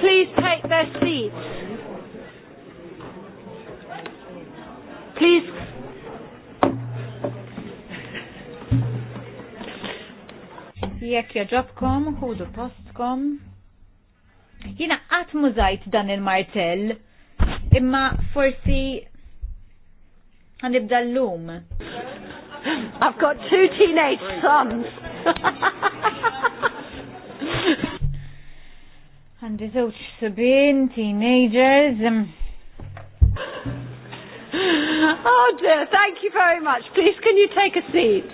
please take their seats? Please. Jekk joġobkom, ħudu postkom. Jina qatt mużajt dan il-martell, imma forsi għanibda l-lum. I've got two teenage sons. Għandi żewġ subin, teenagers. Oh dear, thank you very much. Please can you take a seat?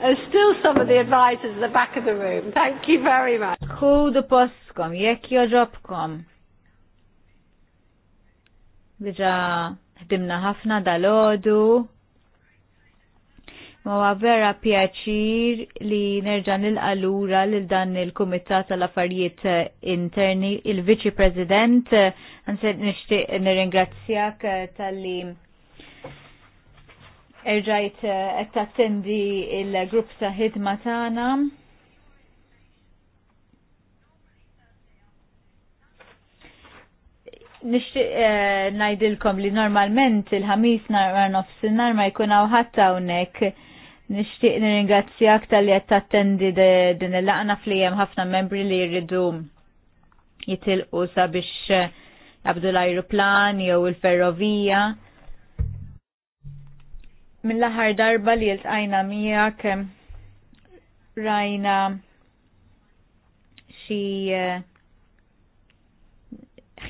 There's still some of the advisors at the back of the room. Thank you very much. Who Kudu poskom, jek joġobkom. Diġa ħdimna ħafna dal-ħodu Ma vera pjaċir li nerġa' nilqalura lil dan il-Kumitat tal-Affarijiet Interni, il-Viċi President, għanset nixtieq nirringrazzjak tal-li erġajt qed tattendi il-grupp ta' ħidma tagħna. Nixtieq ngħidilkom li normalment il-ħamis nar nofsinar ma jkun ħatta unnek. hawnhekk Nishtiq nirringrazzjak tal-li għed tattendi din il-laqna flijem ħafna membri li jridu jitilqu sabiex eh, jabdu l-ajruplan jew il-ferrovija. Mill-aħħar darba li jiltqajna miegħek eh, rajna xi eh,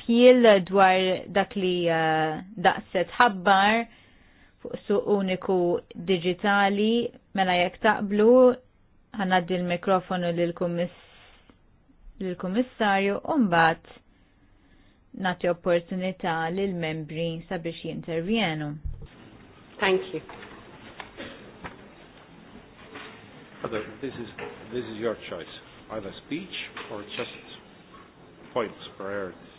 ħjiel dwar dak li daqset ħabbar suq uniku digitali mela jekk taqblu ħanaddi l-mikrofonu lill-kummissarju u mbagħad nagħti opportunità lill-membri sabiex jintervjenu. Thank you. Heather, this is this is your choice. Either speech or just points priorities.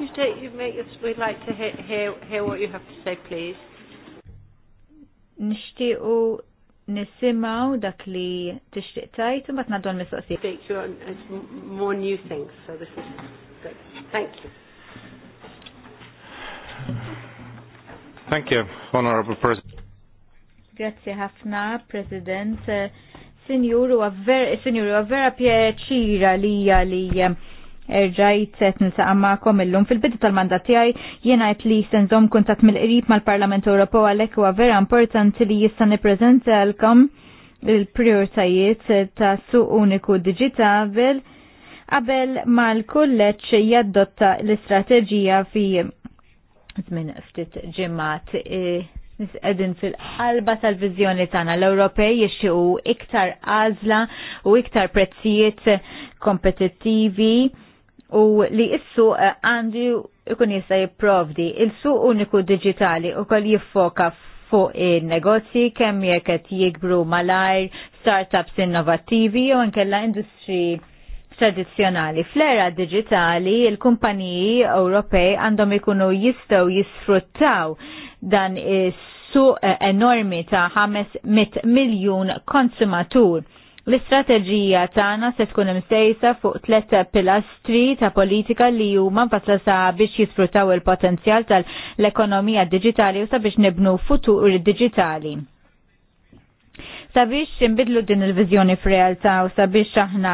You take, you make us, we'd like to hear, hear, hear what you have to say, please. Nishtiqu nisimaw dak li tixtiq tajt, un bat naddu Speak you uh, more new things, so this is good. Thank you. Thank you, Honorable President. Grazie ħafna, President. Sinjuru, vera pjaċira li li Erġajt set nisaqa ma'kom illum fil-bidu tal-mandat tiegħi jena jt li senżom kuntat mill-qrib mal-Parlament Ewropew għalhekk huwa vera importanti li jista' nippreżentalkom il-prioritajiet ta' suq uniku digital qabel mal-kulleġġ jaddotta l-istrateġija fi żmien ftit ġimgħat Nisqedin e, fil-qalba tal-vizjoni tagħna l-Ewropej jixtiequ iktar għażla u iktar prezzijiet kompetittivi u li issu għandu ikun jista' jipprovdi. Il-suq uniku digitali u kol jiffoka fuq il-negozji kemm jekk qed jikbru malajr, startups innovattivi jew nkella industri tradizjonali. Fl-era digitali, il-kumpaniji Ewropej għandhom ikunu jistgħu jisfruttaw dan is-suq enormi ta' 500 miljun konsumatur L-istrateġija tagħna se tkun imsejsa fuq tliet pilastri ta' politika li huma mfassla sabiex biex jisfruttaw il-potenzjal tal-ekonomija diġitali u sabiex nibnu futur diġitali. Sabiex inbidlu din il-viżjoni f'realtà u sabiex aħna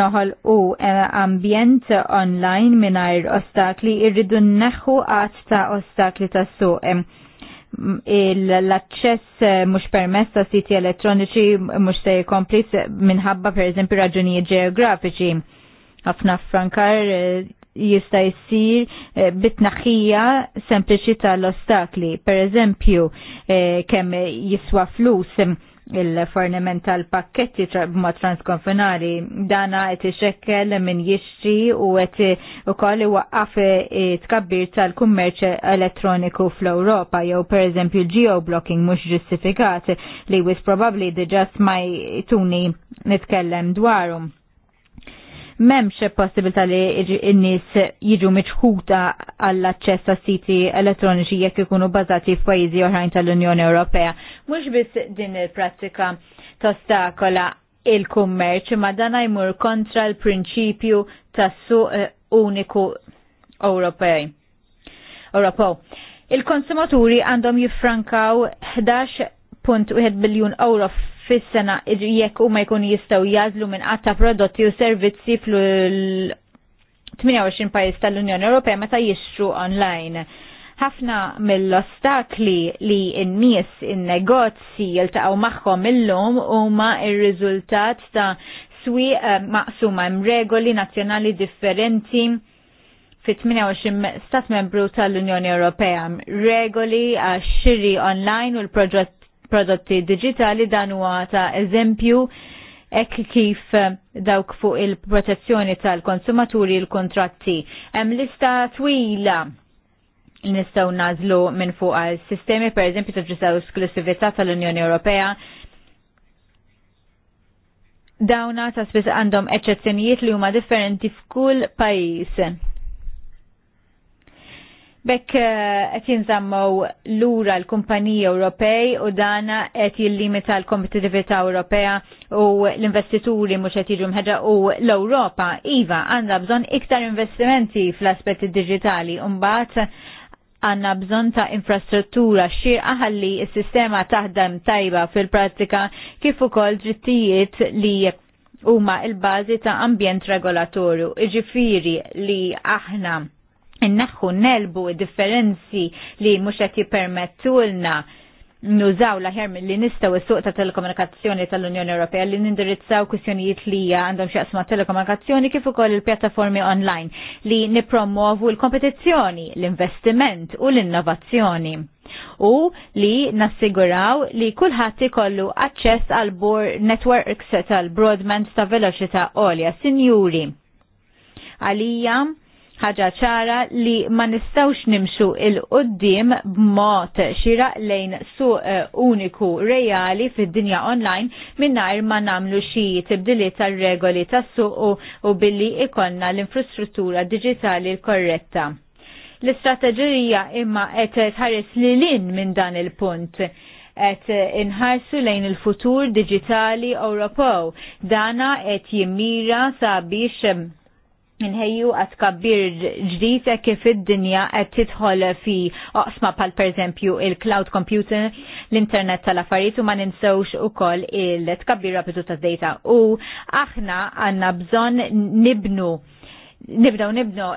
noħol u eh, ambjent online minnajr ostakli irridu neħu għat ta' ostakli ta' suq l-access eh, mux permess ta' siti elettroniċi mux se jkompli minħabba per eżempju raġunijiet ġeografiċi. Għafna frankar eh, jista' jsir eh, bitnaħija sempliċi tal-ostakli. Per eżempju, kemm jiswa flus il-forniment tal-pakketti ma transkonfinali dana qed ixekkel minn jixtri u qed ukoll waqqaf tkabbir tal-kummerċ elettroniku fl-Ewropa jew pereżempju l-geoblocking mhux ġustifikat li wis probabbli diġà ma tuni nitkellem dwarhom memx possibilità li n-nis jiġu miċħuta għall-aċċess ta' siti elettroniċi jekk ikunu bazati f'pajjiżi oħrajn tal-Unjoni Ewropea. Mhux biss din il-prattika tostakola il-kummerċ ma dan jmur kontra l-prinċipju ta' suq eh, uniku Ewropej. Ewropew. Il-konsumaturi għandhom jiffrankaw 11.1 biljun euro fis-sena jekk huma jkun jistgħu jazlu minn qatta prodotti u servizzi fl 28 pajjiż tal-Unjoni Ewropea meta jixtru online. Ħafna mill-ostakli li n-nies in-negozji jiltaqgħu magħhom illum huma r-riżultat ta' swi eh, maqsuma hemm regoli nazzjonali differenti fi 28 stat membru tal-Unjoni Ewropea regoli għax xiri online u l-proġett prodotti digitali dan huwa ta' eżempju ek kif eh, dawk fuq il-protezzjoni tal-konsumaturi il-kontratti. Hemm lista twila nistaw nażlu minn fuq sistemi per eżempju ta' ġisaw esklusività tal-Unjoni Ewropea dawna ta' spiss għandhom eċċezzjonijiet li huma differenti f'kull pajjiż Bekk eh, qed jinżammaw lura l-kumpaniji Ewropej u dana qed jillimita l-kompetitività Ewropea u l-investituri mhux qed jiġu mħeġa u l-Ewropa iva għandha bżonn iktar investimenti fl-aspetti digitali u mbagħad għanna bżon ta' infrastruttura xirqa ħalli s-sistema taħdem tajba fil-prattika kif ukoll drittijiet li huma il-bażi ta' ambjent regolatorju, iġifiri li aħna innaħħu nelbu differenzi li mhux qed jippermettulna nużaw laħer li nistaw is-suq ta' telekomunikazzjoni tal-Unjoni Ewropea li nindirizzaw kwistjonijiet li għandhom xaqsma telekomunikazzjoni kif ukoll il-pjattaformi online li nipromovu l-kompetizzjoni, l-investiment u l-innovazzjoni u li nassiguraw li kulħadd ikollu aċċess għal networks tal-broadband ta' veloċità għolja, sinjuri. Għalija, ħaġa ċara li ma nistawx nimxu il-qoddim b'mod xira lejn suq eh, uniku reali fid-dinja online minnajr ma namlu xie tibdili tar-regoli tas-suq u billi ikonna l-infrastruttura digitali l-korretta l-istrateġija imma qed tħares li lin minn dan il-punt qed inħarsu lejn il-futur digitali Ewropew. Dana qed jimmira sabiex inħejju għat kabbir ġdita e kif id-dinja għat titħol fi oqsma pal per il-cloud computing, l-internet tal-affarijiet u ma ninsawx u koll il-tkabbir rapidu ta' data u aħna għanna bżon nibnu, nibnu, nibnu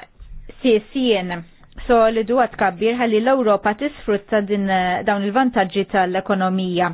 sisien solidu għat kabbir għalli l-Europa tisfrutta din dawn il-vantagġi tal-ekonomija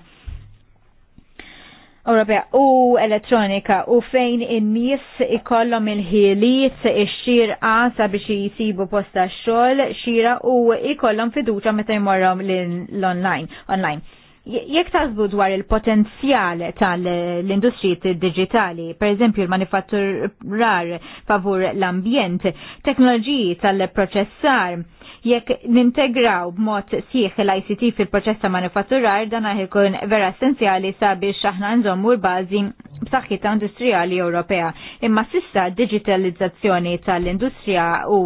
Ewropea u elettronika u fejn in-nies ikollhom il-ħiliet ix-xirqa sabiex jisibu posta xogħol xira u ikollhom fiduċa meta jmorhom l-online online. Jekk tażbu dwar il-potenzjal tal-industrijiet digitali, per eżempju l-manifatturar favur l-ambjent, teknoloġiji tal-proċessar, jekk nintegraw b'mod sieħ l-ICT fil-proċess ta' manufatturar dan ikun vera essenzjali sabiex aħna nżommu l-bażi b'saħħitha industrijali Ewropea. Imma sissa digitalizzazzjoni tal-industrija u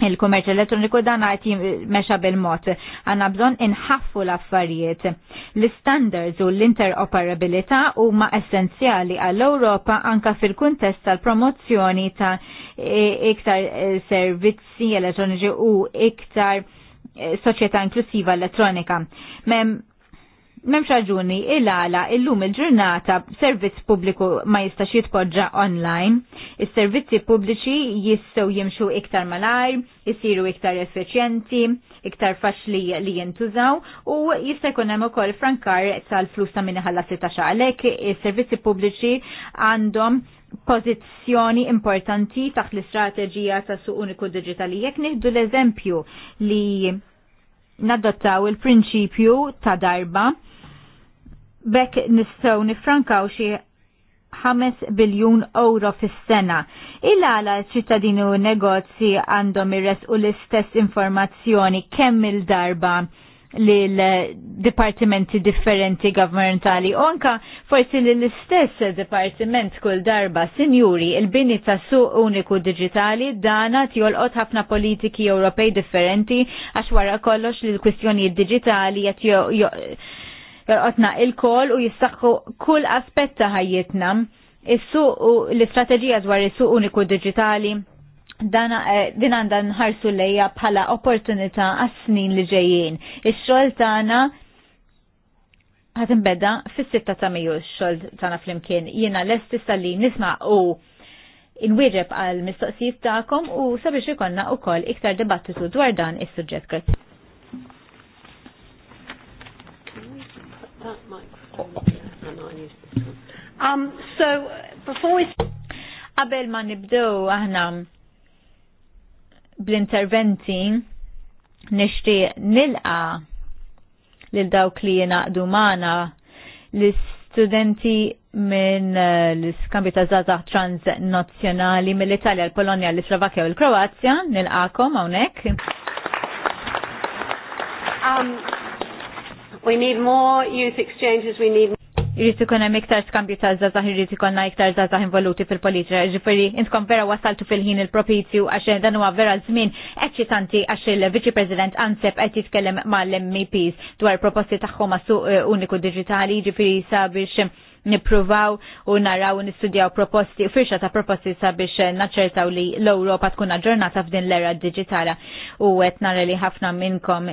il kommerċ elettroniku dan għati meċa bil-mot. Għanna bżon inħaffu l-affarijiet. L-standards u l-interoperabilità huma essenzjali għall-Europa anka fil-kuntest tal-promozzjoni ta' iktar eh, servizzi elettroniċi u iktar eh, soċjetà inklusiva elettronika. Mem memx raġuni il-għala il-lum il-ġurnata servizz pubbliku ma jistax jitpoġġa online, is-servizzi pubbliċi jistgħu jimxu iktar malajr, jisiru iktar effiċjenti, iktar faċli li jintużaw u jista' jkun hemm ukoll frankar sal-flus ta' minħalla sita xalek, is-servizzi pubbliċi għandhom pożizzjoni importanti taħt l-istrateġija ta' suq uniku digitali. Jekk nieħdu l-eżempju li nadottaw il-prinċipju ta' darba bekk nistgħu nifrankaw xi 5 biljun euro fis-sena. Il-għala ċittadini u negozji għandhom irresqu l-istess informazzjoni kemm il-darba lil dipartimenti differenti governmentali onka forsi li l-istess dipartiment kull darba sinjuri il-bini ta' su uniku digitali dana tjolqot ħafna politiki Ewropej differenti għax wara kollox li l-kwistjoni digitali jat jorqotna il-kol u jistaxħu kull aspett ta' ħajjitna. is u l-istrateġija dwar is-suq uniku digitali dana eh, din għandha nħarsu lejja bħala opportunità għas-snin li ġejjin. Ix-xogħol tagħna ħat inbeda fis-sitta ta' Mejju x-xogħol tagħna flimkien. Jiena l issa li nisma' u inwieġeb għal mistoqsijiet tagħkom u sabiex ikollna wkoll iktar dibattitu dwar dan is-suġġett. Um, so, before we... Qabel ma nibdew aħna bl-interventi nixtieq nilqa lil dawk li jenaqdu magħna l-istudenti minn uh, l skambi ta' zazah transnazzjonali mill-Italja, l-Polonja, l-Slovakia u l-Kroazja, nilqakom hawnhekk. Um, We need more youth exchanges, we need Irrit ikun hemm iktar skambju ta' żgħażagħ, irrid ikollna iktar żgħażagħ involuti fil-politika. Ġifieri intkom vera wasaltu fil-ħin il-propizju għax dan huwa vera żmien eċċitanti għax il-Viċi President Ansep qed jitkellem mal-MEPs dwar proposti tagħhom ma' suq eh, uniku diġitali, ġifieri sabiex nippruvaw u naraw nistudjaw proposti, u firxa ta' proposti sabiex naċċertaw li l-Europa tkun aġġornata f'din l-era digitala u għet nara li ħafna minnkom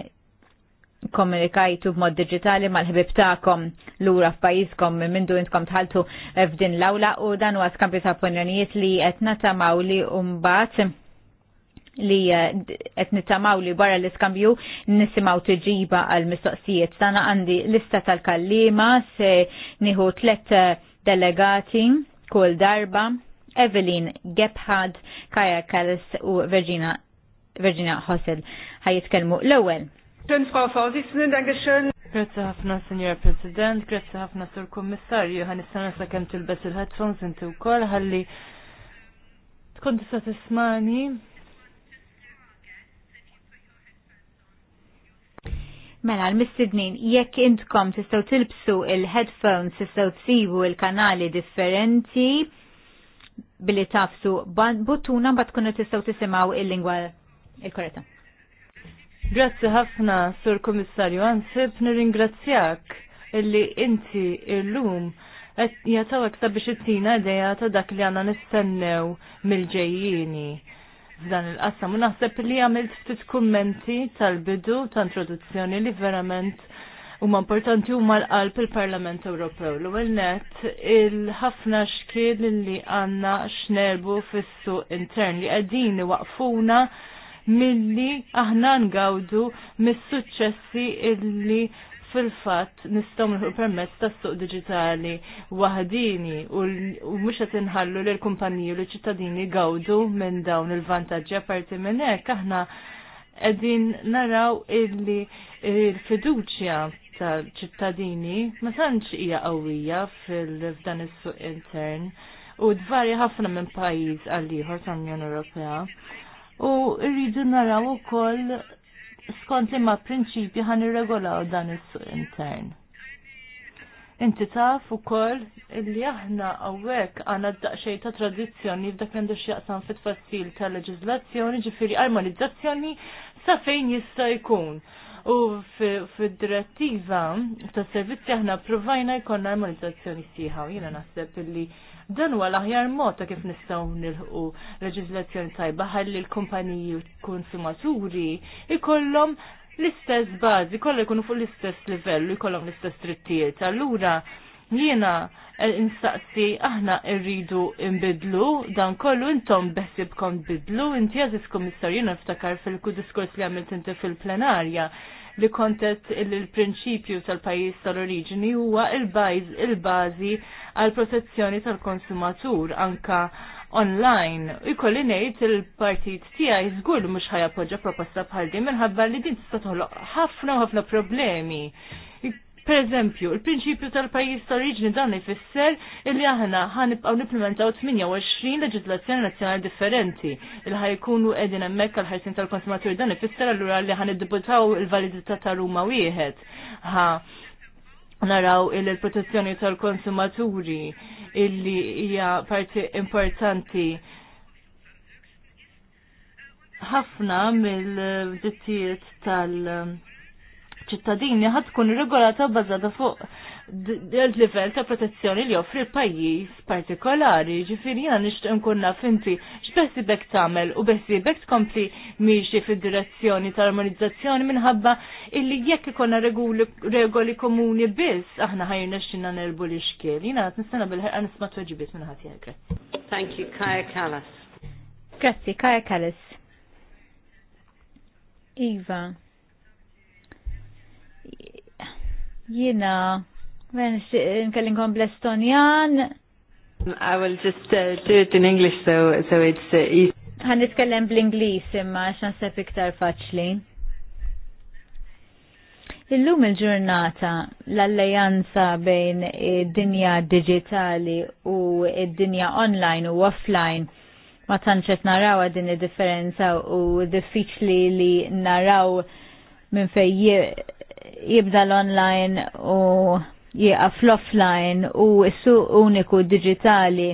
komunikajtu b'mod digitali mal-ħbib ta'kom lura f'pajjiżkom minn dun intkom tħaltu f'din l-awla u dan huwa skambju ta' punjonijiet li qed natamaw li mbagħad li eh, qed ta' li barra l-iskambju nisimgħu tiġiba għal mistoqsijiet. Sana għandi lista tal-kallima se nieħu tliet eh, delegati kull darba Evelyn Gebhard, Kaja Kallis u Virginia Virginia Hossel ħajitkellmu l-ewwel Schön, Frau Vorsitzende, Dankeschön. Grazie ħafna, Signor President, grazie ħafna, Sur Kommissarju, ħan istana sa' kem tilbes il-headphones inti u kol, ħalli tkun tista' tismani. Mela, l-mistednin, jekk intkom tistaw tilbsu il-headphones, tistaw tsibu il-kanali differenti, billi tafsu buttuna bat kunu tistaw tisimaw il-lingwa il-korretta. Grazzi ħafna, Sur Komissarju, għansib nir-ingrazzjak illi inti illum jatawek sabiex it-tina ideja ta' dak li għanna nistennew mill-ġejjini f'dan il-qassam. U naħseb li għamilt ftit kummenti tal-bidu ta' introduzzjoni li verament huma importanti huma l-qalb il-Parlament Ewropew. L-ewwel net il-ħafna xkrid li għandna xnerbu fis-suq intern li qegħdin waqfuna milli aħna ngawdu mis-suċċessi illi fil-fat nistaw nħu permess ta' suq digitali wahdini u mux qed inħallu l kumpaniji u l-ċittadini gawdu minn dawn il-vantaġġi apparti minn hekk aħna qegħdin naraw illi il-fiduċja ta' ċittadini ma tantx hija qawwija fil-fdan is-suq intern u dvarja ħafna minn pajjiż għal ieħor tal-Unjoni Ewropea u rridu naraw ukoll skont li ma prinċipji ħan irregolaw dan is-suq intern. Inti taf ukoll li aħna hawnhekk għandna daqsxej ta' tradizzjoni f'dak għandu x'jaqsam fit-tfassil ta' leġiżlazzjoni, ġifieri armonizzazzjoni sa fejn jista' jkun. U fil-direttiva ta' servizzi aħna provajna jkun armonizzazzjoni siħaw. Jena jiena naħseb illi Dan huwa l-aħjar mod ta' kif nistgħu nilħu leġiżlazzjoni tajba ħalli l-kumpaniji konsumaturi ikollhom l-istess bażi, kollha jkunu fuq l-istess livell, jkollhom l-istess trittijiet. Allura jiena eh, instaqsi aħna rridu nbidlu dan kollu intom beħsibkom bidlu inti għaziz komissar jena ftakar fil-ku diskors li għamilt inti fil-plenarja li kontet il-prinċipju tal-pajis tal-oriġini huwa il-bazi għal protezzjoni tal-konsumatur anka online. U ngħid il-partit tiegħi żgur li mhux ħajappoġġa proposta bħal din minħabba li din tista' toħloq ħafna u ħafna problemi Per eżempju, il-prinċipju tal-pajjiż ta' riġni dan ifisser illi aħna ħanibqgħu nipplementaw 28 leġislazzjoni nazzjonali differenti. Il ħajkunu qegħdin hemmhekk għal ħajsin tal konsumaturi dan ifisser allura li ħaniddibutaw il-validità ta' Ruma wieħed. Ha naraw il-protezzjoni tal-konsumaturi illi hija parti importanti ħafna mill-dittijiet tal- ċittadini ħad tkun regolata bbażata fuq l-livell ta' protezzjoni li joffri l-pajjiż partikolari. Ġifieri jiena nixtieq nkun naf inti x'besibek tagħmel u besibek tkompli miġi fid-direzzjoni tal-armonizzazzjoni minħabba illi jekk ikonna regoli komuni biss aħna ħajrna x'inna nerbu li xkiel. Jiena għat nistana bil-ħerqa nisma' tweġibiet minn minħat jgħid. Thank you, Kaja Kallas. Grazzi, Kaja Kallas. Iva, Jina, men nkellinkom bl-Estonjan. I will just uh, do it in English so, so it's uh, easy. Għan nitkellem bl-Inglis imma xan sepp iktar faċli. Illum il-ġurnata l-allejanza bejn id-dinja digitali u id-dinja online u offline ma tanċet narawa din id-differenza u diffiċli li naraw minn fej jibda l-online u jieqa fl-offline u s-suq uniku digitali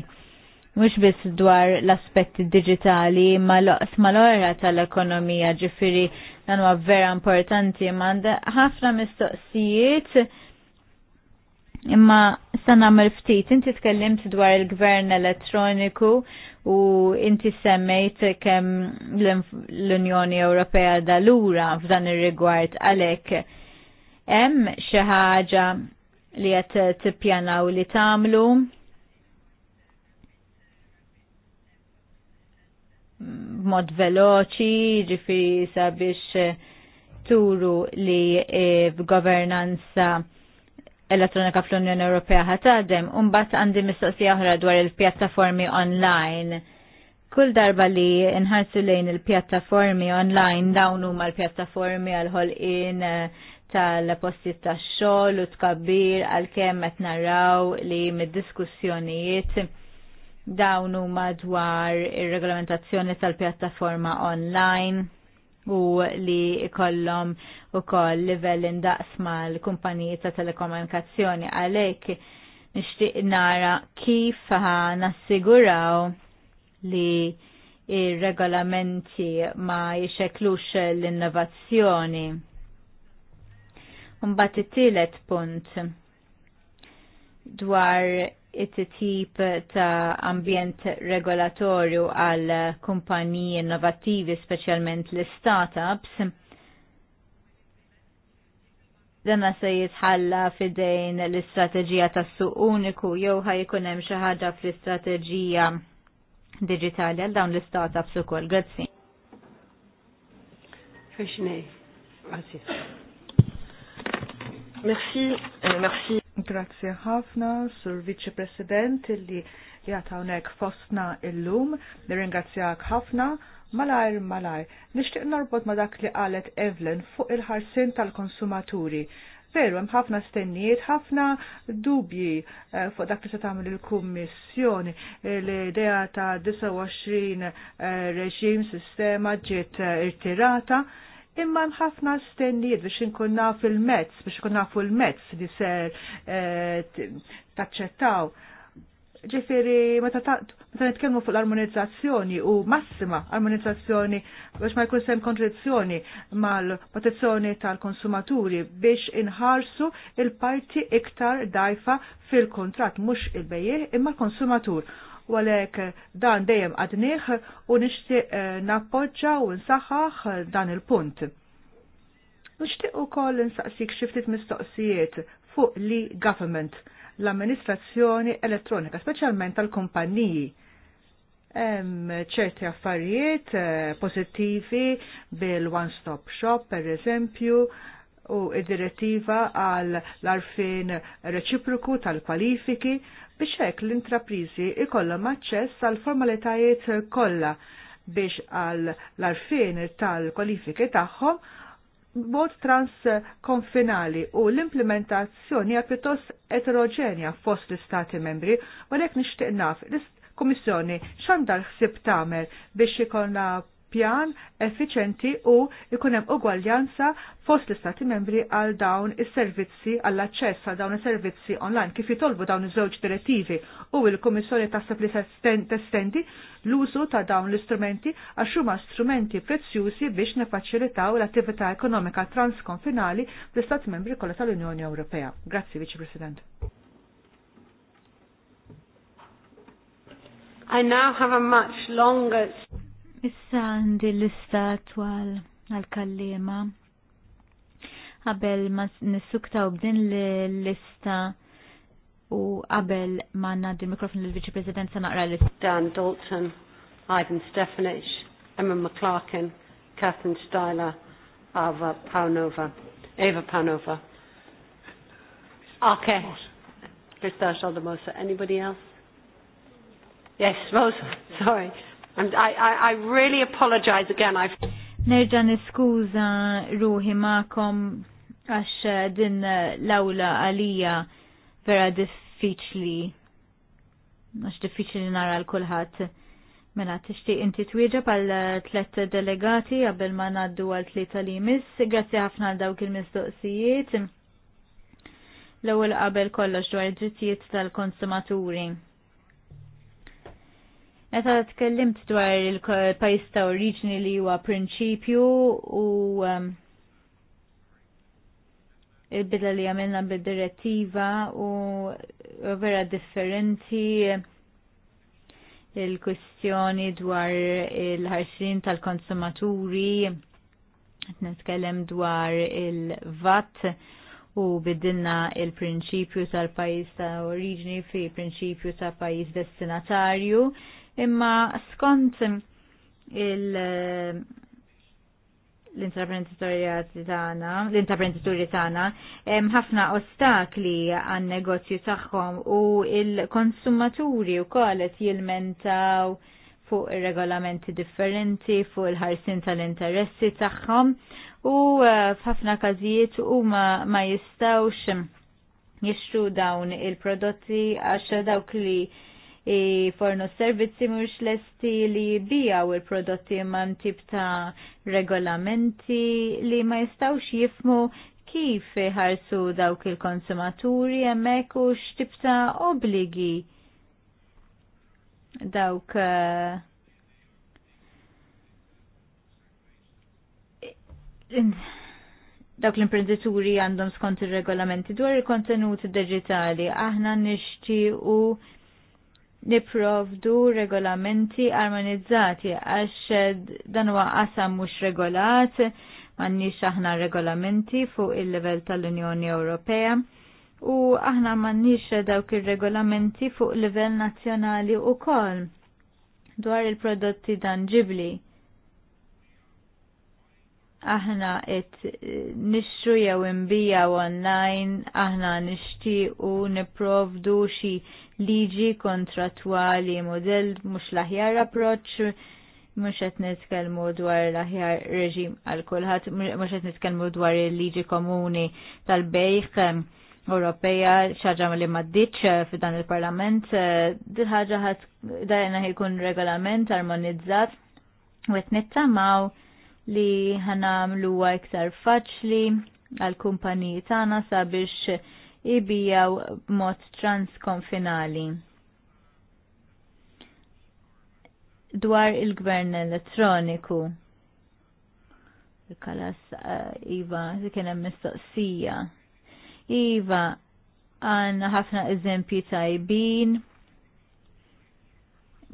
mux biss dwar l-aspetti digitali ma l-oqsma ora tal-ekonomija ġifiri dan huwa vera importanti mand ħafna mistoqsijiet imma sana nagħmel ftit inti tkellimt dwar il-gvern elettroniku u inti semmejt kemm l-Unjoni Ewropea dalura f'dan ir-rigward għalhekk hemm xi ħaġa li qed tippjanaw li tagħmlu. mod veloċi, ġifi sabiex turu li f'governanza e, elettronika fl-Unjoni Ewropea ħatadem, mbagħad għandi mistoqsija oħra dwar il-pjattaformi online. Kull darba li nħarsu lejn il-pjattaformi online dawn huma l-pjattaformi għal ħolqien uh, tal posti tax-xogħol u tkabbir għalkemm qed naraw li mid-diskussjonijiet dawn huma dwar ir-regolamentazzjoni tal-pjattaforma online u li ikollhom ukoll livell indaqs mal-kumpaniji ta' telekomunikazzjoni għalhekk nixtieq nara kif nassiguraw li ir-regolamenti ma jixeklux l-innovazzjoni. Mbagħad it-tielet punt dwar it-tip ta' ambjent regolatorju għal kumpaniji innovativi, speċjalment l-startups, Danna se jitħalla fidejn l-istrateġija tas suq uniku jew ikun hemm xi ħaġa fl-istrateġija digitali għal dawn l istartups ukoll. Grazzi. Fexnej, għazis. Merci, euh, merci. Grazie ħafna, Sur Vice President, illi jatawnek fostna illum. Nirringrazzjak ħafna, malajr malajr. Nishtiq norbot ma dak li qalet Evelyn fuq il-ħarsin tal-konsumaturi. Veru, hemm ħafna stennijiet, ħafna dubji eh, fuq dak li se tagħmel il-Kummissjoni. L-idea ta' 29 eh, reġim sistema ġiet eh, irtirata imma nħafna stennijiet biex inkun fil mezz biex inkun nafu l-mezz li ser eh, taċċettaw. Ġifiri, meta nitkellmu fuq l-armonizzazzjoni u massima armonizzazzjoni biex ma jkun sem kontrizzjoni mal-protezzjoni tal-konsumaturi biex inħarsu il-parti iktar dajfa fil-kontrat, mux il-bejjeħ imma l-konsumatur u għalhekk dan dejjem għadnieh u nixtieq eh, nappoġġa u nsaħħaħ dan il-punt. Nixtieq ukoll nsaqsik xi ftit mistoqsijiet fuq li government l-amministrazzjoni elettronika, speċjalment tal-kumpanniji hemm ċerti affarijiet eh, pożittivi bil-one stop shop per eżempju u id-direttiva għal l-arfin reċiproku tal-kwalifiki biex hekk l-intraprizi ikollhom aċċess għal formalitajiet kollha biex għal l-arfin tal-kwalifiki tagħhom mod transkonfinali u l-implementazzjoni hija pjuttost eterogenja fost l-istati membri, u għalhekk nixtieq naf l-Kummissjoni x'għandha ħsieb tagħmel biex ikollna pjan effiċenti u ikunem hemm ugwaljanza fost l-Istati membri għal dawn is-servizzi għall aċċess għal dawn is-servizzi online kif jitolbu dawn iż-żewġ direttivi u l-Kummissjoni ta' li testendi l-użu ta' dawn l-istrumenti għax huma strumenti prezzjużi biex nifaċilitaw l-attività ekonomika transkonfinali fl-Istati membri kollha tal-Unjoni Ewropea. Grazzi, Viċi President. I now have a much longer Issa għandi lista twal għal-kallima. Għabel ma nissuktaw b'din l-lista u għabel ma naddi l-mikrofon l vice President sa naqra lista. Dan Dalton, Ivan Stefanich, Emma McClarkin, Catherine Styler, Ava Paunova, Eva Paunova. Ok. Christa Shaldamosa. Anybody else? Yes, Rosa. Sorry. And I, I, I really apologize again. I've... Nerġa niskuza ruħi ma'kom għax din l-awla għalija vera diffiċli. Għax diffiċli nara l-kulħat. Mela, tixtieq inti twieġa pal tlet delegati qabel ma ngħaddu għal tlieta li jmiss. Grazzi ħafna għal dawk il-mistoqsijiet. L-ewwel qabel kollox dwar id-drittijiet tal-konsumaturi. Meta tkellimt dwar il-pajis ta' oriġni li huwa prinċipju u um, il-bidla li għamilna bid-direttiva u vera differenti il kustjoni dwar il-ħarsin tal-konsumaturi, netkellem dwar il-VAT u bidilna il-prinċipju tal-pajis ta' oriġini fi prinċipju ta' pajis destinatarju imma skont il- eh, l-intraprenditorjati tagħna, l-intraprenditori tagħna, hemm ħafna ostakli għan negozju tagħhom u il-konsumaturi wkoll qed jilmentaw fuq ir-regolamenti differenti, fuq il-ħarsin tal-interessi tagħhom u eh, f'ħafna każijiet huma ma jistawx jixtru dawn il-prodotti għax dawk li Forno servizzi mhux lesti li u il-prodotti man tip ta' regolamenti li ma jistawx jifmu kif ħarsu dawk il-konsumaturi hemmhekk u x'tip ta' obligi dawk eh, dawk l-imprenditori għandhom skont ir regolamenti dwar il-kontenut digitali, aħna nixtiequ niprovdu regolamenti armonizzati għax eh, dan huwa qasam mhux regolat, m'għandniex aħna regolamenti fuq il-livell tal-Unjoni Ewropea u aħna m'għandniex dawk ir-regolamenti fuq livell nazzjonali ukoll dwar il-prodotti tangibli aħna qed eh, nixtru jew inbija online, aħna nixtiequ niprovdu xi liġi kontratwali model mhux l-aħjar approċċ mhux qed nitkellmu dwar l-aħjar reġim għal kulħadd mhux qed nitkellmu dwar il-liġi komuni tal-bejħ ehm, Ewropeja xaġa li maddiċ f'dan il-Parlament, eh, din ħaġa dajna ħikun regolament armonizzat u qed nittamaw li ħanamlu iktar faċli għal kumpaniji tagħna sabiex Ibijaw mod transkonfinali. Dwar il-gvern elettroniku. Kalas eh, Iva, kien hemm mistoqsija. Iva, għanna ħafna eżempji tajbin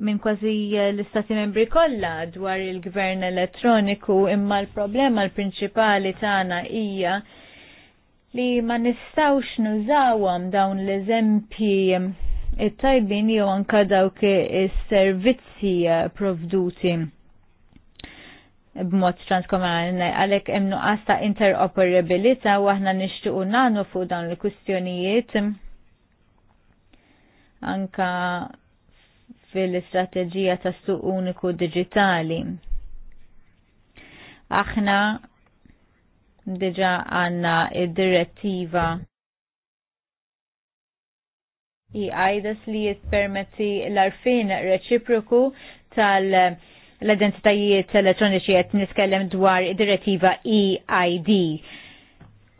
minn kważi l-istati membri kollha dwar il-gvern elettroniku imma l-problema l-prinċipali tagħna hija li ma nistawx nużawam dawn l-eżempji it-tajbin jew anka dawk is-servizzi eh, provduti b'mod transkomunali għalhekk hemm nuqqas ta' interoperabilità u aħna nixtiequ nagħmlu fuq dawn il-kwistjonijiet anka fil-istrateġija ta' suq uniku digitali. Aħna diġa għanna id-direttiva i għajdas li jitpermetti l-arfin reċiproku tal- l-identitajiet elektroniċi għet niskellem dwar id-direttiva EID.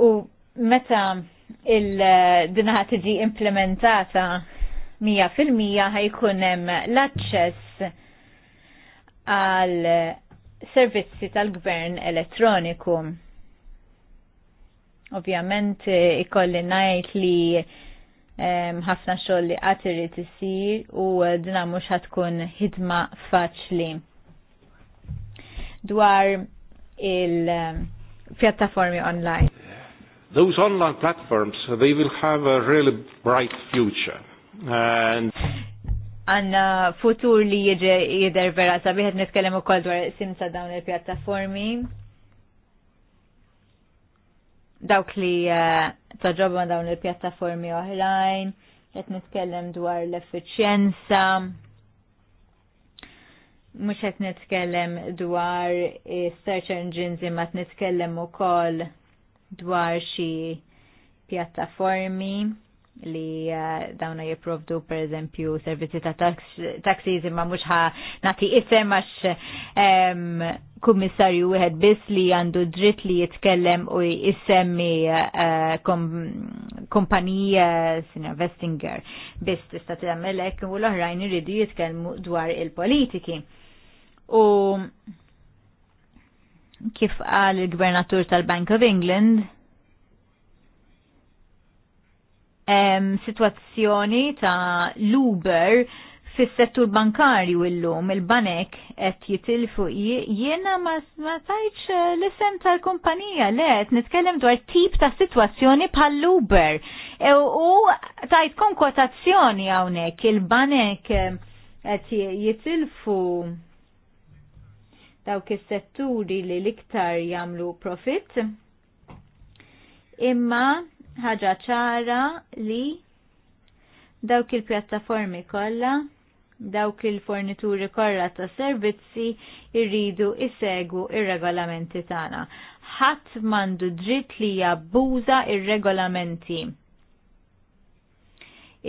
U meta il-dinaħa tiġi implementata 100% ħajkunem hemm l-aċċess għal servizzi tal-gvern elettroniku. Ovvjament eh, ikolli najt li ħafna xogħol li qatt irid isir u eh, dinha mhux ħatkun ħidma faċli. Dwar il-pjattaformi online. Those online platforms, they will have a really bright future. And għanna futur li jidher vera sabiħet nitkellem ukoll dwar sim ta' dawn il-pjattaformi dawk li eh, ma dawn il-pjattaformi oħrajn, qed nitkellem dwar l-effiċjenza, mhux qed nitkellem dwar search engines imma qed nitkellem ukoll dwar xi pjattaformi li eh, dawna jiprovdu per eżempju servizzi ta' taxis imma mhux ha nati isem għax ehm, kummissarju wieħed biss li għandu dritt li jitkellem u jissemmi eh, kompanija eh, sina Vestinger biss tista' tagħmel hekk u l-oħrajn iridu jitkellmu dwar il-politiki. U kif qal il-Gvernatur tal-Bank of England, situazzjoni ta' l-Uber fis-settur bankarju illum il-banek qed jitilfu jiena ma tajċ eh, l-isem tal-kumpanija le qed nitkellem dwar tip ta' sitwazzjoni bħal uber e, u tajt konkotazzjoni hawnhekk il-banek eh, qed jitilfu dawk is-setturi li l-iktar jagħmlu profit imma ħaġa ċara li dawk il-pjattaformi kollha dawk il-fornituri korra ta' servizzi irridu isegu ir-regolamenti tagħna. Ħadd m'għandu dritt li jabbuża ir-regolamenti.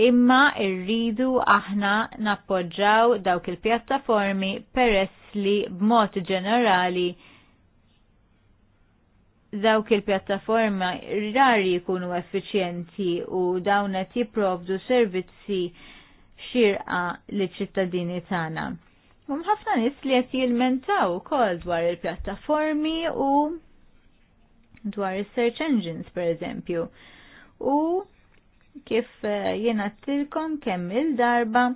Imma irridu aħna nappoġġaw dawk il-pjattaformi peress li b'mod ġenerali dawk il-pjattaforma rari jkunu effiċjenti u dawn qed jipprovdu servizzi xirqa li ċittadini tagħna. U ħafna nies li qed jilmentaw ukoll dwar il-pjattaformi u dwar is-search engines pereżempju. U kif eh, jiena tilkom kemm il-darba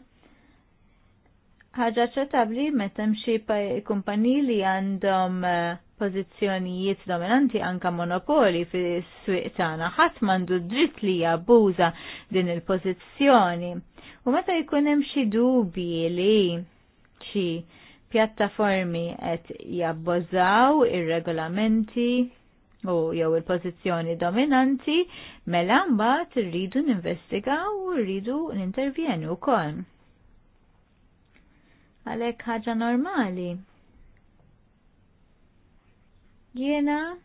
ħaġa ċetabli metem xi kumpaniji li għandhom uh, pożizzjonijiet dominanti anka monopoli fis-swieq tagħna ħadd m'għandu dritt li jabbuża din il-pożizzjoni. U meta jkun hemm xi dubji li xi pjattaformi qed jabbożaw ir-regolamenti u jew il-pożizzjoni dominanti, mela mbagħad rridu ninvestigaw u rridu nintervjenu wkoll. Għalhekk ħaġa normali Jiena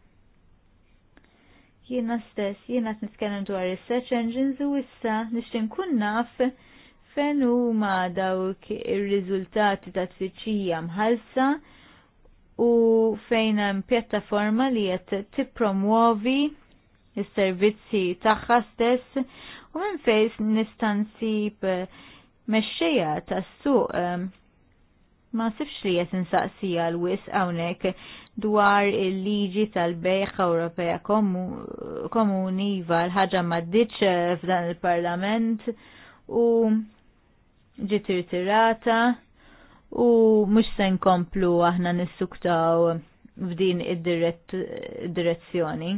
jiena stess, jiena t-nitkellem dwar is-search engines u issa nishtin kun naf fejn huma dawk ir-riżultati ta' tfittxija mħalsa u fejn hemm pjattaforma li qed tippromuovi s servizzi tagħha stess u minn fejn nista' nsib mexxejja tas-suq ehm, ma sifx li jes insaqsija l-wis għawnek dwar il-liġi tal-bejħ Ewropea komuni iva l-ħagġa maddiċ f'dan il-parlament u ġitir tirata u mux sen komplu aħna nissuktaw f'din id-direzzjoni.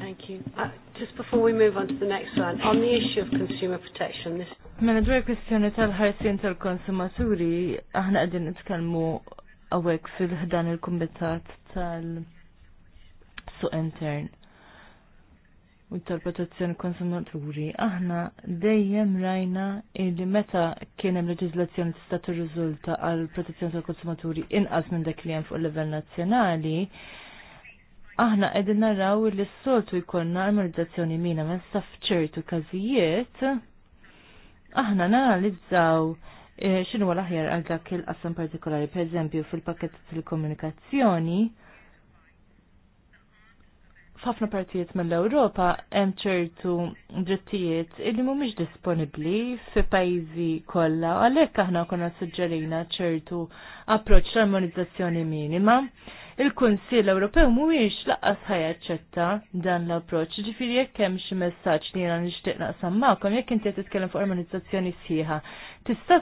Thank you. Uh, just before we move on to the next one, on the issue of consumer protection, this. Mela dwar kwestjoni tal-ħarsien tal-konsumaturi, aħna qegħdin nitkellmu għawek fil-ħdan il-kumitat tal-suq intern u tal-protezzjoni konsumaturi, aħna dejjem rajna li meta kien hemm leġiżlazzjoni tista' tirriżulta għal protezzjoni tal-konsumaturi inqas minn dak li hemm fuq il-livell nazzjonali, aħna qegħdin naraw li s-soltu jkollna armonizzazzjoni mina minn sa f'ċertu każijiet aħna nanalizzaw e, xinu l-aħjar għal dak il-qasam partikolari, per eżempju, fil-pakket tal-komunikazzjoni, f'ħafna partijiet mill-Ewropa hemm ċertu drittijiet illi mhumiex disponibbli fi kollha, għalhekk aħna konna suġġerina ċertu approċċ l-armonizzazzjoni minima il-Kunsill Ewropew mhuwiex laqqas ħajaċċetta dan l-approċċ. Ġifieri jekk hemm xi messaġġ li jiena nixtieq naqsam magħkom jekk inti qed titkellem fuq armonizzazzjoni sħiħa. Tista'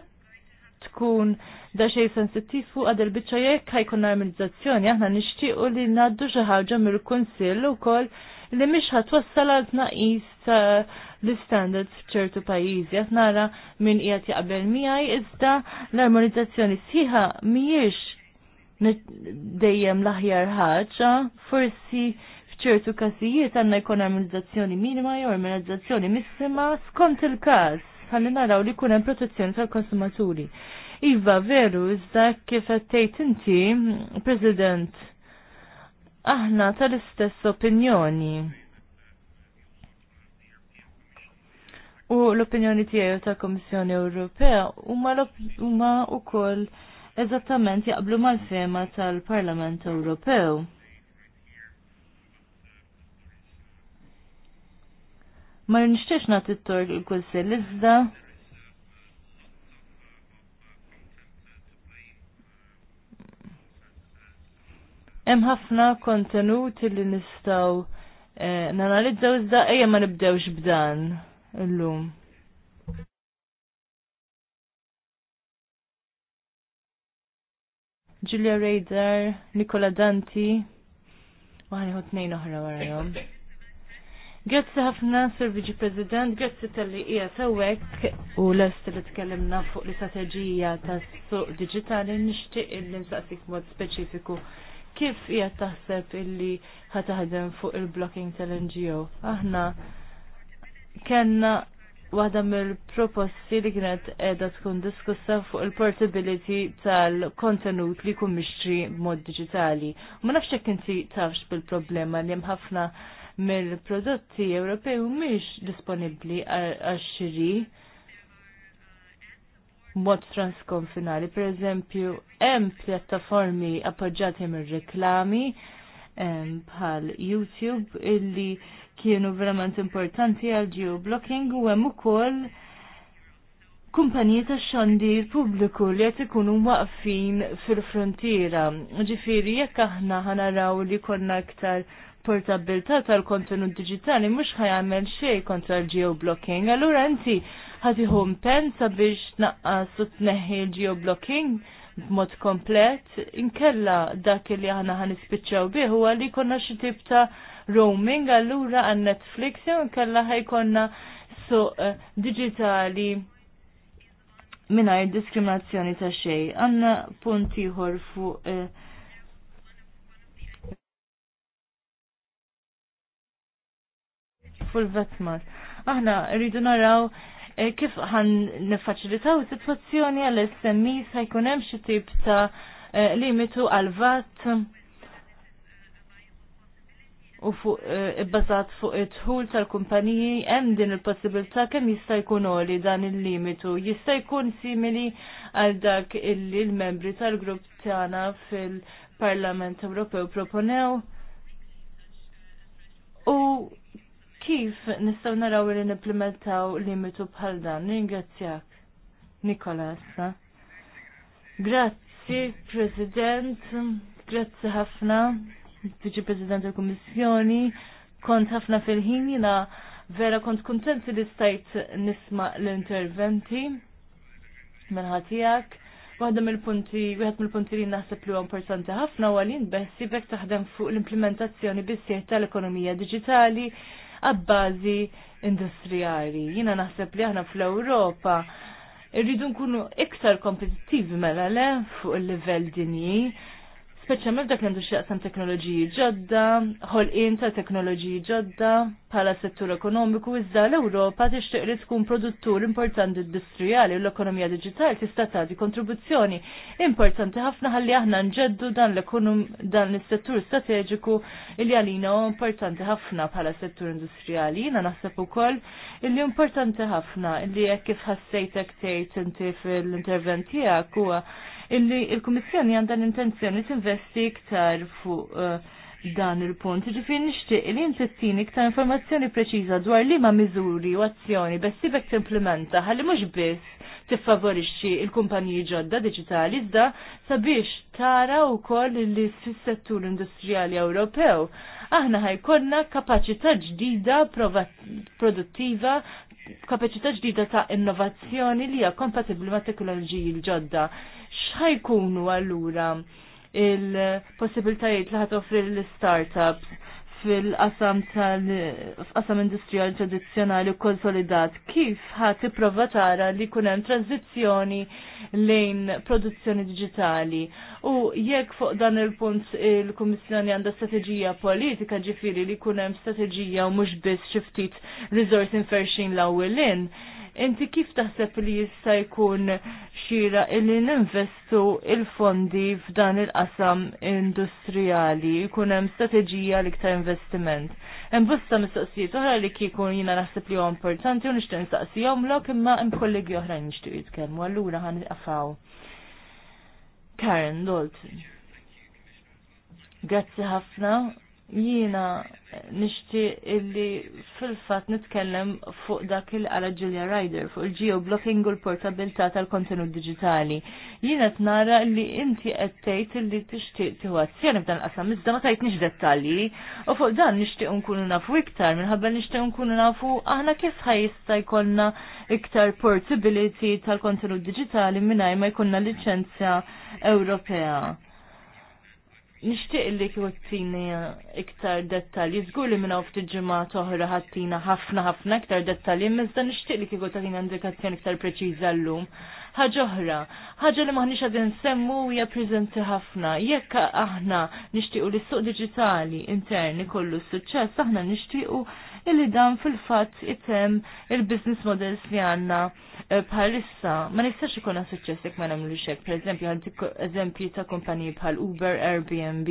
tkun da xej sensittiv fuq għad il-bicċa jekk ħajkun armonizzazzjoni, aħna nixtiequ li ngħaddu xi ħaġa mill-Kunsill ukoll li mhix ħatwassal għal tnaqis l-standards f'ċertu pajjiżi. Qed nara min qiegħed jaqbel miegħi iżda l-armonizzazzjoni sħiħa mhijiex dejjem l-aħjar ħaġa, forsi fċertu każijiet għandna jkun minima jew organizzazzjoni missima skont il-każ ħalli naraw li jkun hemm protezzjoni tal-konsumaturi. Iva veru, iżda kif għattejt inti, President, aħna tal-istess opinjoni. U l-opinjoni tiegħu tal-Komissjoni Ewropea huma huma wkoll eżattament jaqblu mal-fema tal-Parlament Ewropew. Ma nixtiex nagħti t-torq il-kunsill iżda Hemm ħafna kontenuti li nistgħu eh, nanalizzaw iżda ejja ma nibdewx b'dan illum. Julia Rader, Nicola Danti, u għani hot nejn oħra warajom. Grazzi ħafna, Sir Viġi President, grazzi tal-li ija sawek u l-est li tkellimna fuq l-istrateġija ta' suq digitali nishtiq il nsaqsik mod speċifiku. Kif ija taħseb illi ħataħdem fuq il-blocking tal-NGO? Aħna, kenna waħda mill-proposti li kienet edha tkun diskussa fuq il-portability tal-kontenut li jkun mixtri b'mod digitali. Ma nafx jekk inti tafx bil-problema li hemm ħafna mill-prodotti Ewropej mhumiex disponibbli għax-xiri mod transkonfinali. Per eżempju, hemm pjattaformi appoġġati mir-reklami bħal YouTube illi kienu verament importanti għal geoblocking u hemm ukoll kumpaniji ta' xandir pubbliku li qed ikunu waqfin fil-frontiera. Ġifieri jekk aħna ħanaraw li konna aktar portabilità tal-kontenut digitali mhux ħajamel xejn kontra l-geoblocking. Allura inti ħatiħu pensa biex naqqas u tneħħi l-geoblocking b'mod komplet, inkella dak li aħna ħanispiċċaw bih huwa li konna xi tip ta' roaming allura għan Netflix jew kalla ħajkonna suq eh, digitali mingħajr diskriminazzjoni ta' xejn. Għanna punti ieħor fuq eh, fuq vetmat Aħna rridu naraw eh, kif ħan nifaċilitaw situazzjoni għal SMI sa jkun hemm xi tip ta' limitu għal vat u fuq e, ibbażat fuq it-tħul tal-kumpaniji hemm din il-possibilità kemm jista' jkun oli dan il-limitu. Jista' jkun simili għal dak illi l-membri tal-grupp tagħna fil-Parlament Ewropew proponew. U kif nistgħu naraw li nipplementaw limitu bħal dan? Ningrazzjak, Nikolas. Grazzi, President. Grazzi ħafna viċi President il-Kummissjoni, kont ħafna fil-ħin jina vera kont kontent li stajt nisma l-interventi minnħatijak. Waħda mill-punti, wieħed mill-punti li naħseb li huwa importanti ħafna huwa li nbeħsibek taħdem fuq l-implementazzjoni bissieħ tal-ekonomija diġitali għabbażi industrijali. Jina naħseb li aħna fl-Ewropa irridu nkunu iktar kompetittivi mela le fuq il-livell dinji speċjalment dak għandu xieqsam teknoloġiji ġodda, ħolqien ta' teknoloġiji ġodda bħala settur ekonomiku iżda l-Ewropa tixtieq li tkun produttur importanti industrijali u l-ekonomija diġitali tista' tagħti kontribuzzjoni importanti ħafna ħalli aħna nġeddu dan l-ekonom dan is-settur strateġiku li għalina importanti ħafna bħala settur industrijali. Jiena naħseb ukoll illi importanti ħafna illi jekk kif ħassejtek tgħid inti fil-intervent tiegħek huwa illi il-Kummissjoni għandha l-intenzjoni tinvesti iktar fuq eh, dan il-punt. Ġifin nixtieq li inti ttini iktar informazzjoni preċiża dwar liema miżuri u azzjoni bessibek timplementa ħalli mhux biss tiffavorixxi il-kumpaniji ġodda diġitali iżda sabiex tara wkoll li fis-settur industrijali Ewropew aħna ħajkonna kapaċità ġdida produttiva kapacità ġdida ta' innovazzjoni li hija kompatibbli ma' teknoloġiji l-ġodda ħajkunu għallura il-possibiltajiet li ħatofri l-startups fil-qasam tal-qasam industrijal tradizzjonali konsolidat, kif ħat tipprova tara li kunem hemm tranzizzjoni lejn produzzjoni digitali u jekk fuq dan il-punt il-Kummissjoni għandha strateġija politika ġifiri li kunem hemm strateġija u mhux biss xi ftit resource inferxin l-awwelin inti kif taħseb li jista' jkun xira illi ninvestu il-fondi f'dan il-qasam industrijali, jkun hemm strateġija li ktar investiment. Hemm bosta mistoqsijiet oħra li kikun jiena naħseb li huwa importanti u nixtieq nistaqsihom lok imma hemm kollegi oħra nixtieq jitkellmu allura ħan qafaw. Karen Dalton. Grazzi ħafna, Jiena nixtieq illi fil-fatt nitkellem fuq dak il qala Julia Ryder fuq il-geoblocking u l-portabilità tal-kontenut Jina t nara li inti qed tgħid illi tixtieq tieħu azzjoni f'dan qasam iżda ma nix dettalji u fuq dan nixtieq nkunu nafu iktar minħabba nixtieq nkunu nafu aħna kif ħajista jkollna iktar portability tal-kontenut diġitali mingħajr ma jkonna liċenzja Ewropea Nishtiq li kħuħtini iktar dettali, zgur li minna ufti ġimma toħra ħattina ħafna ħafna iktar dettali, mizda nishtiq li kħuħtini indikazzjoni iktar preċiza l-lum. ħagħuħra, ħagħa li maħniċ din semmu hija prezenti ħafna, jekk aħna nishtiqu li suq digitali interni kollu suċċess, aħna u illi dan fil-fatt jitem il-business models li għanna eh, bħalissa. Ma nistax ikun suċċess jekk ma namlu xek, pereżempju għandik eżempji ta' kumpaniji bħal Uber, Airbnb,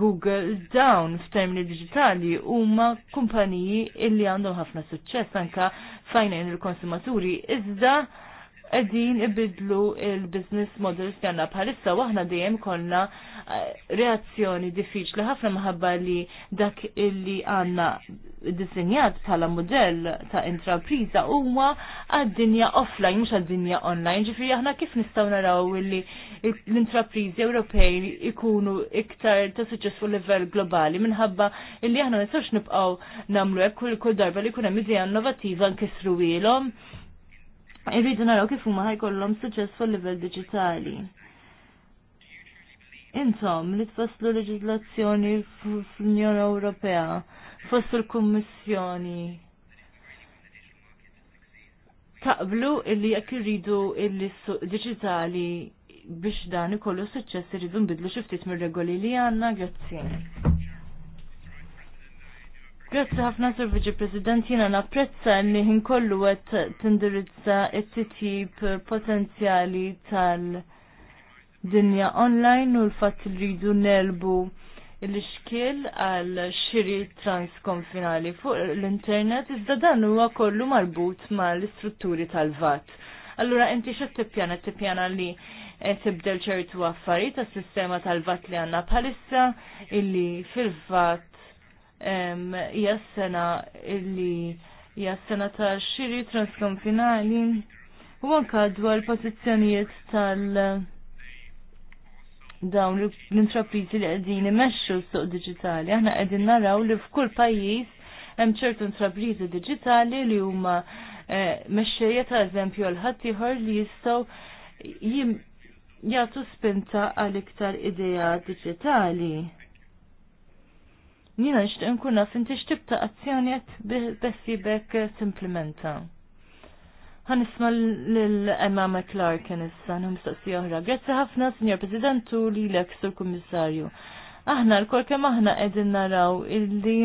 Google dawn f'termini digitali huma kumpaniji illi għandhom ħafna suċċess anka fajnejn il-konsumaturi iżda qegħdin ibidlu il-business models li bħalissa waħna dejjem konna eh, reazzjoni diffiċli ħafna maħabba li dak illi għandna disinjat bħala modell ta' intrapriża huwa għad-dinja offline mhux għad-dinja online. Ġifieri aħna kif nistgħu naraw illi l-intrapriżi Ewropej ikunu iktar ta' suċċess fuq livell globali minħabba illi aħna nistgħux nibqgħu nagħmlu hekk kull darba li jkun hemm idea innovattiva nkissru ilhom irridu naraw kif huma ħajkollhom suċċess fuq livell diġitali. Intom li tfasslu leġiżlazzjoni fl-Unjoni Ewropea, tfasslu l-Kummissjoni. Taqblu illi jekk irridu illi diġitali biex dan ikollu suċċess irridu nbidlu xi ftit mir-regoli li għandna, grazzi. Grazzi ħafna Sur Viġi President, jiena napprezza li ħin kollu qed tindirizza t-titjib potenzjali tal-dinja online u l-fatt li rridu nelbu l iskil għal xiri transkonfinali fuq l-internet iżda dan huwa kollu marbut mal-istrutturi tal-VAT. Allura inti xa tippjana tippjana li tibdel ċertu affarijiet tas-sistema tal-VAT li għandna bħalissa illi fil-VAT hija s-sena illi jassena sena ta' xiri transkonfinali u anka dwar pożizzjonijiet tal- dawn l intrapriżi li qegħdin imexxu s-suq diġitali. Aħna qegħdin naraw li f'kull pajjiż hemm ċertu intrapriżi diġitali li huma e, mexxejja ta' eżempju għal ħaddieħor li jistgħu jagħtu spinta għal iktar idea digitali. Nina nixtieq nkun naf inti x'tib ta' azzjoni qed bessibek timplementa. Ħanisma l-Emma McClarkin issa nistaqsija oħra. Grazzi ħafna, Sinjor Presidentu, lilek sur Kummissarju. Aħna l-kol kemm aħna qegħdin naraw illi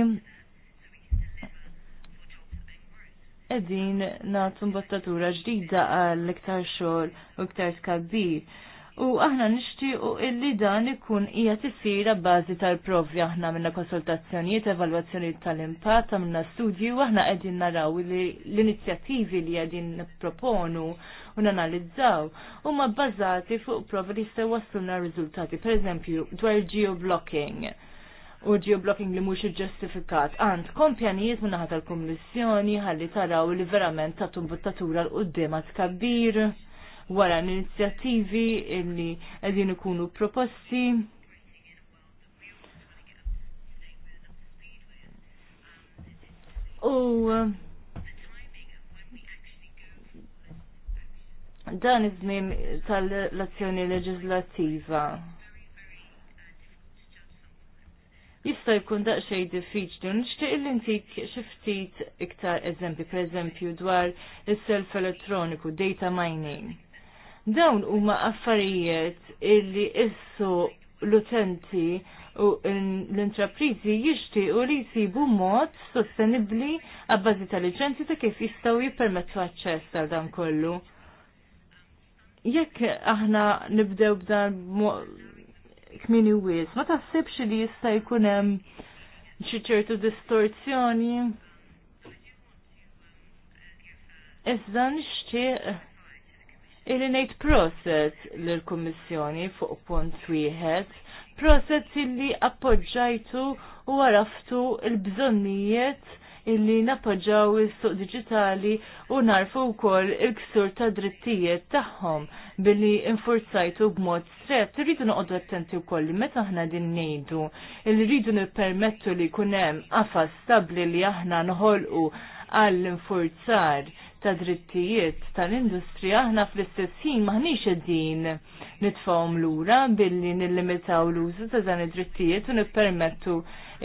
edin natum bottatura ġdida għal iktar xogħol u iktar skabbir u aħna nixtiequ illi dan ikun hija tisir bażi tal-provi aħna minna konsultazzjonijiet, evalwazzjoni tal-impatt, minna studji u aħna qegħdin naraw li l-inizjattivi li qegħdin nipproponu u nanalizzaw huma bbażati fuq provi li jistgħu wasluna riżultati, pereżempju dwar geoblocking u geoblocking li mhux ġustifikat. Għand kompjanijiet naħa tal-Kummissjoni ħalli taraw li verament tagħtu mbuttatura l quddiem għad kabbir wara l-inizjattivi illi għedin ikunu proposti. U uh, dan iż-żmien tal-azzjoni leġislattiva jista' jkun daqsxejn diffiċli nixtieq li ntik xi ftit iktar eżempji, pereżempju dwar is-self elettroniku, data mining. Dawn huma affarijiet illi issu l-utenti u l-intraprizi jixtiequ li jsibu mod sostenibbli għabbażi tal ġenti ta' kif jistgħu jippermettu aċċess għal dan kollu. Jekk aħna nibdew b'dan kmini wis, ma sebx li jista' jkun hemm xi ċertu distorzjoni. Iżda nixtieq il ngħid process lill-Kummissjoni fuq punt wieħed, process illi appoġġajtu u għaraftu l-bżonnijiet illi nappoġġaw is-suq diġitali u narfu wkoll il-ksur ta' drittijiet tagħhom billi infurzajtu b'mod strett. Irridu noqogħdu attenti wkoll meta aħna din ngħidu illi rridu nippermettu li jkun hemm qafas stabbli li aħna noħolqu għall-infurzar ta' drittijiet tal-industrija aħna fl-istess ħin maħniex qegħdin nitfgħuhom lura billi nillimitaw l-użu ta' dan id-drittijiet u nippermettu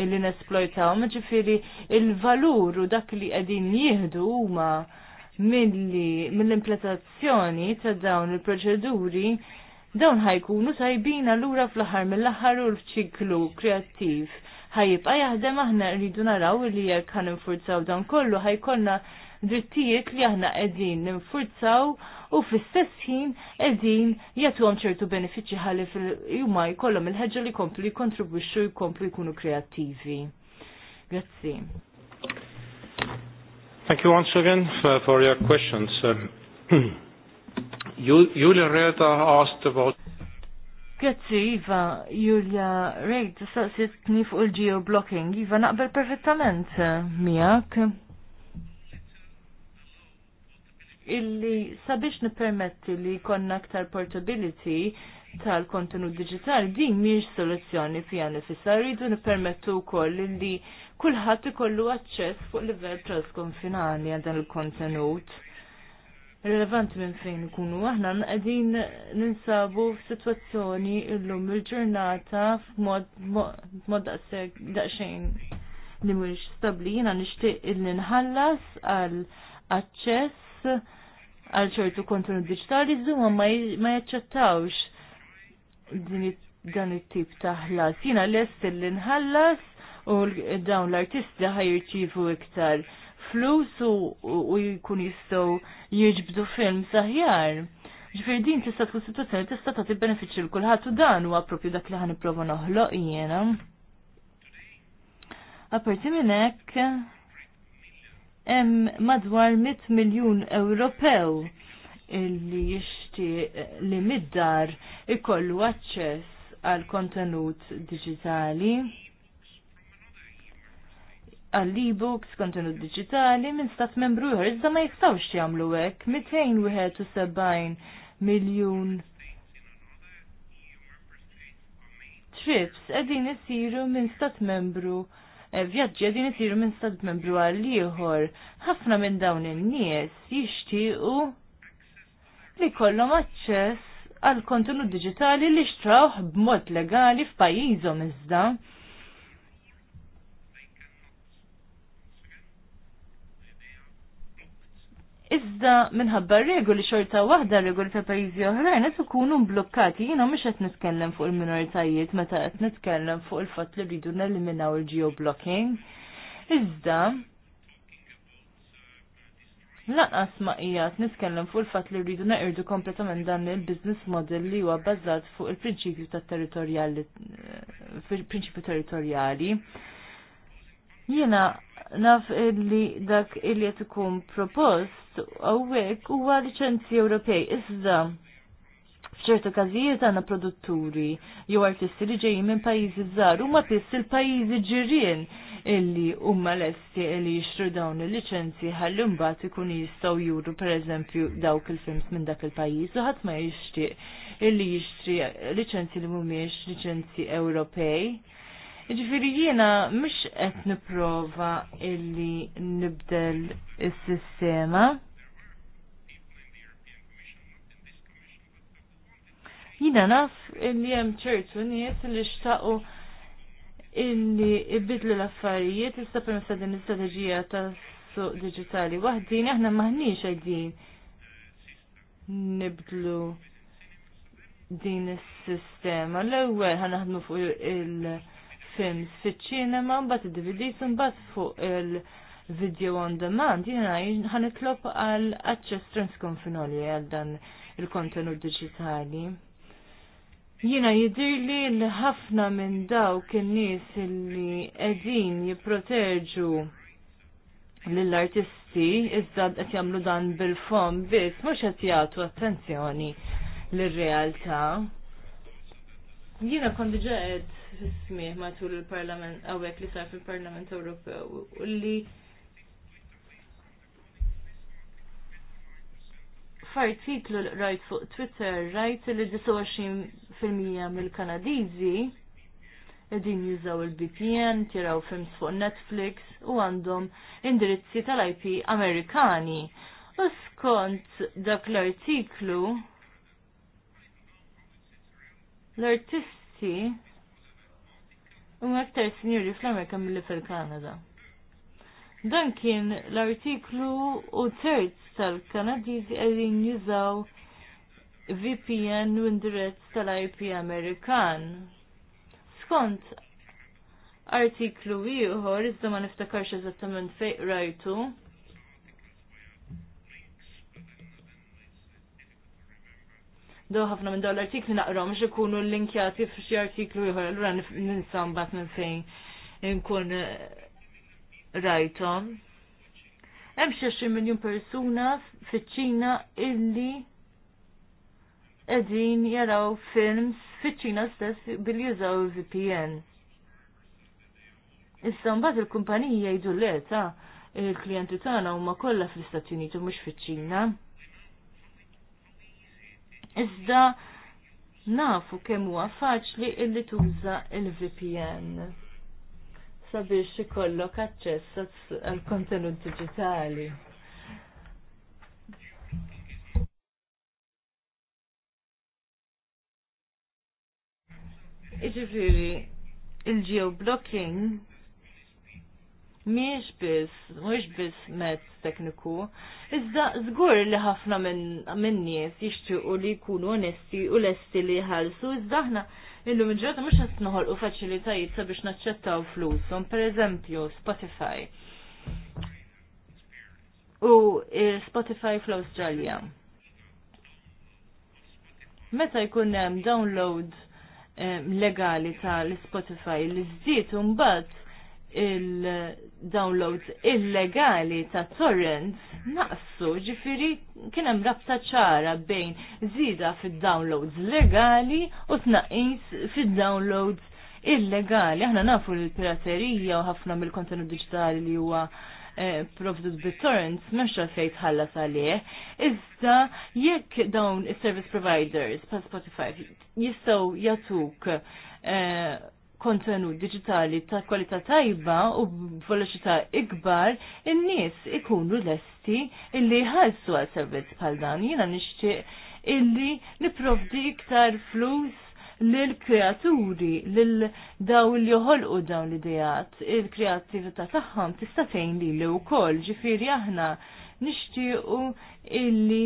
illi nesplojtaw. ġifieri il-valur u dak li qegħdin jieħdu huma mill-implementazzjoni ta' dawn il-proċeduri dawn ħajkunu tajbin lura fl-aħħar mill-aħħar u l-ċiklu kreattiv ħajibqa jaħdem aħna rridu naraw li jekk ħan infurzaw dan kollu ħajkonna drittijiet li aħna qegħdin ninfurzaw u fl-istess ħin qegħdin jagħtuhom ċertu benefiċċji ħalli huma jkollhom il-ħeġġa li jkomplu jkontribwixxu jkomplu jkunu kreattivi. Grazzi. Thank you once again for, for your questions. Julia Reda asked about Grazzi, Iva, Julia, rejt, saqsitni fuq il-geoblocking. Iva, naqbel perfettament miegħek illi sabiex nipermetti li konna aktar portability tal-kontenut digitali din miex soluzzjoni fija nifissa rridu nipermettu wkoll li kulħadd ikollu aċċess fuq livell transkonfinali għal dan il-kontenut. Rilevanti minn fejn ikunu aħna qegħdin ninsabu f'sitwazzjoni llum il-ġurnata f'mod daqsxejn li mhux stabbli jiena nixtieq illi nħallas għal aċċess għal ċertu kontenut digitali żuma ma jaċċettawx dan it-tip ta' ħlas. Jiena lest li nħallas u dawn l-artisti ħajirċivu iktar flus u jkun jistgħu jiġbdu film saħjar. Ġifir din tista' tkun situazzjoni tista' tagħti benefiċċju kulħadd u dan huwa proprju dak li ħan nipprova noħloq jiena. Apparti minn hekk hemm madwar 100 miljun Ewropew li jixtieq li middar ikollu aċċess għal kontenut digitali għall e-books, kontenut digitali minn stat membru ieħor, iżda ma jistgħux jagħmlu hekk 271 miljun trips qegħdin isiru minn stat membru Eh, vjaġġi din isiru minn stat membru għal ieħor. Ħafna minn dawn in-nies jixtiequ li kollom aċċess għal kontenut digitali li xtrawh b'mod legali f'pajjiżhom iżda. Iżda minħabba regoli xorta waħda regoli ta' pajjiżi oħrajn qed ikunu mblukkati jiena mhux qed nitkellem fuq il-minoritajiet meta qed nitkellem fuq il-fatt li rridu neliminaw il-geoblocking. Iżda lanqas ma qed nitkellem fuq il-fatt li rridu naqirdu kompletament dan il-business model li huwa bbażat fuq il-prinċipju tat-territorjali eh, fil-prinċipju territorjali. territorjali Jiena naf illi dak illi jett ikun propost hawnhekk huwa liċenzji Ewropej iżda f'ċertu każijiet għandna produtturi jew artisti li ġejjin minn pajjiżi żgħar huma biss il-pajjiżi ġirien illi huma lesti illi jixtru dawn il-liċenzji ħalli mbagħad ikun jistgħu juru pereżempju dawk il-films minn dak il-pajjiż u ħadd ma jixtieq illi jixtri liċenzji li mhumiex liċenzji Ewropej. Ġifiri jiena mux qed niprova illi nibdel is-sistema. Jiena naf illi hemm ċertu nies li xtaqu illi ibidlu l-affarijiet issa permezz din l-istrateġija ta' suq digitali waħdin aħna maħniex din nibdlu din is-sistema. L-ewwel ħanaħdmu fuq il- films fiċ-ċinema, mbagħad id-DVDs mbagħad fuq il-video on demand jiena ħanitlob għal aċċess transkonfinoli għal dan il-kontenut diġitali. Jina jidirli l-ħafna minn dawk in-nies li qegħdin jipproteġu lill-artisti iżda qed jagħmlu dan bil-fom biss mhux qed jagħtu attenzjoni lir-realtà. Jiena kont diġà fis-smieħ matul il-Parlament hawnhekk li sar fil-Parlament Ewropew u li f'artiklu rajt fuq Twitter rajt li 29% mill-Kanadiżi qegħdin jużaw il-VPN, tiraw films fuq Netflix u għandhom indirizzi tal-IP Amerikani. U skont dak l-artiklu l-artisti u aktar sinjuri fl-Amerika mill-li fil-Kanada. Dan kien l-artiklu u terz tal-Kanadizi għedin jużaw VPN u indirett tal-IP Amerikan. Skont artiklu ieħor, iżda ma niftakarx eżattament fejn rajtu, do ħafna minn dawn l-artikli naqrom biex ikunu linkjati f'xi artiklu ieħor, allura ninsa mbagħad minn fejn nkun eh, rajtom. Hemm xi miljun persuna fiċ-Ċina illi qegħdin jaraw films fiċ-Ċina stess billi jużaw VPN. Issa mbagħad il-kumpaniji jgħidu le ta' il-klijenti tagħna huma kollha fl-Istati Uniti mhux fiċ-Ċina. Iżda nafu kemm huwa faċli illi tuża il-VPN sabiex ikollok aċċess għal kontenut digitali. Iġifiri, il-geoblocking miex biss, mux biss mezz tekniku, iżda zgur li ħafna minn nies jixtiequ li jkunu onesti u lesti li jħallsu, iżda aħna illum il-ġodda mhux qed noħolqu faċilitajiet sabiex naċċettaw flushom, pereżempju Spotify. U Spotify fl-Awstralja. Meta jkun hemm download eh, legali tal-Spotify li żdiet mbagħad il-downloads illegali ta' torrents naqsu ġifiri kienem rabta ċara bejn zida fil-downloads legali u tnaqis fil-downloads illegali. Aħna nafu l-piraterija u ħafna mill-kontenut digitali li huwa eh, provdut bit-torrents meċa fejt ħalla salih, iżda jekk dawn service providers pa' Spotify jistaw jatuk eh, kontenut digitali ta' kwalità tajba u veloċità ikbar, in-nies ikunu lesti illi ħassu għal servizz bħal dan. Jiena nixtieq illi niprovdi iktar flus lill-kreaturi, lil daw li joħolqu dawn l-idejat, il-kreativita tagħhom tista' tgħin lili wkoll, ġifieri aħna nixtiequ illi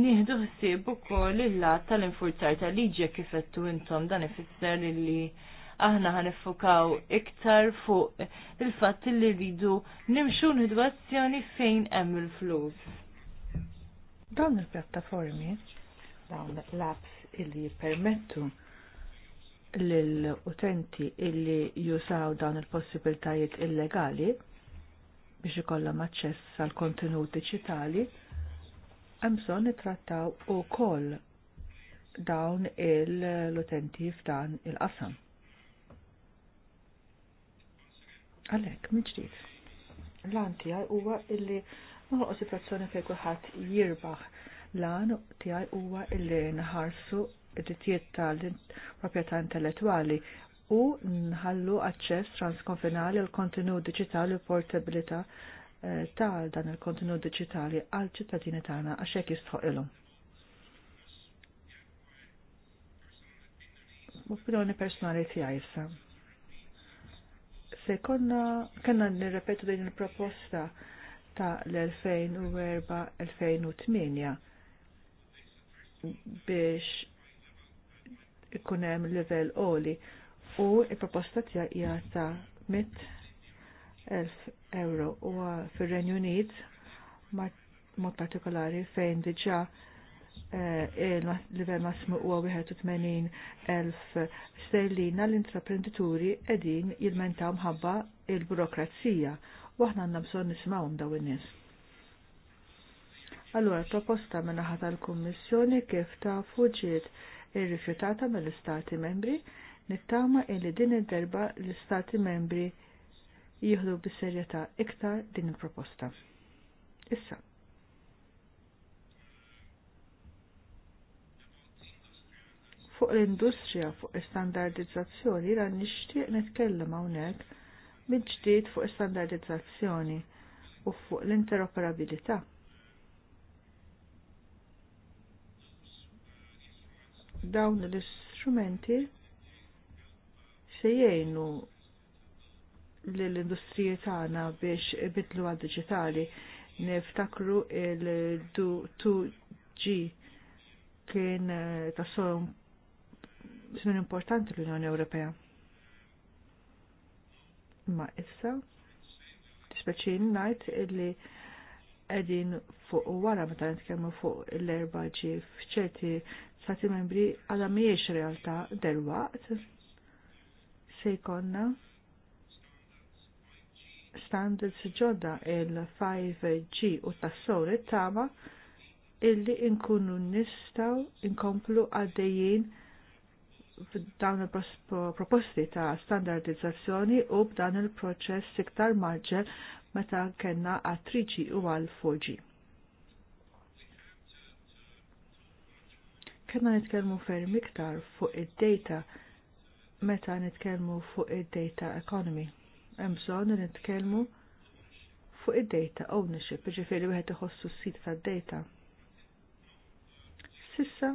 nieħdu ħsieb ukoll il-lat tal-infurzar tal-liġi kif qed intom dan ifisser illi aħna ħanifukaw iktar fuq il-fatt li rridu nimxu nħidu azzjoni fejn hemm il-flus. Dawn il-pjattaformi, dawn l-apps illi jippermettu l-utenti illi jużaw dawn il-possibiltajiet illegali biex ikollhom aċċess għal kontenut diġitali, hemm bżonn nittrattaw ukoll dawn l-utenti f'dan il-qasam. Għalek, mġrid. L-għan tijaj huwa illi u situazzjoni fej kuħat jirbaħ. L-għan tijaj huwa illi nħarsu id-dittijiet tal-proprjetà intellettuali u nħallu aċċess transkonfinali l kontenut digitali u portabilità eh, tal dan il-kontenut digitali għal ċittadini tagħna għax hekk jistħoq ilhom. Opinjoni personali tiegħi issa se konna kanna nirrepetu din il-proposta ta' l-2004-2008 biex ikunem level oli u il-proposta tja hija ta' 100.000 euro u uh, fil-Renju Unit mod partikolari fejn diġa Eh, il-livell massimu huwa elf sterlina l-intraprendituri edin jilmentaw mħabba il-burokrazija u aħna għandna bżonn nisimgħuhom daw in-nies. Allura proposta minna naħa tal-Kummissjoni kif tafu ġiet irrifjutata mill-Istati Membri nittama li din id-derba l-Istati Membri jieħdu bis-serjetà iktar din il-proposta. Issa, fuq l-industrija fuq istandardizzazzjoni ra nixtieq nitkellem hawnhekk minn ġdid fuq istandardizzazzjoni u fuq l-interoperabilità. Dawn l-istrumenti se jgħinu l-industriji tagħna biex ibidlu għad diġitali niftakru il-2G kien eh, tassom żmien importanti l-Unjoni Ewropea. Ma issa tispeċin ngħid illi qegħdin fuq wara meta nitkellmu fuq l-erba' ġi f'ċerti stati membri għadha mhijiex realtà delwaqt se jkollna standards ġodda il-5G u tassori tama illi inkunu nistaw inkomplu għaddejjien f'dawn il-proposti ta' standardizzazzjoni u b'dan il-proċess s'iktar marġel meta kena għal 3G u għal 4G. Kena nitkellmu ferm iktar fuq id-data meta nitkellmu fuq id-data economy. Hemm bżonn nitkellmu fuq id-data ownership, ġifieri wieħed iħossu s-sit data Sissa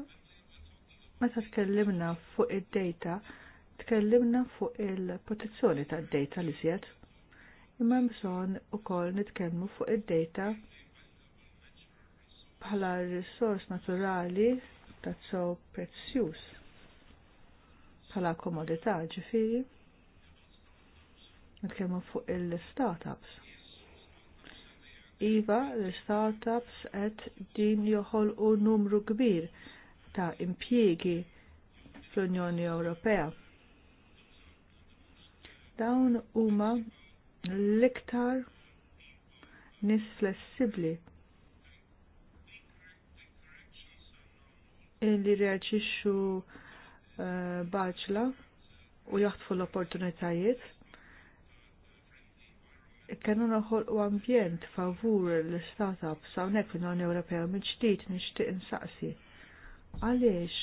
Meta tkellimna fuq id-data, tkellimna fuq il-protezzjoni tad-data li sjed. Imma u ukoll nitkellmu fuq id-data bħala risors naturali so prezzjuż bħala komodità ġifiri. Nitkellmu fuq il-startups. Iva, l-startups qed din joħolqu numru kbir ta' impjiegi fl-Unjoni Ewropea. Dawn huma l-iktar nis flessibbli li reaġixxu uh, eh, baċla u jaħtfu l-opportunitajiet kienu noħol u ambjent favur l-startups hawnhekk fl-Unjoni Ewropea minn ġdid nixtieq insaqsi għaliex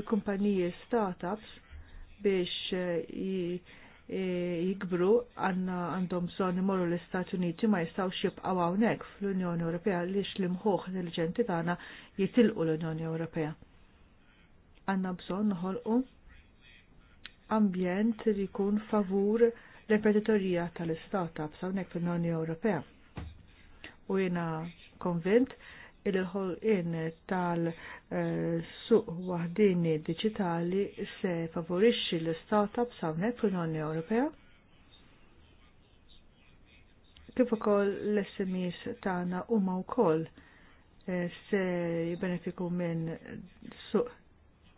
il-kumpaniji startups biex eh, eh, jikbru għanna għandhom bżonn imorru l-Istati Uniti ma jistawx jibqaw hawnhekk fl-Unjoni Ewropea għaliex l-imħuħ intelligenti tagħna jitilqu l-Unjoni Ewropea. Għanna bżonn noħolqu ambjent li jkun favur l-imprenditorija tal-istata hawnhekk fl-Unjoni Ewropea. U jiena konvint il-ħolqin tal-suq waħdini digitali se favorixxi l-startup hawnhekk fl-Unjoni Ewropea kif ukoll l-SMEs tagħna huma wkoll eh, se jibbenefiku minn suq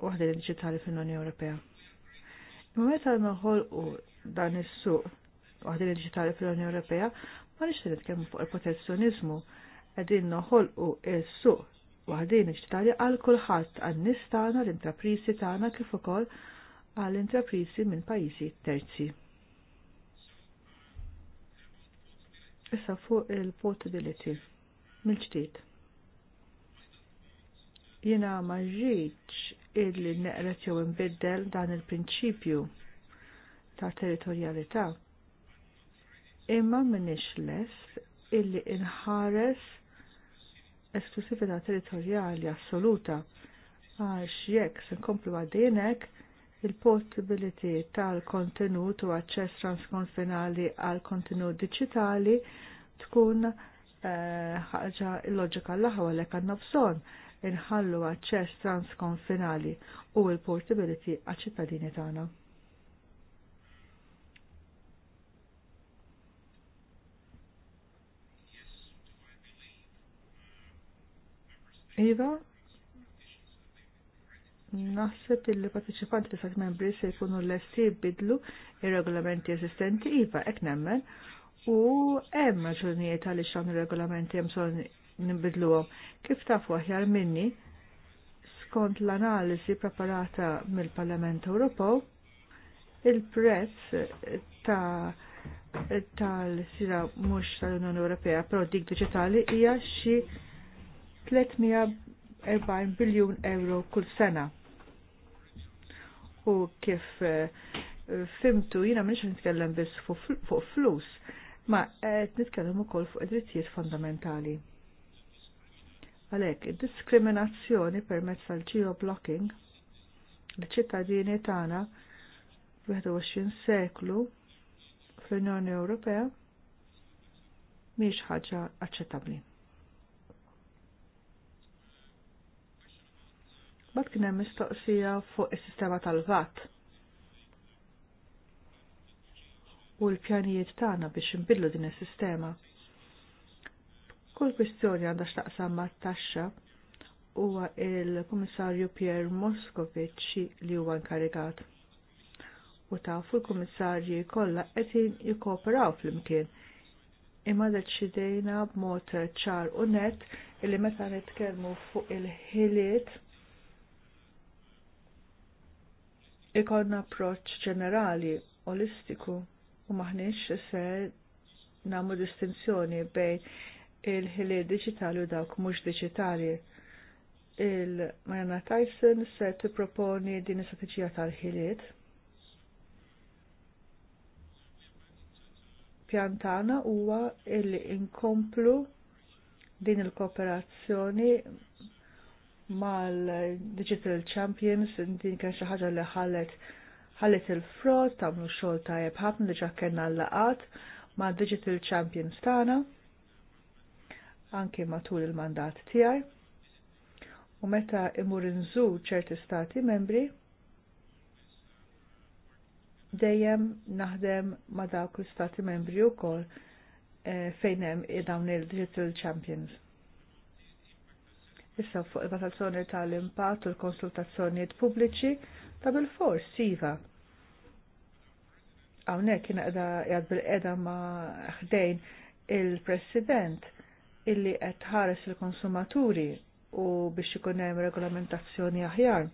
waħdini digitali fl-Unjoni Ewropea. Imma meta noħolqu dan is-suq waħdini digitali fl-Unjoni Ewropea ma nixtieq nitkellmu fuq il-protezzjonizmu għedin noħolqu il-suq waħdin iġtitali għal kulħadd għan nistana tagħna l-intraprisi tagħna kif ukoll għal intraprisi minn pajjiżi terzi. Issa fuq il-portability mill-ġdid. Jiena ma ġietx illi neqret jew imbiddel dan il-prinċipju ta' territorjalità imma minix less illi inħares esklusivita territoriali assoluta għax jekk se nkomplu għaddejnek il-possibiliti tal-kontenut u aċċess transkonfinali għal kontenut digitali tkun eh, ħaġa eh, il-loġika l-aħwa li għandna bżonn inħallu aċċess transkonfinali u l-portability għacċittadini ċittadini tagħna. Iva, naħseb il-li partiċipanti ta' sat membri se jkunu l-essi bidlu il-regolamenti esistenti, Iva, ek nemmen, u hemm raġunijiet għaliex xan ir-regolamenti hemm son għom. Kif tafu aħjar minni, skont l-analiżi preparata mill-Parlament Ewropew, il-prezz ta' tal-sira mhux tal-Unjoni Ewropea, però dik digitali, hija xi 340 biljun euro kull sena. U kif eh, fimtu jina minix nitkellem biss fuq flus, ma qed nitkellem ukoll fuq id-drittijiet fondamentali. Għalhekk id-diskriminazzjoni permezz tal-geoblocking li ċittadini tagħna 21 seklu fl-Unjoni Ewropea miex ħaġa aċċettabbli. Bat kien hemm mistoqsija fuq is-sistema tal-VAT. U l-pjanijiet tagħna biex inbidlu din is-sistema. Kull kwistjoni għandha x'taqsam mat-taxxa huwa il-Kummissarju Pierre Moskovici li huwa inkarigat. U tafu l-Kummissarji kollha qed jikkooperaw flimkien imma deċidejna b'mod ċar u net illi meta nitkellmu fuq il-ħiliet ikonna approċ ġenerali, olistiku, u maħniex se namu distinzjoni bejn il-ħiliet digitali u dawk mhux digitali. il marjana Tyson se tipproponi din is-strateġija tal-ħiliet. Pjantana huwa illi inkomplu din il-kooperazzjoni mal-Digital Champions, din kien xi ħaġa li ħallet ħallet il-frod, tagħmlu xogħol tajjeb ħafna diġà kellna laqat ma' Digital Champions tagħna anke matul il-mandat tiegħi. U meta imur inżu ċerti stati membri, dejjem naħdem ma' dawk l-stati membri wkoll eh, fejn hemm dawn il-Digital Champions issa fuq il-valutazzjoni tal-impatt u l-konsultazzjonijiet pubbliċi ta' bil-fors siva. Hawnhekk kien jgħad bil qiegħda ma' ħdejn il-President illi qed ħares il-konsumaturi u biex ikun hemm regolamentazzjoni aħjar.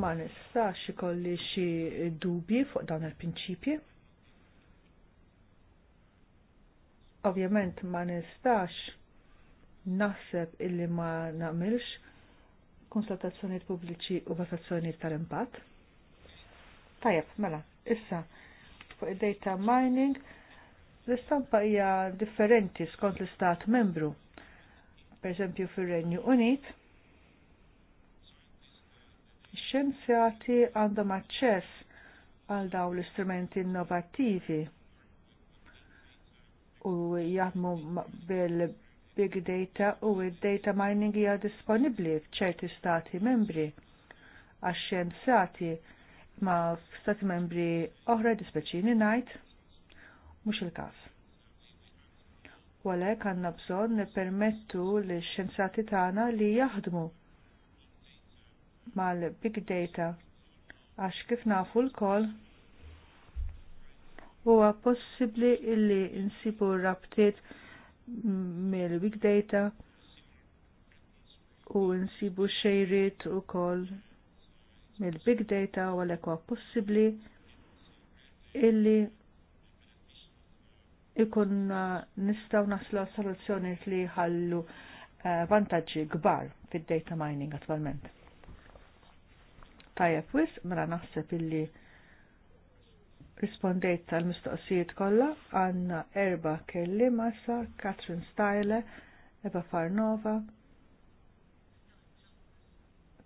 Ma nistax ikolli xi dubji fuq dawn il-prinċipji. Ovvjament ma nistax naħseb illi ma namilx konsultazzjoniet pubbliċi u valutazzjoniet tal-impatt. Tajab, mela, issa, fuq id-data mining, l-istampa hija differenti skont l-istat membru. Per eżempju, fir-Renju Unit, xenzjati għandhom aċċess għal dawn l-istrumenti innovattivi u jaħdmu bil-big data u id-data mining hija disponibbli f'ċerti stati membri għax xjenzati ma f'stati membri oħra dispeċini ngħid mhux il-każ. U għalhekk għandna bżonn nippermettu li xjenzati tagħna li jaħdmu mal-big data għax kif nafu l-koll huwa possibbli illi insibu rabtiet mill-big data u nsibu xejrit u koll mill-big data u għalek huwa possibbli illi ikun nistaw naslu soluzzjoni li ħallu eh, vantaġġi kbar fid-data mining attualment. Tajjeb wis, mela naħseb illi rispondejt tal-mistoqsijiet kollha għandna erba' kellima Massa, Catherine Style, Eva Farnova,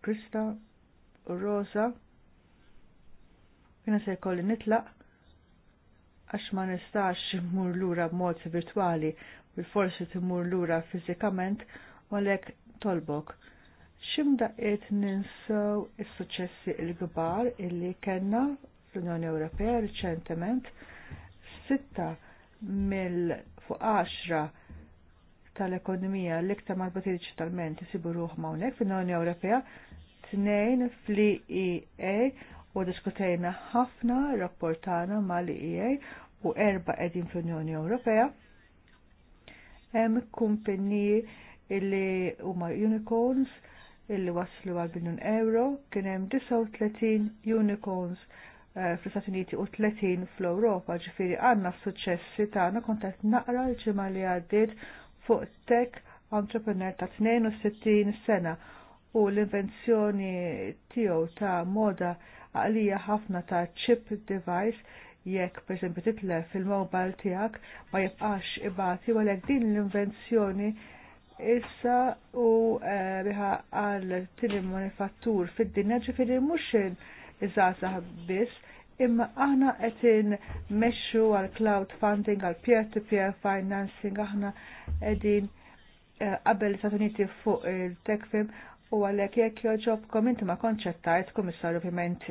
Krista u Rosa. Jena se jkolli nitlaq għax ma nistax immur lura b'mod virtwali u forsi timmur lura fiżikament u għalhekk tolbok. Ximda qed ninsew is-suċessi il-kbar illi kellna fl-Unjoni Ewropea riċentement sitta mill fuq 10 tal-ekonomija l-iktar marbutin diġitalment jisibu ruħma mawnek fl-Unjoni Ewropea, tnejn fl-EEA u diskutejna ħafna rapportana mal-EEA u erba qegħdin fl-Unjoni Ewropea. Hemm kumpanniji illi huma unicorns illi waslu għal binun euro, kien hemm 39 unicorns Eh, fl-Stati Uniti u 30 fl-Europa, ġifiri għanna s-successi tagħna kont qed naqra l-ġimgħa li għaddiet fuq tech entrepreneur ta' 62 sena u l-invenzjoni tiegħu ta' moda għalija ħafna ta' chip device jekk perżempju title fil-mobile tiegħek ma jibqax ibati u għalhekk din l-invenzjoni issa u eh, biħa għal tini manifattur fid-dinja ġifiri muxin iż-żgħażagħ biss, imma aħna qed inmexxu għal cloud funding, għal peer-to-peer financing, aħna qegħdin eh, qabel uh, Uniti fuq il-tekfim u għalhekk jekk joġobkom inti ma konċettajt kummissarju ovvjament.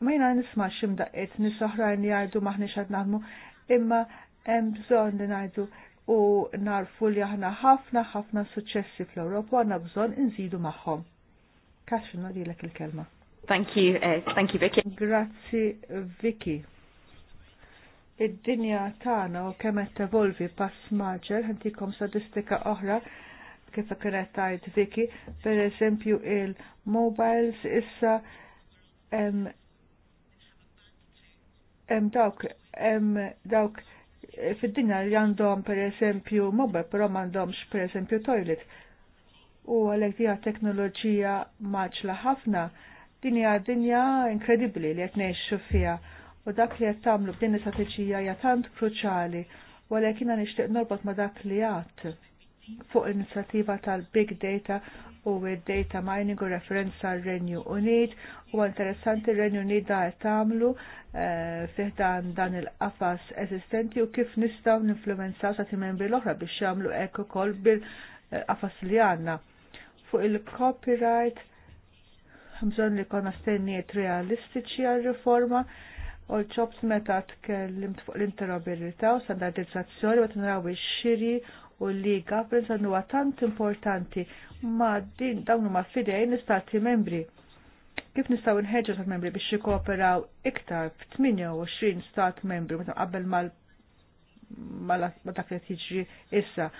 Ma jiena nisma' x'imdaqqiet nies oħrajn jgħidu maħniex qed naħdmu, imma hemm bżonn li ngħidu u narfu li aħna ħafna ħafna suċċessi fl-Ewropa għandna bżonn inżidu magħhom. Kaxin, nagħdilek il-kelma. Thank you, uh, thank you Vicky. Grazzi Vicky. Id-dinja tagħna u kemm qed tevolvi pass maġġel ħantikom statistika oħra kif kienet tajt Vicky, per il-mobiles issa em, dawk em dawk eh, fid-dinja li għandhom per mobile però m'għandhomx per toilet u għalek dija teknoloġija maċla ħafna Din hija dinja inkredibbli li qed ngħixu fiha u dak li qed tagħmlu b'din is istrateġija hija tant kruċjali għalhekk jiena nixtieq norbot ma' dak li għad fuq l-inizjattiva tal-Big Data u data mining u referenza renju Unit u interessanti renju Unit da tamlu e, eh, dan il-qafas esistenti u kif nistaw ninfluenzaw sa' membri l-oħra biex jamlu ekko kol bil-qafas eh, li għanna. Fuq il-copyright bżonn li konna stennijiet realistiċi għal-riforma u l-ċobs meta tkellimt fuq l-interoperabilità u standardizzazzjoni u t-naraw ix-xiri u l-liga preżan huwa tant importanti ma din dawn huma fidejn l-istati membri. Kif nistgħu nħeġġu stat membri biex jikkooperaw iktar 28 stat membri meta qabel mal dak li tiġri issa.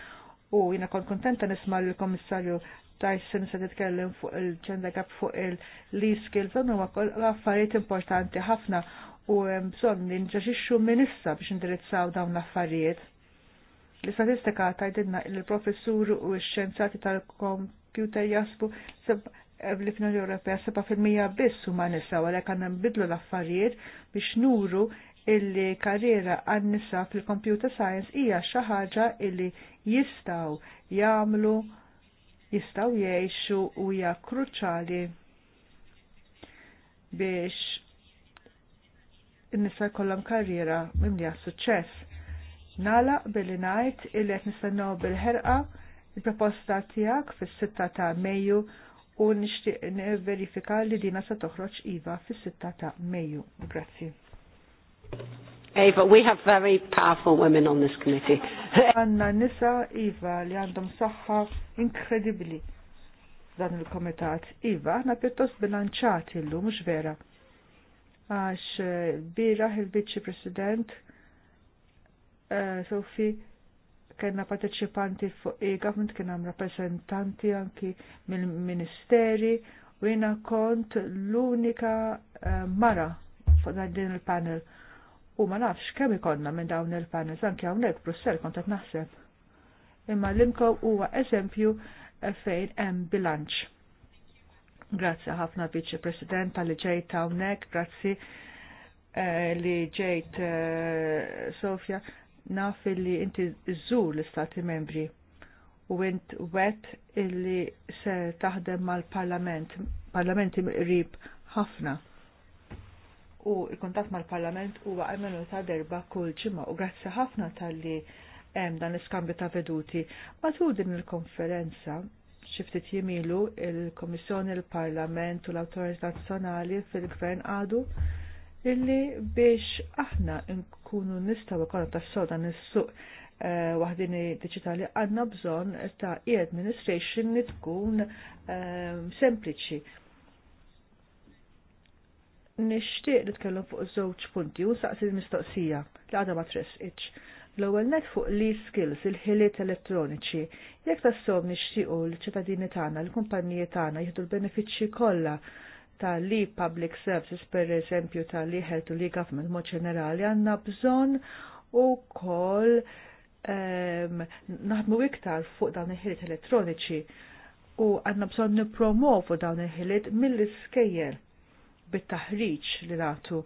U jina kont kontenta nisma l-Komissarju Tyson se titkellem fuq il-ġenda gap fuq il skills, skill dan huwa affarijiet importanti ħafna u bżon bżonn ninġaxixxu minn issa biex indirizzaw dawn l-affarijiet. L-istatistika tgħidilna il professur u x-xjenzati tal-kompjuter jasbu li fl seba' fil-mija biss huma nisa għalhekk għandna nbidlu l-affarijiet biex nuru illi karriera għan-nisa fil-computer science hija xi ħaġa illi jistgħu jagħmlu jistaw jiexu u hija kruċali biex nisa jkollhom karriera mimlija suċċess. Nala billi ngħid illi qed nistennew bil-ħerqa il-proposta tiegħek fis-6 ta' Mejju u nixtieq verifika li dina se toħroġ iva fis-6 ta' Mejju. Grazzi. Eva, eh, we have very powerful women on this committee. Għanna nisa Iva li għandhom saħħa inkredibli dan il-komitat. Iva, għanna pjuttost bilanċati l-lum, mux vera. Għax eh, Bira, il vice President eh, Sofi kena parteċipanti fuq e-government, kena rappresentanti anki mill-ministeri u jena kont l-unika mara fuq dan il-panel u ma nafx kemm ikonna minn dawn il-panels anke hawnhekk Brussell kont qed naħseb. Imma l imko huwa eżempju fejn hemm bilanċ. Grazzi ħafna Viċi President tal-li ġejt hawnhekk, grazzi eh, li ġejt eh, Sofja, naf li inti żżur l-Istati Membri u int wet illi se taħdem mal-Parlament, parlamenti qrib ħafna u il-kontat mal-Parlament huwa u ta' derba kull ġima, u grazzi ħafna tal-li hemm dan l-iskambju ta' veduti. Matul din il-konferenza xi ftit jimilu il-Komissjoni il-Parlament u l-Awtorità Nazzjonali fil-Gvern għadu illi biex aħna nkunu nistgħu ikollna tas-soda is suq eh, waħdini digitali għanna bżon ta' e-administration li tkun eh, sempliċi nixtieq nitkellem fuq żewġ punti u saqsi l-mistoqsija li għadha ma tresqitx. L-ewwel net fuq li skills il-ħiliet elettroniċi. Jekk tassom nixtiequ l-ċittadini tagħna, l-kumpaniji tagħna jieħdu l-benefiċċji kollha ta' li public services per eżempju ta' li health u li government mod ġenerali għandna bżonn ukoll um, naħdmu iktar fuq dawn il-ħiliet elettroniċi u għandna bżonn nippromovu dawn il-ħiliet mill-iskejjer bit-taħriġ li nagħtu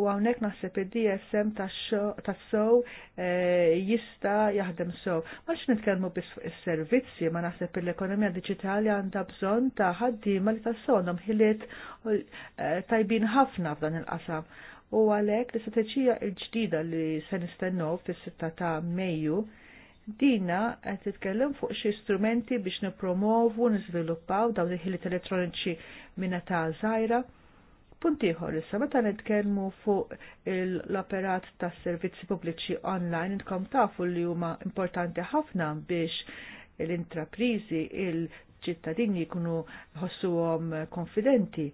u għawnek naħseb id-DSM tas-sow eh, jista jaħdem sow. Maċ nitkelmu bis servizzi ma naħseb l-ekonomija digitali għandha bżonn ta' ħaddiema li tas-sow nom eh, tajbin ħafna f'dan il-qasam. U għalhekk l-istrateġija l-ġdida li se nistennew fis-sitta ta' Mejju dina qed titkellem fuq xi strumenti biex nippromovu, niżviluppaw dawn il-ħiliet elettroniċi minn ta' żgħira Punt ieħor issa meta nitkellmu fuq l-operat tas servizzi pubbliċi online inkom tafu li huma importanti ħafna biex l-intraprizi, il-ċittadini jkunu ħossuhom konfidenti.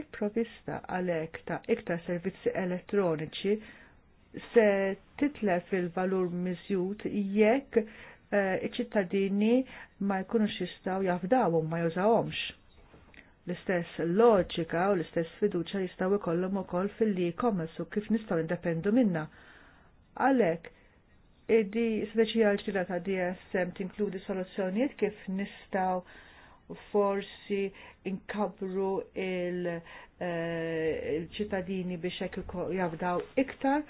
Il-provista għalhekk ta' iktar servizzi elettroniċi se titlef il-valur miżjud jekk eh, iċ-ċittadini ma jkunux jistgħu jafdawhom ma jużawhomx l-istess loġika u l-istess fiduċa jistaw ikollhom ukoll fil-li commerce u kif nistgħu nindependu minna. Għalhekk id-di speċjal ġdida ta' DSM tinkludi soluzzjonijiet kif nistgħu forsi inkabru eh, il-ċittadini biex hekk jafdaw iktar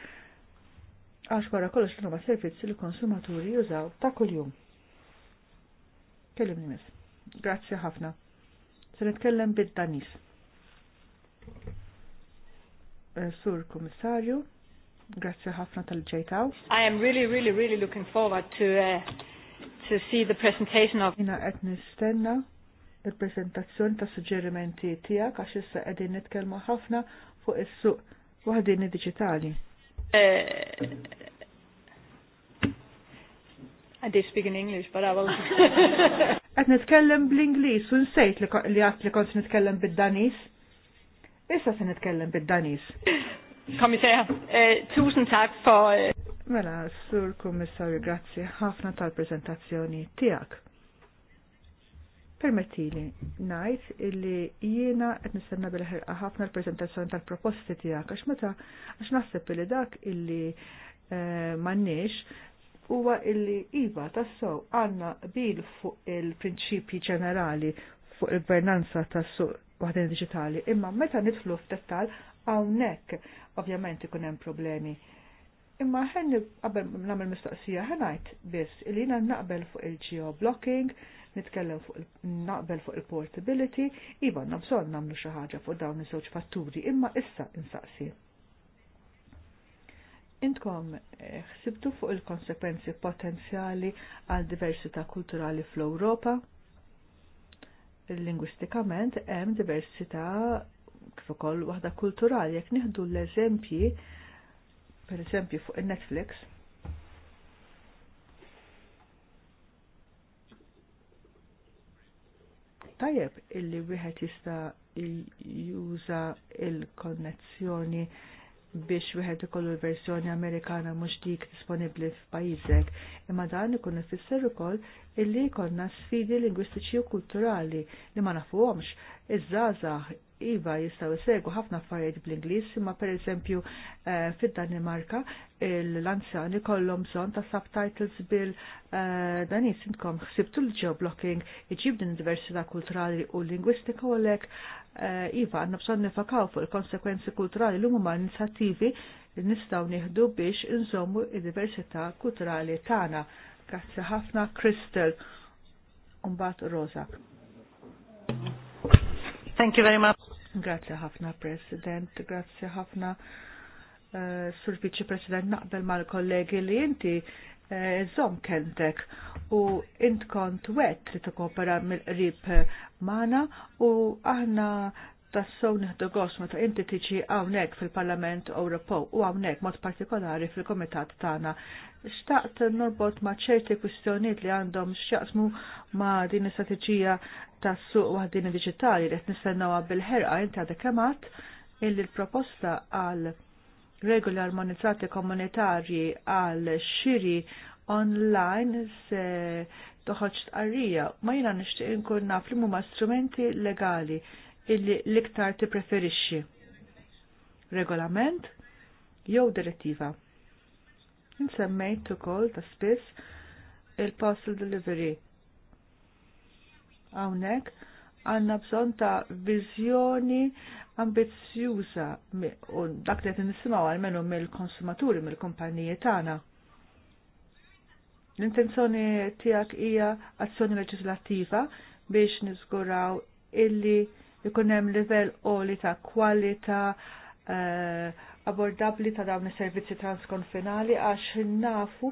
għax wara kollox l-numa servizzi li konsumaturi jużaw ta' kuljum. Kellimni mis. Grazzi ħafna. Se nitkellem bid-Danis. Eh, Sur Commissario, grazzi ħafna tal-ġejtaw. I am really, really, really looking forward to, uh, to see the presentation of... Ina qed nistenna il-presentazzjoni ta' suġġerimenti tiegħek għax issa qegħdin nitkellmu ħafna fuq is-suq waħdini diġitali. Uh, I did speak in English, but I will. qed nitkellem bl-Ingliż u nsejt li għat li kont nitkellem bid-Danis. Issa se nitkellem bid-Danis. Komissar, eh, tusen tak for. Eh, mela, sur kummissarju, grazzi ħafna tal-prezentazzjoni tiegħek. Permettili, najt illi jiena qed nistenna bil-ħerqa ħafna l-prezentazzjoni tal-proposti tiegħek għax meta għax naħseb li dak illi eh, m'għandniex huwa illi iva tassew għandna bil fuq il-prinċipji ġenerali fuq il-gvernanza tas-suq waħdin digitali, imma meta nidħlu f'dettal hawnhekk ovvjament ikun hemm problemi. Imma ħen qabel nagħmel mistoqsija ħanajt biss li jiena naqbel fuq il-geoblocking, nitkellem fuq naqbel fuq il-portability, iva bżonn nagħmlu xi ħaġa fuq dawn iż-żewġ fatturi, imma issa insaqsi Intkom eh, ħsibtu fuq il-konsekwenzi potenzjali għal diversità kulturali fl-Ewropa? Lingwistikament hemm diversità kif ukoll waħda kulturali jekk nieħdu l-eżempji pereżempju fuq in-Netflix tajjeb illi wieħed jista' juża il-konnezzjoni il konnezzjoni biex wieħed ikollu l-versjoni Amerikana mhux dik disponibbli f'pajjiżek, imma dan ikun ifisser ukoll illi jkollna sfidi lingwistiċi u kulturali li ma nafuhomx iż-żgħażagħ iva jistgħu jsegu ħafna affarijiet bl-Ingliż, imma pereżempju eh, fid-Danimarka l-anzjani kollom bżonn ta' subtitles bil eh, Danis dan jisinkom ħsibtu l-geoblocking iġib din diversità kulturali u lingwistika u lek eh, iva għandna bżonn nifakaw fuq il-konsekwenzi kulturali l huma inizjattivi li nistgħu nieħdu biex inżommu id-diversità kulturali tagħna. Grazzi ħafna Crystal. Umbat Rosa. Thank you very much. Grazie ħafna President, grazie ħafna uh, Sur Viċi President naqbel mal-kollegi li inti zom eh, kentek u int kont wet li t-kopera mill-qrib eh, mana u aħna tassow neħdu gosma ta' inti tiġi għawnek fil-Parlament Ewropew u għawnek mod partikolari fil-Komitat tagħna xtaqt norbot ma' ċerti kwistjoniet li għandhom x'jaqsmu ma' din l-istrateġija ta' suq waħdin digitali li qed nistennewha bil-ħerqa inta dekemat illi l-proposta għal regoli armonizzati komunitarji għal xiri online se toħoġ tqarrija ma jiena nixtieq inkun naf li huma strumenti legali illi l-iktar tippreferixxi. Regolament jew direttiva Nsemmejt ukoll ta' spiss il postal delivery. Hawnhekk għandna bżonn ta' viżjoni ambizzjuża u dak li qed nisimgħu għalmenu mill-konsumaturi mill-kumpaniji tagħna. L-intenzjoni tiegħek hija azzjoni leġislattiva biex niżguraw illi ikun hemm livell qoli ta' kwalità uh, abordabli ta' dawn is-servizzi transkonfinali għax nafu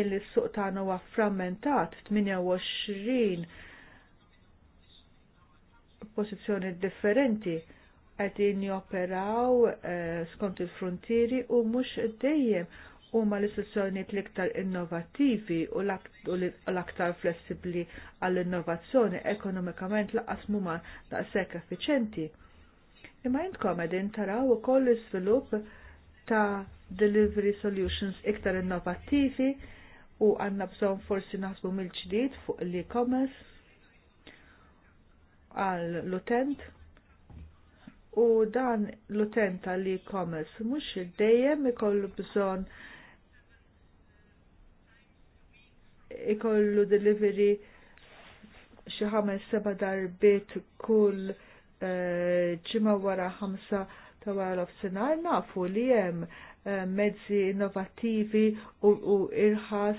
il suq tagħna huwa frammentat 28 pożizzjoni differenti qegħdin joperaw eh, skont il-frontieri u mhux dejjem huma l-istituzzjonijiet l-iktar innovattivi u l-aktar flessibbli għall-innovazzjoni ekonomikament laqas mhuma daqshekk effiċenti. Imma jintkom edin taraw u koll svilup ta' delivery solutions iktar innovattivi u għanna bżon forsi naħsbu mill-ġdid fuq l-e-commerce għal l-utent u dan l-utent għal l-e-commerce mux dejjem ikollu bżon ikollu delivery xi ħames seba' darbit kull ġimgħa wara ħamsa ta' wara nafu li hemm eh, mezzi innovattivi u irħas,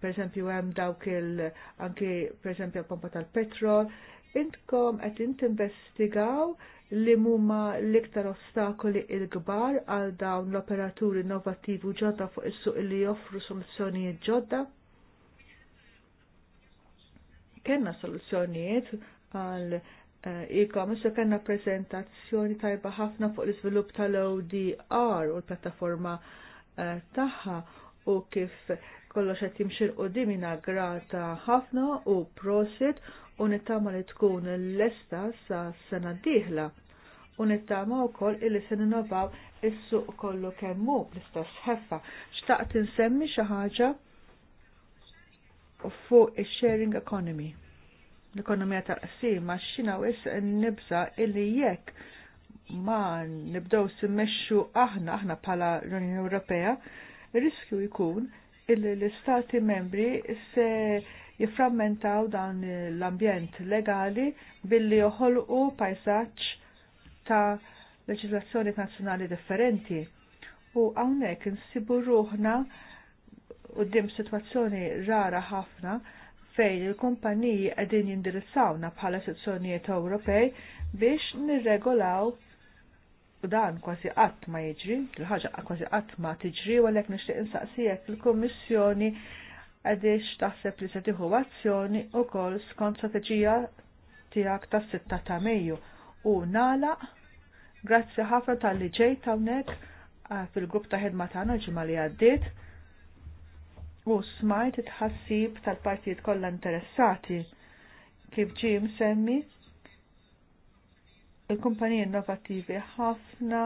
pereżempju hemm dawk il anke esempio pompa tal-petrol, intkom qed intinvestigaw li huma l-iktar ostakoli il-kbar għal dawn l-operaturi innovattivi ġodda fuq is-suq li joffru soluzzjonijiet ġodda? Kenna soluzzjonijiet għal Eh, ikom, issa kanna prezentazzjoni tajba ħafna fuq l-izvilupp tal-ODR u l-plattaforma eh, taħħa u kif kollox qed jimxir qudimina grata ħafna u prosit u nittama li tkun l-lesta sa sena diħla u nittama u koll illi se ninnovaw is-suq kollu kemmu bl-istess ħeffa. Xtaqt insemmi xi ħaġa fuq is-sharing economy l-ekonomija tal-qsima xina wis nibza illi jekk ma nibdow simmexxu aħna aħna bħala l-Unjoni Ewropea, riskju jkun illi l-istati membri se jifframmentaw dan l-ambjent legali billi joħolqu pajsaġġ ta' leġislazzjoni nazzjonali differenti. U hawnhekk insibu ruħna dim situazzjoni rara ħafna fejn il-kumpaniji qegħdin jindirizzawna bħala sezzjonijiet Ewropej biex nirregolaw u dan kważi qatt ma jiġri, il-ħaġa kważi qatt ma tiġri u għalhekk nixtieq insaqsijek il-Kummissjoni għadiex taħseb li se tieħu azzjoni wkoll skont strateġija tiegħek tas 6 ta' Mejju u nala grazzi ħafna tal-li ġejt hawnhekk ah, fil-grupp ta' ħidma tagħna ġimgħa li għaddiet u smajt it-ħassib tal-partijiet kollha interessati kif ġie msemmi il-kumpaniji innovattivi ħafna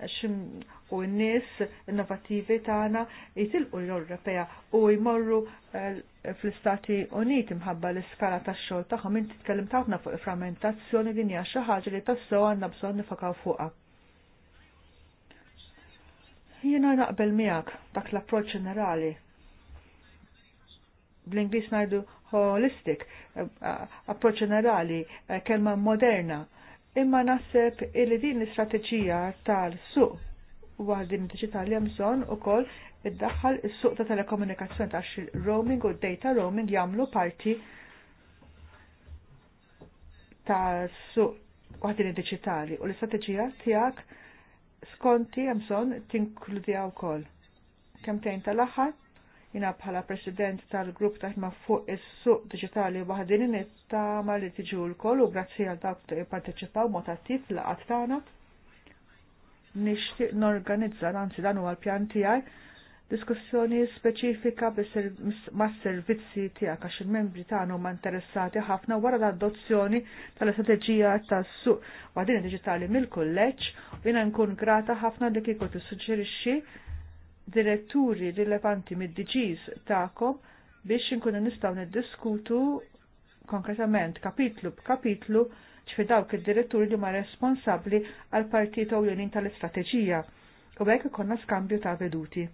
u n-nies innovattivi tagħna jitilqu l-Ewropea u jmorru eh, fl-Istati Uniti mħabba l-iskala tax-xogħol tagħhom inti tkellim tagħna fuq il-frammentazzjoni din hija xi ħaġa li tassew għandna bżonn nifakaw fuqha Jiena naqbel miegħek dak l approċ ġenerali. Bl-Ingliż ngħidu holistic, eh, eh, approċ ġenerali, eh, kelma moderna. Imma naħseb illi din l-istrateġija tal-suq waħdin diġitali hemm bżonn ukoll iddaħħal is-suq ta' telekomunikazzjoni ta' xi roaming u data roaming jagħmlu parti tas suq waħdin diġitali u l-istrateġija tiegħek skonti jemson tinkludi għaw kol. Kemtejn tal-axar, jina bħala president tal-grupp taħma fuq is-suq digitali waħdin nittama li tiġu l-kol u grazzi għal dak parteċipaw mod attiv laqat tagħna. Nixtieq norganizza, anzi dan huwa l-pjan tiegħi diskussjoni speċifika ma' servizzi tiegħek għax il-membri tagħna ma interessati ħafna wara l-adozzjoni tal-istrateġija tas-suq għadin digitali mill kolleċ u nkun grata ħafna li kieku tissuġġerixxi diretturi rilevanti mid-DGs tagħkom biex inkunu nistgħu niddiskutu konkretament kapitlu b'kapitlu ċfidaw dawk id-diretturi li ma responsabbli għal partit u tal-istrateġija u hekk konna skambju ta' veduti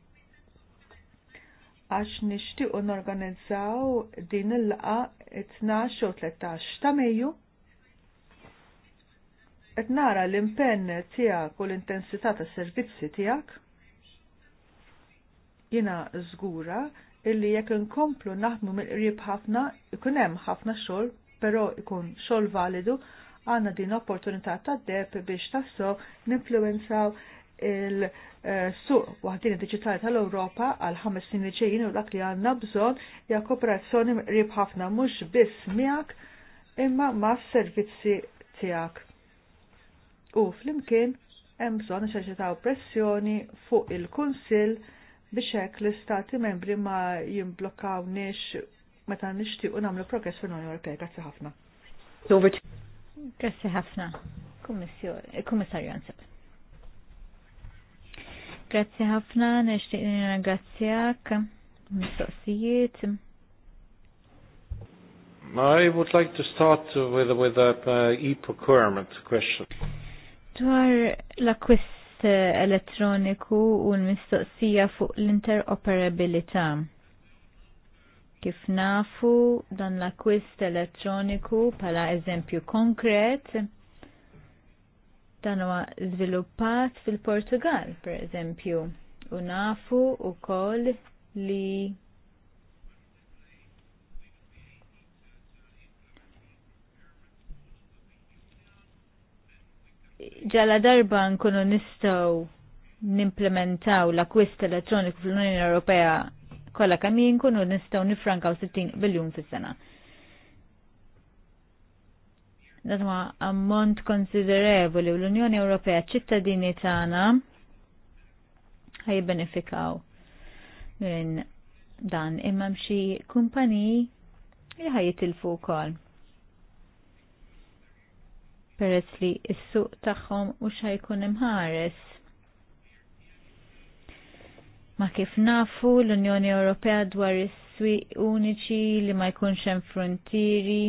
għax nixtiequ norganizzaw din il-laqa 12 u 13 ta' Mejju. Qed nara l-impenn tiegħek u l-intensità tas-servizzi tiegħek. Jiena żgura illi jekk inkomplu naħdmu mill-qrib ħafna, ikun hemm ħafna xogħol, però ikun xogħol validu għandna din opportunità ta' deb biex tasso ninfluenzaw il-suq waħdini digitali tal-Europa għal ħames snin li ġejjin u dak li għandna bżonn hija kooperazzjoni qrib ħafna mhux biss miegħek imma ma' servizzi tiegħek. U flimkien hemm bżonn eċerċitaw pressjoni fuq il-Kunsill biex hekk l-istati membri ma jimblokkawniex meta nixtiequ nagħmlu progress fil-Unjoni Ewropea. Grazzi ħafna. Grazzi ħafna. Kummissarju ansab. Grazie ħafna, nishtiq ringrazzjak, mistoqsijiet. I would like to start with with uh, e-procurement question. Dwar l-akwist elettroniku u l-mistoqsija fuq l-interoperabilità. Kif nafu dan l-akwist elettroniku pala eżempju konkret, dan huwa żviluppat fil-Portugal, per eżempju, u nafu wkoll li ġala darba nkunu nistaw nimplementaw l-akwist elettroniku fl-Unjoni Ewropea kollha kemm nkunu nistgħu nifrankaw 60 biljun fis-sena. Dazma ammont konsiderevoli u l-Unjoni Ewropea ċittadini tagħna ħaj benefikaw minn dan imma mxi kumpani li ħaj jitilfu wkoll peress li s-suq tagħhom u xajkun imħares. Ma kif nafu l-Unjoni Ewropea dwar is-swieq uniċi li ma jkunx hemm frontieri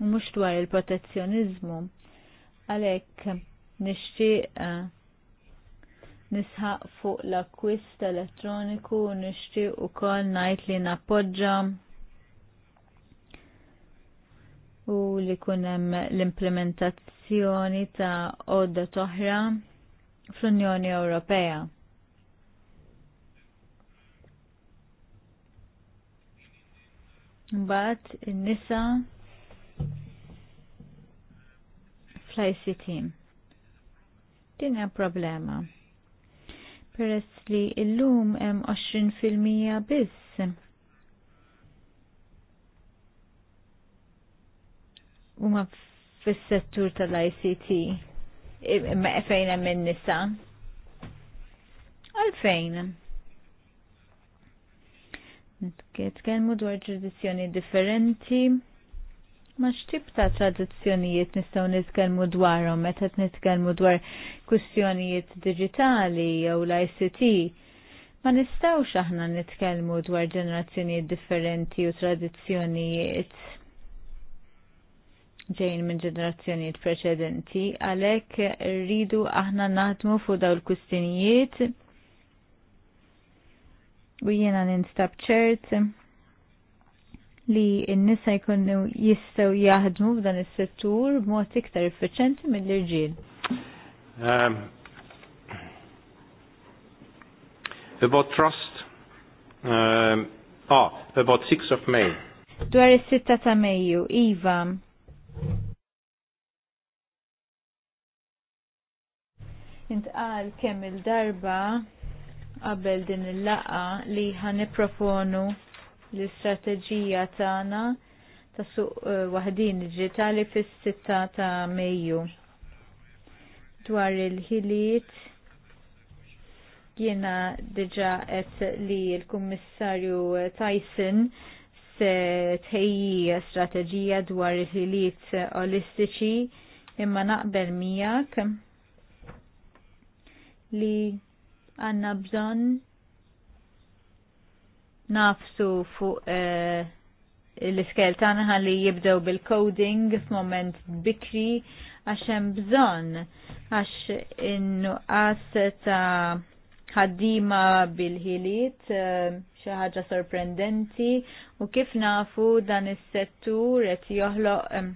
u mhux dwar il-protezzjonizmu. Għalhekk nixtieq eh, nisħaq fuq l-akwist elettroniku u nixtieq ukoll ngħid li nappoġġa u li kunem hemm l-implementazzjoni ta' odda toħra fl-Unjoni Ewropea. Mbagħad in-nisa fl-ICT. Din hija problema. Peress li llum hemm 20% biss huma fis-settur tal-ICT fejn hemm in-nisa. Għalfejn? Nitkellmu dwar ġurisdizzjoni differenti, Ma x'tip ta' tradizzjonijiet nistgħu nitkellmu dwarhom meta nitkellmu dwar kwistjonijiet diġitali jew l-ICT. Ma nistgħux aħna nitkellmu dwar ġenerazzjonijiet differenti u tradizzjonijiet ġejn minn ġenerazzjonijiet preċedenti, għalhekk rridu aħna naħdmu fuq dawn il-kwistjonijiet u jiena ninstab ċert li n-nisa jkunu jistaw jaħdmu f'dan is-settur b'mod iktar effiċenti mill-irġiel. Um, about trust, um, ah, about 6 of May. Dwar is-sitta ta' Mejju, Iva. Intqal kemm il-darba qabel din il-laqa li ħaniproponu l-istrateġija tagħna ta' suq eh, waħdin digitali fis-sitta ta' Mejju. Dwar il-ħiliet jiena diġa qed li l-Kummissarju Tyson se tħejji strateġija dwar il-ħiliet olistiċi imma naqbel miegħek li għanna bżonn nafsu fuq eh, l-iskel tagħna li jibdew bil-coding f'moment bikri għax hemm bżonn għax innuqas ta' ħaddima bil-ħiliet eh, xi ħaġa sorprendenti u kif nafu dan is-settur qed joħloq eh,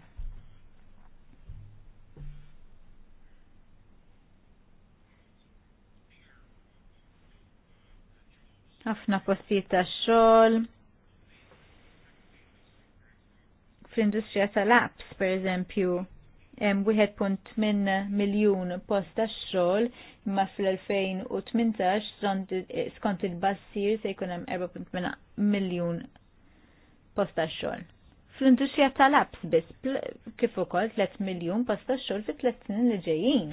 ħafna postijiet tax-xogħol. Fl-industrija tal-apps, per eżempju, hemm wieħed punt minn miljun post ta' xogħol imma fl-2018 skont il-bassir se jkun hemm 4.8 miljun post ta' xogħol Fl-industrija tal-apps biss kif ukoll 3 miljun post ta' xogħol fi tliet snin li ġejjin.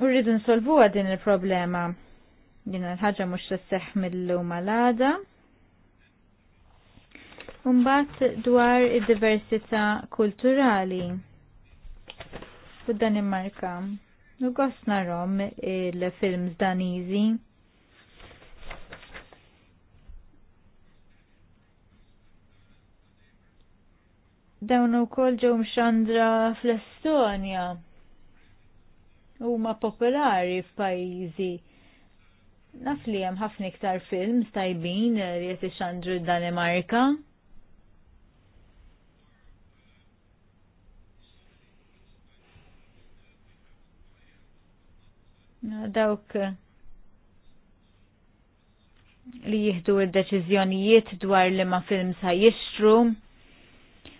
U rridu nsolvuha din il-problema. Jina l-ħagġa mhux seħ mill-lum għal-għada. Umbat dwar id-diversità kulturali u dan Danimarka. U gosna rom il-films danizi. Dawn kol ġew mxandra fl-Estonja huma popolari f'pajjiżi. Naf li hemm ħafna iktar films tajbin li qed ixandru d-Danimarka. Dawk li jihdu d deċiżjonijiet dwar li ma films ħajjixtru.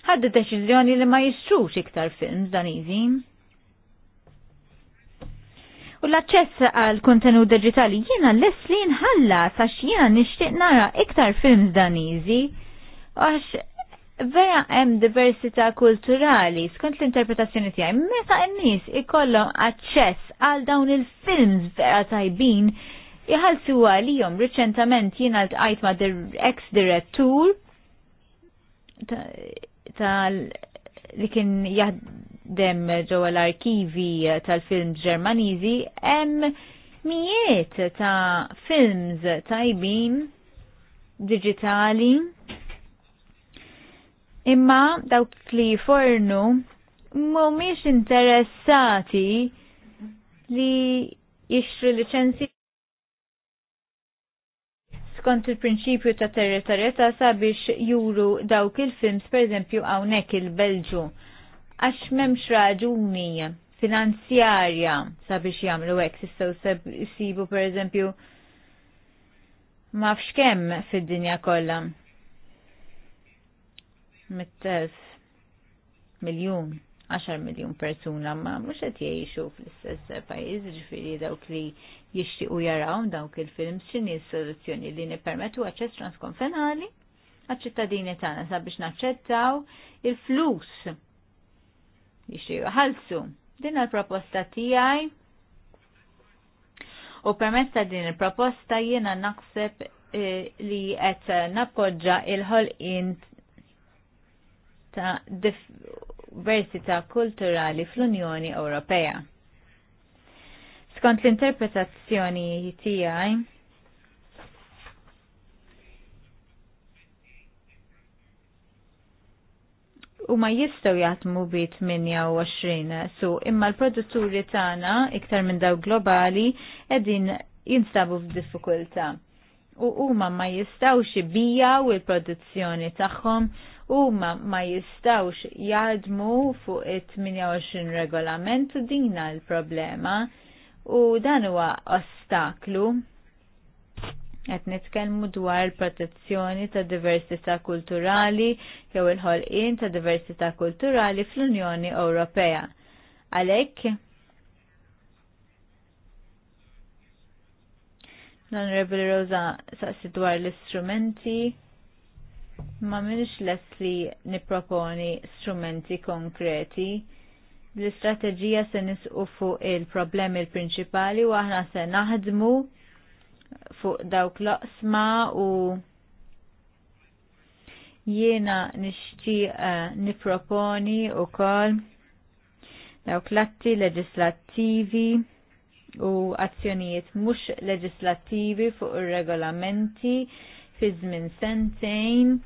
Ħadda deċiżjoni li ma jixtrux iktar films dan izin u l-aċċess għal kontenut digitali jiena l li nħalla sax jiena nixtieq nara iktar films daniżi għax vera hemm diversità kulturali skont l-interpretazzjoni tiegħi meta n-nies ikollhom aċċess għal dawn il-films vera tajbin iħallsu għalihom riċentament jiena tqajt ma' ex-direttur tal li kien dem ġewwa l-arkivi tal-film Ġermaniżi hemm mijiet ta' films tajbin digitali imma dawk li fornu mhumiex interessati li jixtru liċenzji skont il-prinċipju ta' territorjetà sabiex juru dawk il-films pereżempju hawnhekk il-Belġu għax memx raġuni finanzjarja sabiex jagħmlu hekk tistgħu jsibu pereżempju ma fx kemm fid-dinja kollha. mit miljon miljun, 10 miljun persuna ma mhux qed jgħixu fl-istess pajiz ġifiri dawk li jixtiequ jaraw dawk il-films x'inhi s-soluzzjoni li nipermetu aċċess transkonfenali għacċittadini ċittadini tagħna sabiex naċċettaw il-flus jixtiju ħalsu. Din il-proposta tijaj u permessa ta' din il-proposta jiena naħseb eh, li qed nappoġġa il-ħolqien ta' diversità kulturali fl-Unjoni Ewropea. Skont l-interpretazzjoni tiegħi, u ma jistaw jatmu bi 28 su imma l-produtturi tagħna iktar minn daw globali edin jinstabu f'diffikultà. U huma ma jistawx ibijaw il-produzzjoni tagħhom huma ma jistawx jadmu fuq it-28 regolament u dina l-problema u dan huwa ostaklu Qed nitkellmu dwar protezzjoni ta' diversità kulturali jew il-ħolqien ta' diversità kulturali fl-Unjoni Ewropea. Għalhekk l-Onorevoli Rosa saqsi dwar l-istrumenti ma minix les li niproponi strumenti konkreti l-istrateġija se nisqu fuq il-problemi l-prinċipali u aħna se naħdmu fuq dawk loqsma u jiena nixtieq eh, niproponi wkoll dawk l-atti leġislattivi u azzjonijiet mhux leġislattivi fuq ir-regolamenti fi żmien sentejn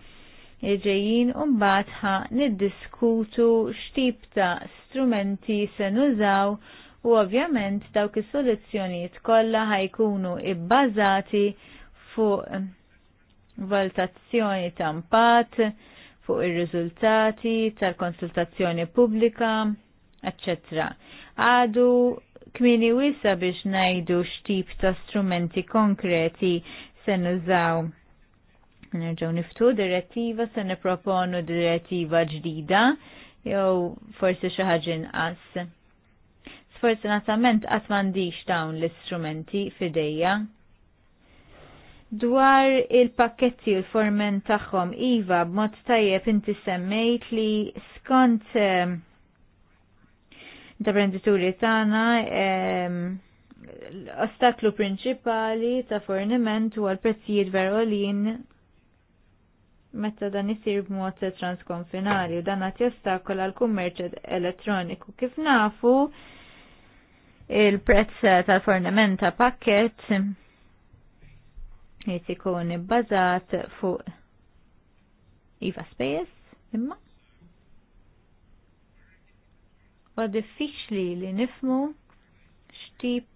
ġejjin mbagħad ħa niddiskutu x'tip ta' strumenti se nużaw u ovvjament dawk is-soluzzjonijiet kollha ħajkunu ibbażati fuq valutazzjoni ta' impatt, fuq ir-riżultati tal-konsultazzjoni pubblika, etc. Għadu kmini wisa biex najdu xtip ta' strumenti konkreti se nużaw. Nerġaw niftu direttiva, se niproponu direttiva ġdida, jew forsi xi ħaġa inqas sfortunatament qatt m'għandix dawn l-istrumenti fidejja. Dwar il-pakketti u l-formen tagħhom iva b'mod tajjeb inti semmejt li skont ehm, intraprenditori tagħna ehm, l-ostaklu prinċipali ta' forniment huwa l-prezzijiet verolin meta dan isir b'mod transkonfinali u dan għat jostakola l-kummerċ elettroniku. Kif nafu, il-prezz tal-fornament ta' pakket jt ikun bazat fuq iva spejjeż imma. Wa diffiċli li nifmu x'tip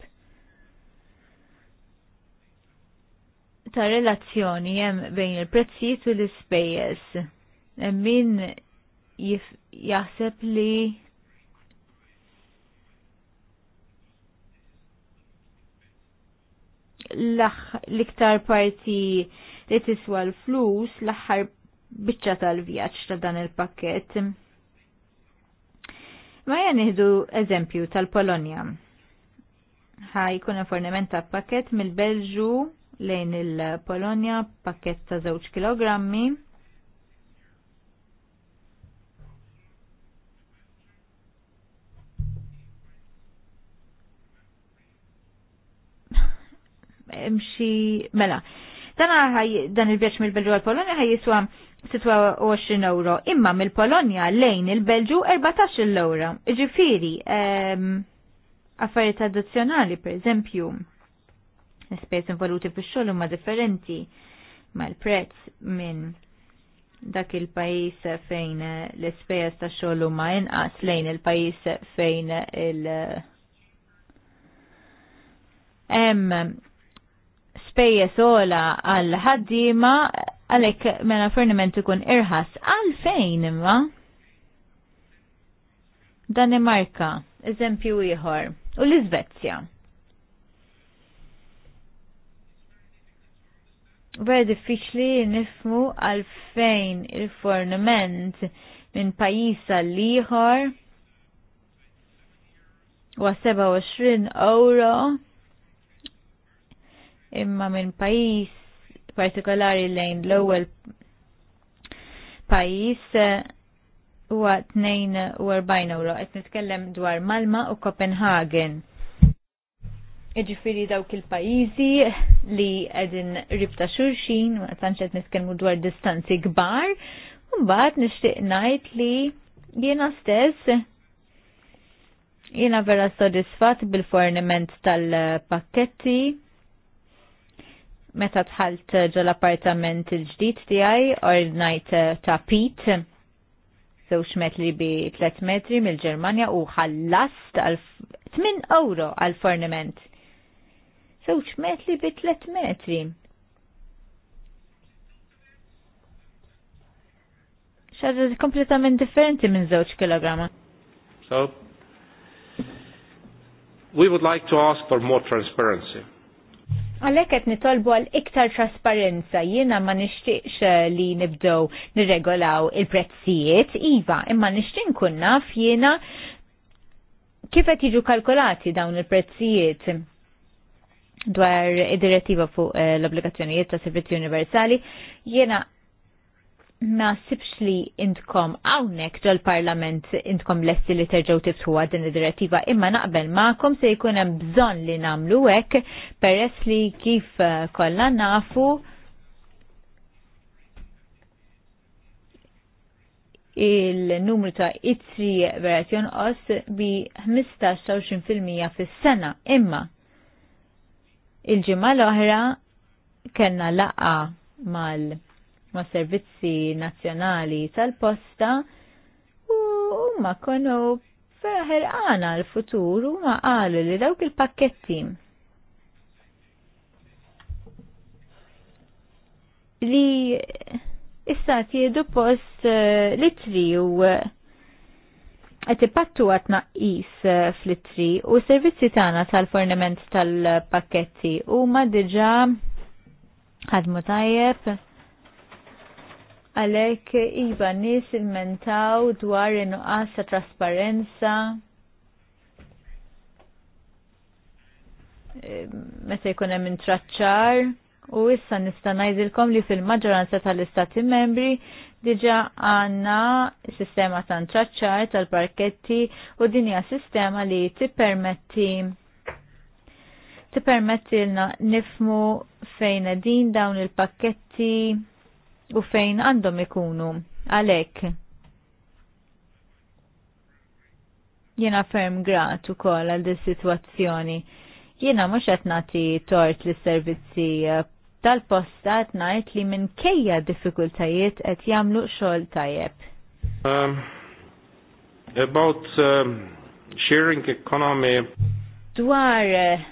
ta' relazzjoni hemm bejn il-prezzijiet u l-ispejjeż. Min jaħseb li l-iktar parti li tiswa l-flus l-aħħar biċċa tal-vjaġġ ta' dan il-pakket. Ma jgħan nieħdu eżempju tal-Polonja. kuna forniment ta' pakket mill-Belġu lejn il-Polonja, pakket ta' żewġ kilogrammi mxi mela. Dan ħaj dan il-vjaġġ mill-Belġu għal Polonja ħaj jiswa 26 euro, imma mill-Polonja lejn il-Belġu 14 euro. Ġifiri, affarijiet addizzjonali per eżempju, spes involuti fi xogħol huma differenti ma prezz minn dak il-pajis fejn l-ispejjeż ta' xogħol huma inqas lejn il-pajis fejn il- spejje sola għal ħaddiema għalhekk mela forniment ikun irħas għalfejn imma. Danimarka, eżempju ieħor, u l-Iżvezja. Vera diffiċli nifmu għalfejn il forniment minn pajis għal ieħor wa 27 euro imma minn pajis partikolari lejn l-ewwel pajis eh, huwa 42 euro. Qed nitkellem dwar Malma u Copenhagen. Iġifiri dawk il-pajizi li għedin ribta xurxin, ma tanċet niskelmu dwar distanzi gbar, Mbagħad nixtieq ngħid li jiena stess jiena vera sodisfatt bil-forniment tal-pakketti meta tħalt ġol appartament il-ġdid tiegħi ordnajt uh, ta' Pit żewġ metri bi 3 metri mill-Ġermanja u ħallast għal 8 euro għal forniment. Żewġ metri bi 3 metri. ċarra kompletament differenti minn żewġ kilogramma. So, we would like to ask for more transparency Għalek qed nitolbu għal iktar trasparenza jiena ma nixtieqx eh, li nibdew nirregolaw il-prezzijiet iva, imma nixtieq nkun naf jiena kif qed jiġu kalkolati dawn il-prezzijiet dwar id-direttiva fuq eh, l-obbligazzjonijiet ta' servizzi universali, jiena ma sibx li intkom għawnek dol parlament intkom lessi li terġaw tiftħuwa din id-direttiva imma naqbel maqom se jkun hemm bżonn li namlu hekk peress li kif eh, kollha nafu il-numru ta' itri verazzjon os bi 15-20% fis-sena imma il-ġimgħa l-oħra kellna laqa mal- ma' servizzi nazzjonali tal-posta u ma konu ferħer għana l-futur u ma għalu li dawk il-pakketti li issa tjedu post li eh, litri u għet eh, ipattu għat naqis eh, fl-litri u servizzi tana tal-fornament tal-pakketti u ma diġa ħadmu tajjeb għalek iva nis il-mentaw dwar inuqqas ta' trasparenza e, meta jkun hemm intraċċar u issa nista' ngħidilkom li fil-maġġoranza tal-istati membri diġa' għandna sistema ta' intraċċar tal-parketti u din hija sistema li tippermetti tippermetti lna nifmu fejn din dawn il-pakketti u fejn għandhom ikunu għalhekk. Jiena ferm grat ukoll għal din sitwazzjoni. Jiena mhux qed nagħti tort lis servizzi eh, tal-posta qed ngħid li minkejja diffikultajiet qed jagħmlu xogħol tajjeb. Um, about um, sharing economy dwar eh,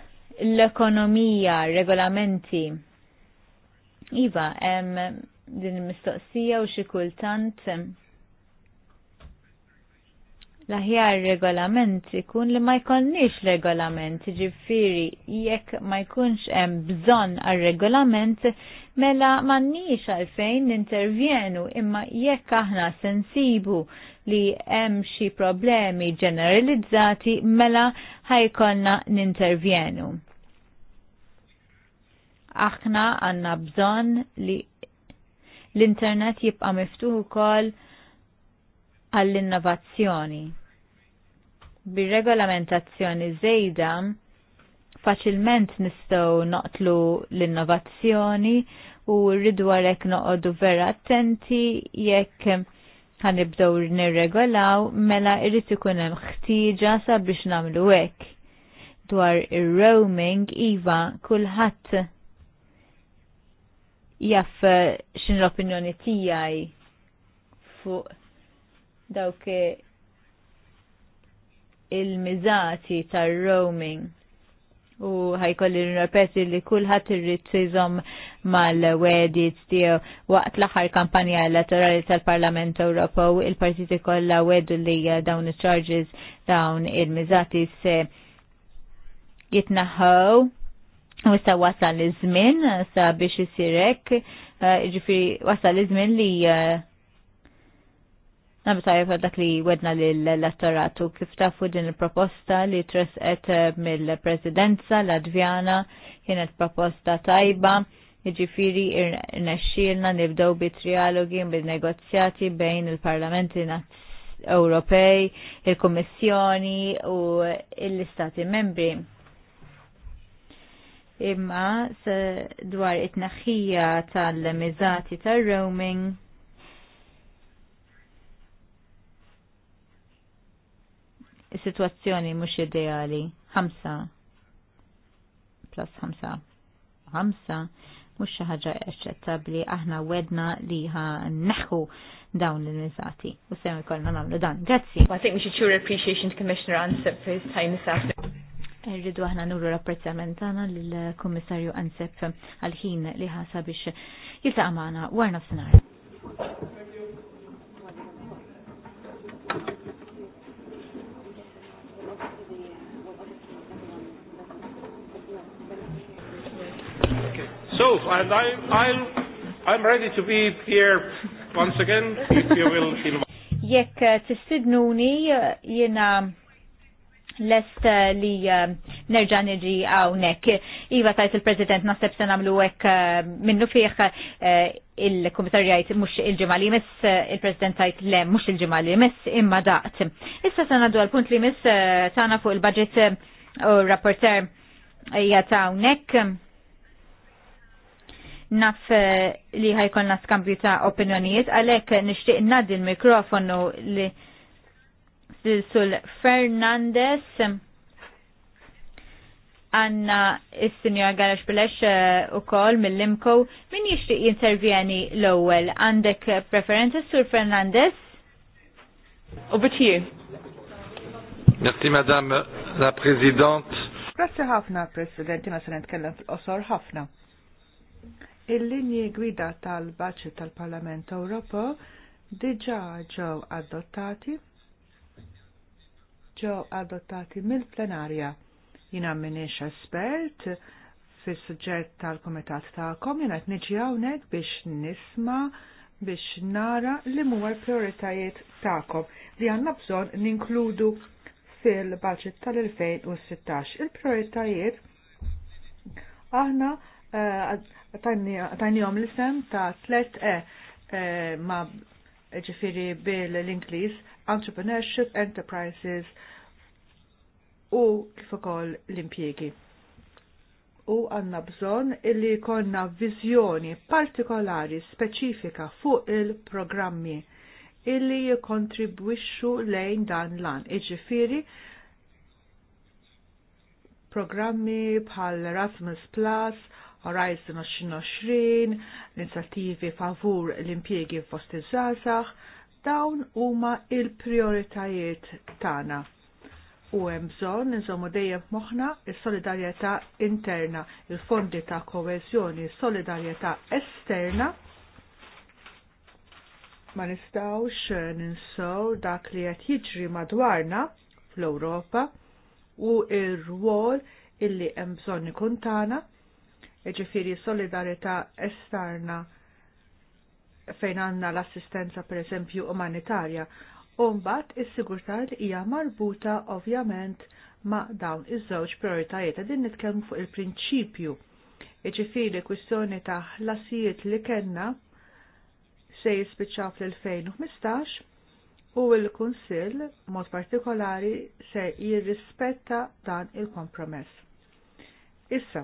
l-ekonomija, regolamenti. Iva, em, din il-mistoqsija u xi kultant l-aħjar regolament ikun li ma jkollniex regolament, ġifiri jekk ma jkunx hemm bżonn għal regolament mela m'għandniex għalfejn nintervjenu imma jekk aħna sensibu li hemm xi problemi ġeneralizzati mela ħajkonna nintervjenu. Aħna għandna bżonn li L-internet jibqa' miftuħ ukoll għall-innovazzjoni. Bir-regolamentazzjoni żejda faċilment nistgħu noqtlu l-innovazzjoni u rridu għalhekk noqogħdu vera attenti jekk ħanibdew nirregolaw mela irrid ikun hemm ħtieġa sabiex nagħmlu hekk dwar ir-roaming iva kulħadd jaff eh, xin l-opinjoni tijaj fuq dawk eh, il-mizati tar-roaming u ħajkolli r-repeti li kullħat irrit iżom mal-wedit tiegħu waqt l-aħħar kampanja elettorali tal-Parlament Ewropew il-partiti kollha wedu li dawn il charges dawn il-miżati se jitnaħħew U issa wasal iż-żmien uh, sa biex isirek, uh, ġifieri wasal iż-żmien li uh, Nabi tajab dak li wedna l-elettoratu kif tafu din il-proposta li tresqet mill-presidenza Latvjana kienet proposta tajba iġifiri irnexxilna nibdew bi trialogi bi negozjati bejn il-parlamenti Ewropej, il kummissjoni u l-Istati membri imma dwar it-naħħija tal-mizati tal-roaming is-sitwazzjoni mhux ideali. Ħamsa plus ħamsa. Ħamsa mhux xi ħaġa eċċettabbli aħna wedna li ha neħħu dawn l-nizati. U semmi ikollna nagħmlu dan. Grazzi. I think we should appreciation to Commissioner answer for his time this afternoon. Rridu aħna nuru rapprezzament għana l kummissarju Ansep għal-ħin li ħasa biex jiltaqa' għamana warna f f'sinar. So, and I, I'll, I'm ready to be here once again, if you will. Jekk t tistidnuni jena lest eh, li eh, nerġa' niġi hawnhekk. Iva tajt il-President naħseb se nagħmlu hekk eh, minnu fih il-Kummissarju mux mhux il-ġimgħa li il-President tajt le mhux il-ġimgħa li jmiss imma daqt. Issa se nagħdu għall-punt li jmiss tana fuq il-budget u rapporter hija ta' hawnhekk. Naf li ħajkon skambju ta' opinjonijiet, għalhekk nixtieq ngħaddi l-mikrofonu li sul Fernandez għanna il-Sinjor Garax Bilex eh, u kol mill-Limko min jishtiq jintervjeni l-ewel għandek preferenza sur Fernandez u bitjie Merci Madame la Présidente Grazie ħafna Presidenti ma sanet nitkellem fil-qosor ħafna Il-linji gwida tal-Baċi tal-Parlament Ewropo diġa ġew adottati ġew adottati mill-plenarja. Jina minix espert fis suġġett tal-komitat ta' komunat t-niġi hawnhekk biex nisma biex nara li muwa l-prioritajiet ta'kom li għanna bżon ninkludu fil-budget tal-2016. Il-prioritajiet aħna eh, tajnijom l-isem ta' 3E eh, eh, ma ġifiri bil-Inglis, Entrepreneurship, Enterprises u kif ukoll l-impjiegi. U għanna bżon illi konna viżjoni partikolari speċifika fuq il-programmi illi jikontribwixxu lejn dan lan. Iġifiri, programmi bħal Erasmus Plus, Horizon 2020, l-inizjattivi favur l-impjegi fost iż-żgħażagħ, dawn huma il-prioritajiet tagħna. U hemm bżonn inżommu dejjem moħħna is-solidarjetà interna, il-fondi ta' koeżjoni, solidarjetà esterna. Ma nistgħux ninsow dak li qed jiġri madwarna fl-Ewropa u r-rwol illi hemm bżonn ikun tagħna ġifiri solidarita esterna fejn għanna l-assistenza per eżempju umanitarja. Umbat is-sigurtà li hija marbuta ovvjament ma' dawn iż-żewġ prioritajiet din nitkellmu fuq il-prinċipju. Iġifieri kwistjoni ta' ħlasijiet li kellna se jispiċċaw fl-2015 u l-Kunsill mod partikolari se jirrispetta dan il-kompromess. Issa,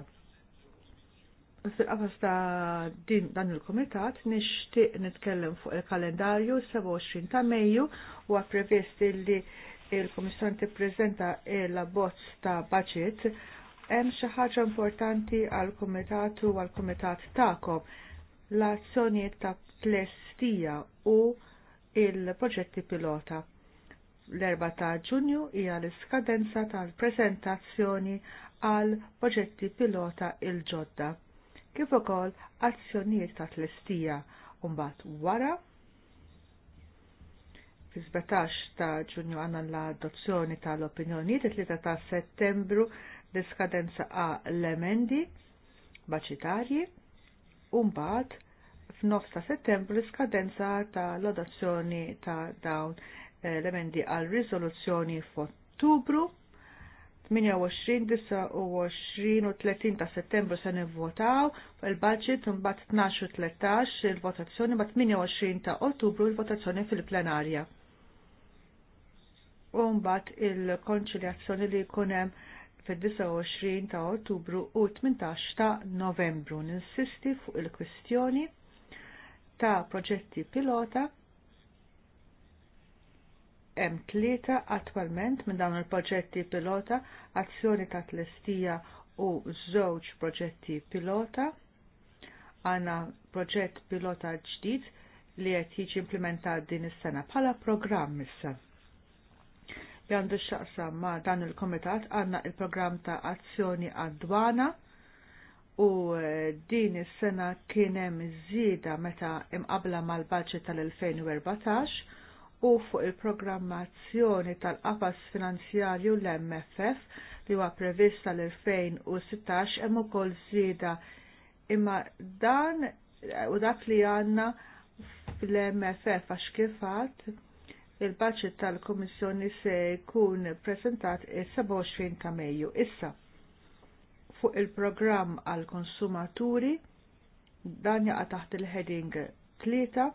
Fil-qafas ta' din dan il-komitat nixtieq nitkellem fuq il-kalendarju 27 ta' Mejju huwa previst li il-Komissjoni tippreżenta l-abbozz ta' budget hemm xi ħaġa importanti għal komitatu u għal kumitat tagħkom l-azzjonijiet ta' plestija u il-proġetti pilota. L-4 ta' Ġunju hija l-iskadenza tal-preżentazzjoni għal proġetti pilota il-ġodda kif ukoll azzjonijiet ta' tlestija mbagħad wara fi 17 ta' ġunju għandna l-adozzjoni tal-opinjonijiet it-3 ta' settembru l-iskadenza A l-emendi baċitarji u mbagħad f'nofs ta' settembru l-iskadenza tal-adozzjoni ta' dawn eh, l-emendi għal riżoluzzjoni f'Ottubru 28, 29 u 30 ta' settembru se nivvotaw fuq il-budget mbagħad 12 u 13 il-votazzjoni mbagħad 28 ta' Ottubru il-votazzjoni fil-plenarja. U mbagħad il-konċiljazzjoni li jkun hemm fid-29 ta' Ottubru u 18 ta' Novembru. Ninsisti fuq il-kwistjoni ta' proġetti pilota hemm tlieta attwalment minn dawn il-proġetti pilota, azzjoni ta' tlestija u żewġ proġetti pilota. Għana proġett pilota ġdid li qed jiġi implementat din is-sena bħala programm issa. Li x x'aqsam ma' dan il-komitat għandna il-programm ta' azzjoni għad-dwana u eh, din is-sena kien hemm iż-żieda meta imqabla mal-baġġet tal-2014 u fuq il-programmazzjoni tal-qafas finanzjarju l-MFF li huwa prevista l 2016 hemm ukoll żieda imma dan u dak li għandna fl-MFF għax kifat il-budget tal-Komissjoni se jkun presentat il-27 ta' Mejju. Issa, fuq il-programm għal konsumaturi dan jaqa' taħt il-heading 3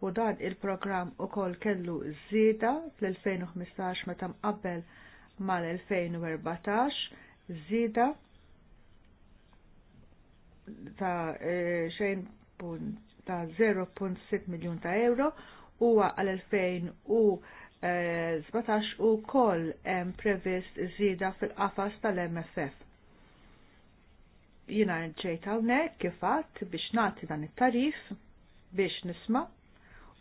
u dan il-programm ukoll kellu żieda fl-2015 meta mqabbel mal-2014 żieda ta' e, xejn ta' 0.6 miljun ta' euro huwa għal 2017 u kol hemm previst żieda fil-qafas tal-MFF. Jina ġejt hawnhekk kif kifat biex nagħti dan it-tarif biex nisma'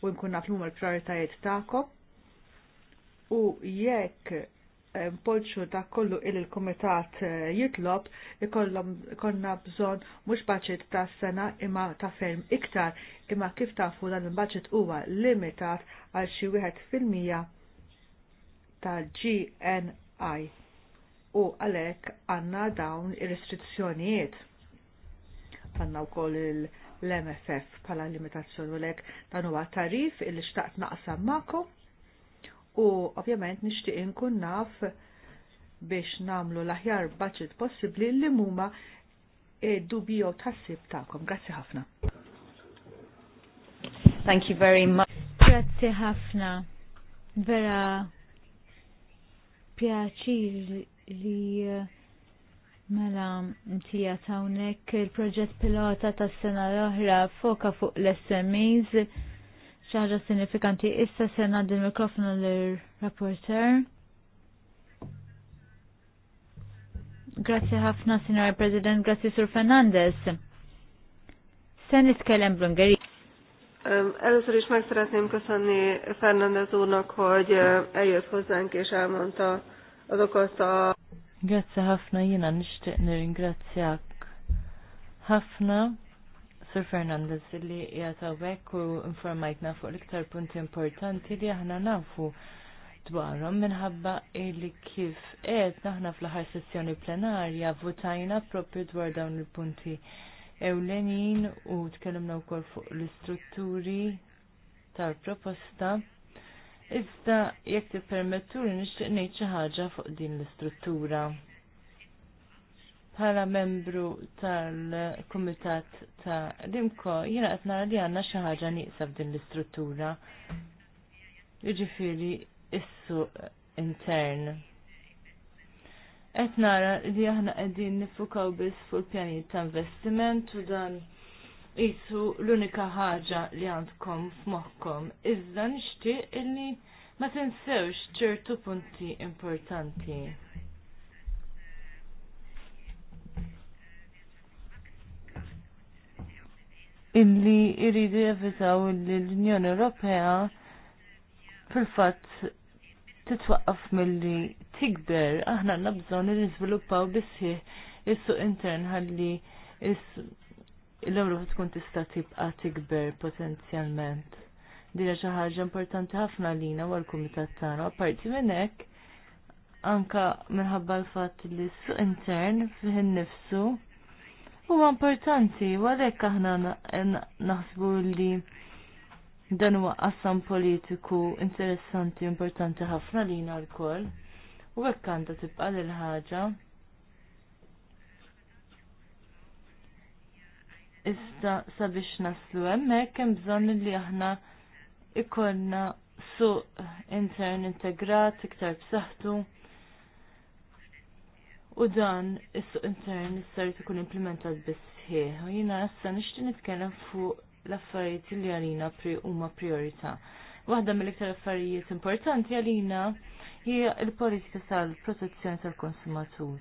u nkun naf l-mumma l-prioritajiet ta'kom u jekk eh, polċu ta' kollu il-komitat eh, jitlob ikonna bżon mux baċet ta' sena imma ta' ferm iktar imma kif fu dan il-baċet huwa limitat għal xi wieħed fil-mija ta' GNI u għalek għanna dawn ir-restrizzjonijiet. Għanna wkoll il- l-MFF pala limitazzjoni u lek dan huwa tarif illi xtaqt naqsam mako u ovvjament nixtieq inkun naf biex namlu l-aħjar budget possibli li muma e dubi tassib tagħkom. Grazzi ħafna. Thank you very much. Grazzi ħafna. Vera pjaċir li Mela, tija tawnek il-proġett pilota ta' sena l-oħra foka fuq l-SMEs, ċaġa sinifikanti issa sena din mikrofonu l-rapporter. Grazie ħafna, Signora President, grazie Sur Fernandez. Sen nitkellem kellem ungeri Először is meg szeretném köszönni Fernandez úrnak, hogy eh, eljött hozzánk és elmondta azokat a Grazzi ħafna jiena nixtieq nirringrazzjak ħafna Sir Fernandez li jatawek u informajtna fuq l-iktar punti importanti li aħna nafu dwarhom minħabba illi kif qed naħna fl-aħħar sessjoni plenarja votajna propri dwar dawn il-punti ewlenin u tkellimna wkoll fuq l-istrutturi tal-proposta. Iżda jekk tippermettu li nixtieq ngħid xi ħaġa fuq din l-istruttura. Bħala membru tal-Kumitat ta' Limko, jiena qed nara li għandna xi ħaġa nieqsa f'din l-istruttura. Jiġifieri issu intern qed nara li aħna qegħdin nifukaw biss fuq pjanijiet ta' investiment u dan isu l-unika ħaġa li għandkom f'moħħkom. Iżda nixtieq illi ma tinsewx ċertu punti importanti. Illi jridu jevitaw li l-Unjoni Ewropea fil-fatt titwaqqaf milli tikber aħna nabżon bżonn li niżviluppaw bisħieħ is-suq intern ħalli l-Ewropa tkun tista' tibqa' tikber potenzjalment. Dira xi ħaġa importanti ħafna lina wara l-kumitat tagħna, apparti minn hekk anka minħabba l-fatt li s-suq intern fih nifsu huwa importanti u għalhekk aħna naħsbu li dan huwa assam politiku interessanti importanti ħafna lina l u hekk għandha tibqa' lil ħaġa. Iżda sabiex naslu hemmhekk hemm bżonn li aħna ikollna suq intern integrat iktar b'saħħtu. U dan is-suq intern issar ikun implementat biss ħieħ. Jiena issa nixtieq nitkellem fuq l-affarijiet li għalina huma priorità. Waħda mill-iktar affarijiet importanti għalina hija l-politika tal-protezzjoni tal-konsumatur.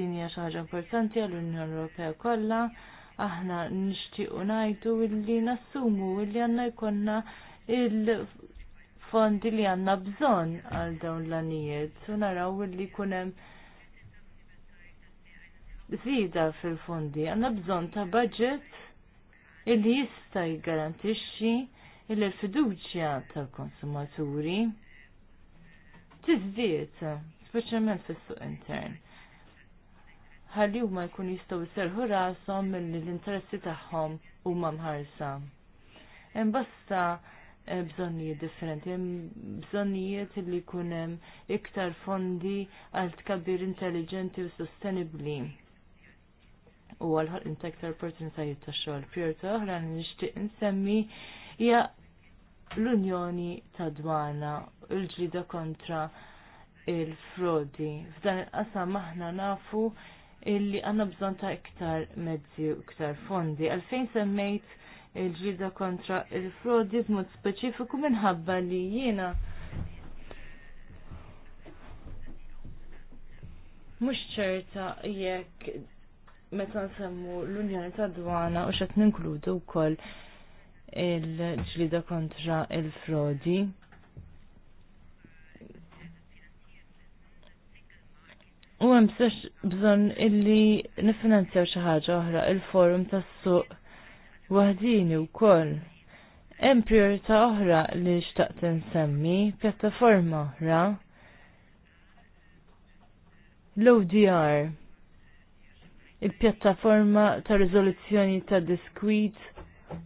Din hija xi ħaġa importanti għall-Unjoni Ewropea kollha aħna nixtiequ ngħidu illi nassumu illi għandna jkollna il-fondi li għandna bżonn għal dawn l-anijiet u naraw illi jkun hemm fil-fondi. Għandna bżonn ta' budget illi jista' jgarantixxi l fiduċja tal-konsumaturi tizdiet, speċjalment fis-suq intern ħalli huma jkun jistgħu jserħu rashom milli l-interessi tagħhom huma mħarsa. Hemm bosta eh, bżonnijiet differenti, hemm bżonnijiet li jkun hemm iktar fondi għal tkabbir intelligenti u sostenibbli u għal ta' iktar opportunitajiet ta' xogħol. Pjerta oħra nixtieq insemmi hija l-Unjoni ta' Dwana l-ġlida kontra il-frodi. F'dan il-qasam aħna nafu illi għanna bżon ta' iktar mezzi u iktar fondi. Għalfejn semmejt il-ġrida kontra il-frodi b'mod speċifiku minħabba li jiena mux ċerta jekk meta nsemmu l-Unjoni ta' Dwana u xed ninkludu wkoll il-ġlida kontra il-frodi. il ġlida kontra il frodi il frodi U hemm bżonn illi nifinanzjaw xi ħaġa oħra il-forum tas-suq waħdini wkoll. Hemm priorità oħra li xtaqt insemmi, pjattaforma oħra. L-ODR, il-pjattaforma ta' riżoluzzjoni ta' diskwit,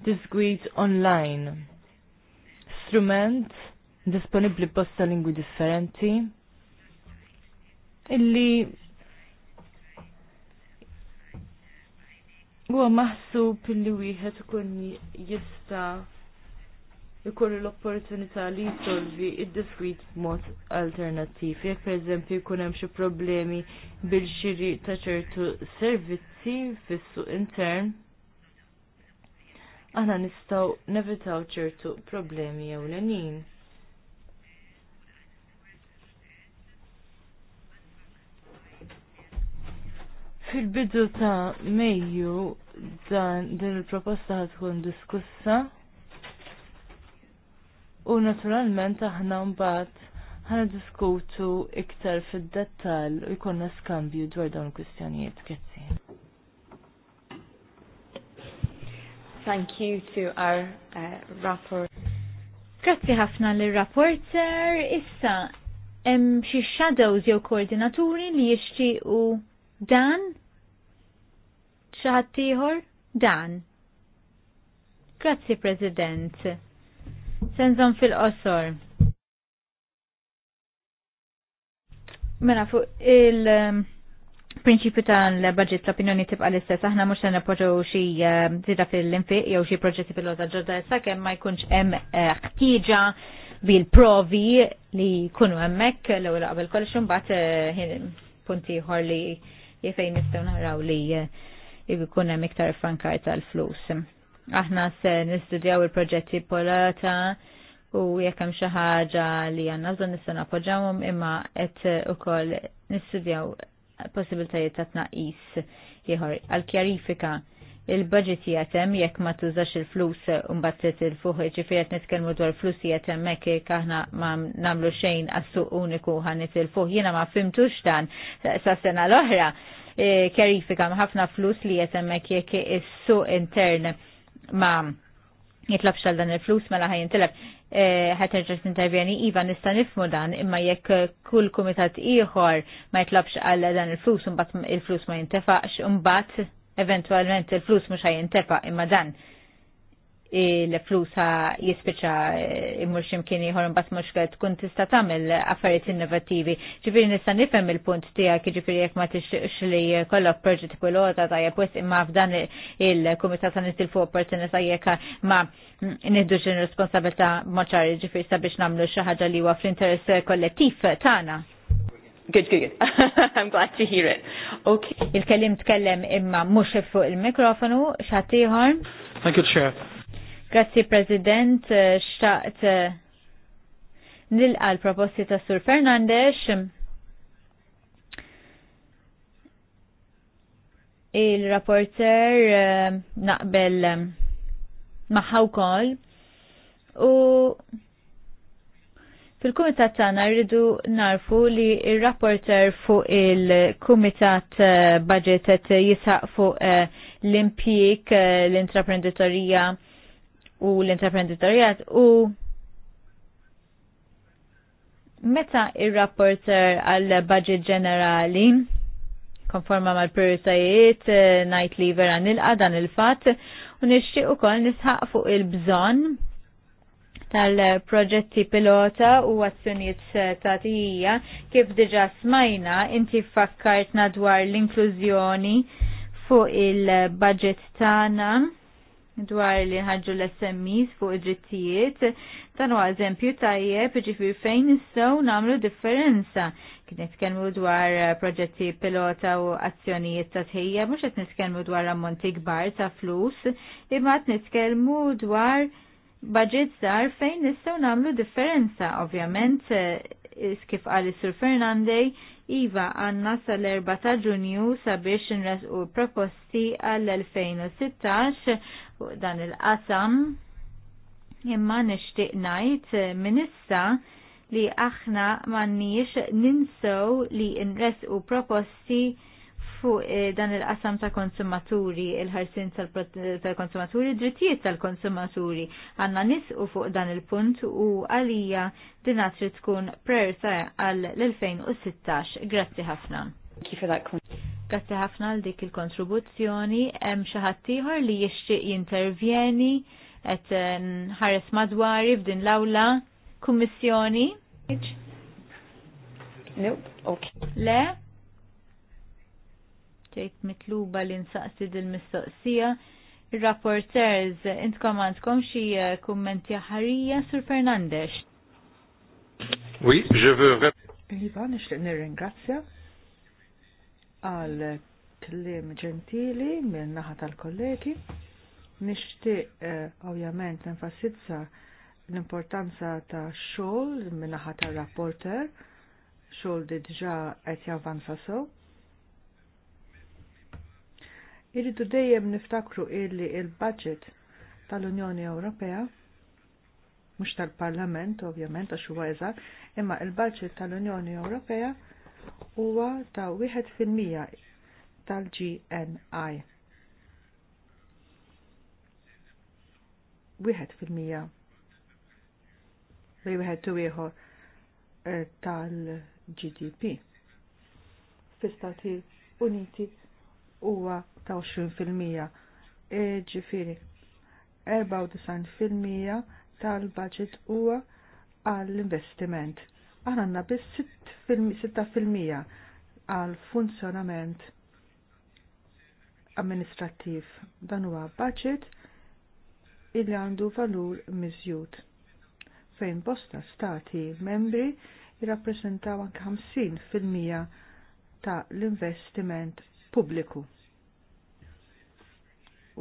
diskwit online. Strument disponibbli b'bosta lingwi differenti illi huwa maħsub illi wieħed ikun jista' jkollu l-opportunità li jsolvi id-diskwit mod alternattiv. Jekk pereżempju jkun hemm xi problemi bil-xiri ta' ċertu servizzi fis-suq intern, aħna nistgħu nevitaw ċertu problemi ewlenin. Fil-bidu ta' Mejju dan din il-proposta tkun diskussa u naturalment aħna mbagħad ħana diskutu iktar fid-dettall u jkollna skambju dwar dawn il-kwistjonijiet. Grazzi. thank you to our uh, rapport. Grazzi ħafna l-rapporter. Issa, hemm xi shadows jew koordinaturi li jixtiequ dan ieħor Dan. Grazzi, President. Senżon fil-qosor. Mela fuq il- um, prinċipju tal-budget l-opinjoni tibqa l-istess, aħna mux għanna poġu xie um, zida fil-infiq jew xie proġetti fil-loda ġodda jessa, kem ma jkunx hemm eh, ħtieġa bil-provi li jkunu hemmhekk l ewwel qabel kollox imbagħad eh, punti ieħor li fejn nistgħu naraw li eh, ikun hemm iktar frankar tal-flus. Aħna se nistudjaw il-proġetti polata u jekk hemm xi ħaġa li għandna bżonn nista' nappoġġawhom imma qed ukoll nistudjaw possibiltajiet ta' tnaqqis ieħor għal-kjarifika il-budget jatem jekk ma tużax il-flus un-battet il-fuħ ġifiret nitkelmu dwar flus jatem mekk kaħna ma namlu xejn għassu uniku ħanit il-fuħ jiena ma fimtux dan sa sena l-oħra E, kerifika m'ħafna ħafna flus li jesemmek jekk is intern ma' jitlabx għal dan il-flus ma mela ħaj intilab e, ħaterġa t-intervjeni Iva nista nifmu dan imma jekk kull kumitat ieħor ma jitlabx għal dan il-flus mbagħad il-flus ma jintefa'x, mbagħad eventwalment il-flus mhux ħaj imma dan il-flusa jispiċa eh, imur ximkien ieħor mbass mhux tkun tista' tagħmel affarijiet innovattivi. Ġifieri nista' nifhem il-punt tiegħek jiġifieri jekk ma tixtieqx li kollok proġett pilota tajjeb wis imma f'dan il ta' se fuq opportunità jekk ma nieħdux ir-responsabilità moċari ġifiri sabiex nagħmlu xi ħaġa li huwa fl-interess kollettiv tagħna. Good, good, good. I'm glad to hear it. Okay. Il-kellim tkellem imma mux fuq il-mikrofonu, xatiħor. Thank you, Chair. Grazzi President, eh, xtaqt eh, nilqa l-proposti ta' Sur Fernandez. Il-rapporter eh, naqbel maħħaw kol u fil-kumitat tagħna rridu narfu li il rapporter fuq il-kumitat budget jisaq fuq l impjik l-intraprenditorija u l-intraprenditorjat u meta il rapporter għal budget ġenerali konforma mal prioritajiet eh, najt li vera nilqa dan il-fat u nixtieq ukoll nisħaq fuq il-bżonn tal-proġetti pilota u azzjonijiet eh, tatija kif diġa smajna inti fakkartna dwar l-inklużjoni fuq il-budget tagħna dwar li ħagġu l-SMEs fuq id-drittijiet, dan huwa eżempju tajjeb ġifir fejn nistaw nagħmlu differenza. Kien nitkellmu dwar proġetti pilota u azzjonijiet ta' tħejja, mhux qed nitkellmu dwar ammonti kbar ta' flus, imma qed nitkellmu dwar budget żgħar fejn nistaw nagħmlu differenza. Ovvjament, kif qal is-Sur Fernandej, Iva għanna sal-4 ta' ġunju sabiex nresqu proposti għall-2016 fuq dan il-qasam. Imma nixtieq ngħid eh, minissa li aħna m'għandniex ninsew li nresqu proposti fuq eh, dan il-qasam ta' konsumaturi, il-ħarsin tal-konsumaturi, drittijiet tal-konsumaturi. Għanna nisqu fuq dan il-punt u għalija dinat tkun prerta għal l-2016. Grazzi ħafna. Thank you for that Grazzi ħafna għal dik il-kontribuzzjoni. Hemm xi ħaddieħor li jixtieq jintervjeni qed nħares madwari f'din l-awla kummissjoni. Le? Ġejt mitluba li nsaqsi din mistoqsija Rapporters, intkom għandkom xi eh, kummenti ħarija sur Fernandez. Oui, je veux Iva, nixtieq nirringrazzja għal klim ġentili minn naħa tal-kollegi. Nixtieq eh, ovvjament nenfasizza l-importanza ta' xogħol minn naħa tal-rapporter, xogħol diġà qed javanza sew. Irridu dejjem niftakru illi il-budget tal-Unjoni Ewropea mhux tal-Parlament ovvjament għax huwa imma il-budget tal-Unjoni Ewropea huwa ta' 1% tal-GNI. 1% li wieħed tu ieħor eh, tal-GDP. Fl-Istati Uniti huwa ta' 20%. E, ġifiri, 94% tal-budget huwa għall-investiment aħna għandna biss 6% għal funzjonament amministrattiv. Dan huwa budget illi għandu valur miżjud fejn bosta stati membri jirrappreżentaw anke 50% ta' l-investiment pubbliku.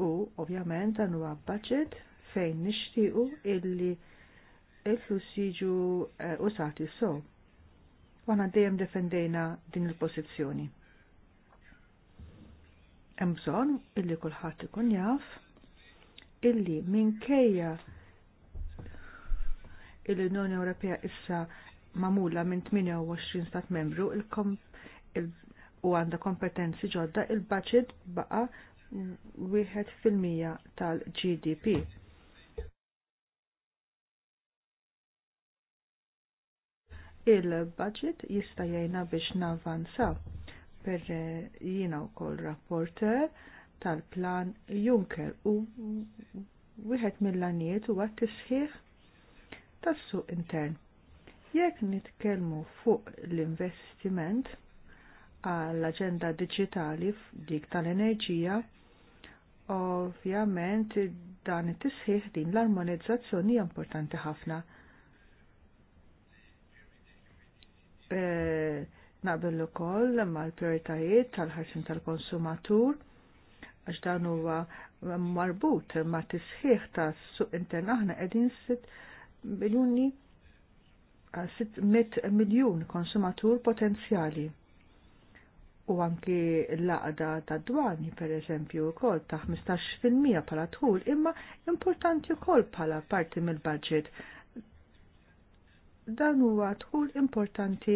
U ovvjament dan huwa budget fejn nixtiequ illi il-flus jiġu eh, użati so. Għana dejjem defendejna din il-pozizjoni. Hemm bżonn illi kulħadd ikun jaf illi minkejja l-Unjoni Ewropea issa mamula minn 28 stat membru il u għanda kompetenzi ġodda il-budget baqa 1% tal-GDP Il-budget jista' jajna biex navanza per eh, jiena wkoll rapporter tal-plan Juncker u wieħed mill u huwa tisħiħ tas-suq intern. Jekk nitkellmu fuq l-investiment għall-aġenda Digitali dik tal-enerġija, ovvjament dan it-tisħiħ din l-armonizzazzjoni hija importanti ħafna. E, naqbel ukoll mal-prioritajiet tal-ħarsin tal-konsumatur għax dan huwa marbut ma' tisħiħ tas suq intern aħna qegħdin sitt miljuni 600 miljun konsumatur potenzjali. U anki l-laqda ta' dwani, per eżempju, kol ta' 15% pala tħul, imma importanti kol pala parti mill-budget dan huwa tħul importanti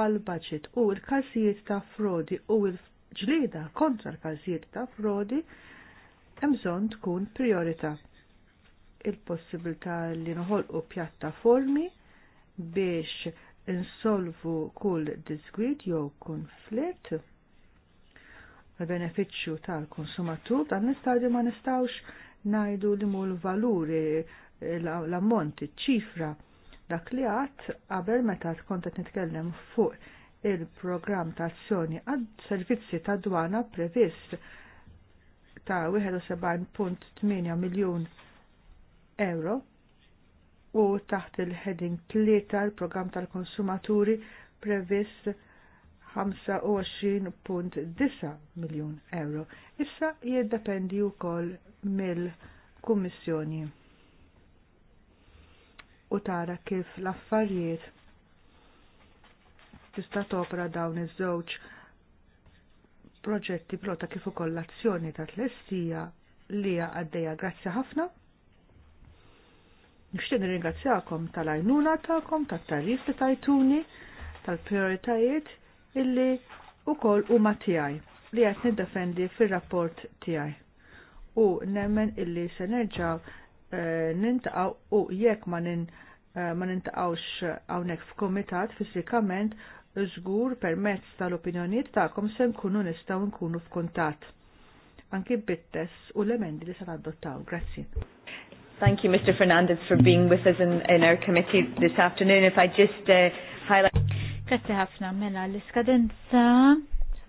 għal budget u l-każijiet ta' frodi u l-ġlieda kontra l-każijiet ta' frodi hemm bżonn tkun priorità. Il-possibilità li noħolqu pjattaformi biex insolvu kull disgwid jew konflitt l-beneficju tal-konsumatur dan l-istadju ma nistawx najdu li mu l-valuri l-ammonti, ċifra dak li għat qabel meta tkun qed nitkellem fuq il-programm ta' azzjoni għad servizzi ta' dwana previst ta' 71.8 miljun euro u taħt il-heading 3 il-programm tal-konsumaturi previst 25.9 miljun euro. Issa jiddependi wkoll mill-Kummissjoni u tara kif l-affarijiet tista' topra dawn iż-żewġ proġetti plota kif ukoll l-azzjoni ta' tlestija li hija għaddejja grazzi ħafna. Nixtieq nirringrazzjakom tal-għajnuna tagħkom, tat-tarif li tajtuni, tal-prioritajiet illi ukoll huma tiegħi li qed niddefendi fir-rapport tiegħi. U nemmen illi se nerġaw Eh, nintaqaw u jekk ma eh, nintaqawx hawnhekk f'kumitat fizikament żgur permezz tal-opinjonijiet tagħkom se nkunu nistgħu nkunu f'kuntatt. Anki bit-tess u l-emendi li se adottaw. Grazzi. Thank you, Mr. Fernandez, for being with us in, in our committee this afternoon. If I just uh, highlight... Grazie ħafna, mela l-iskadenza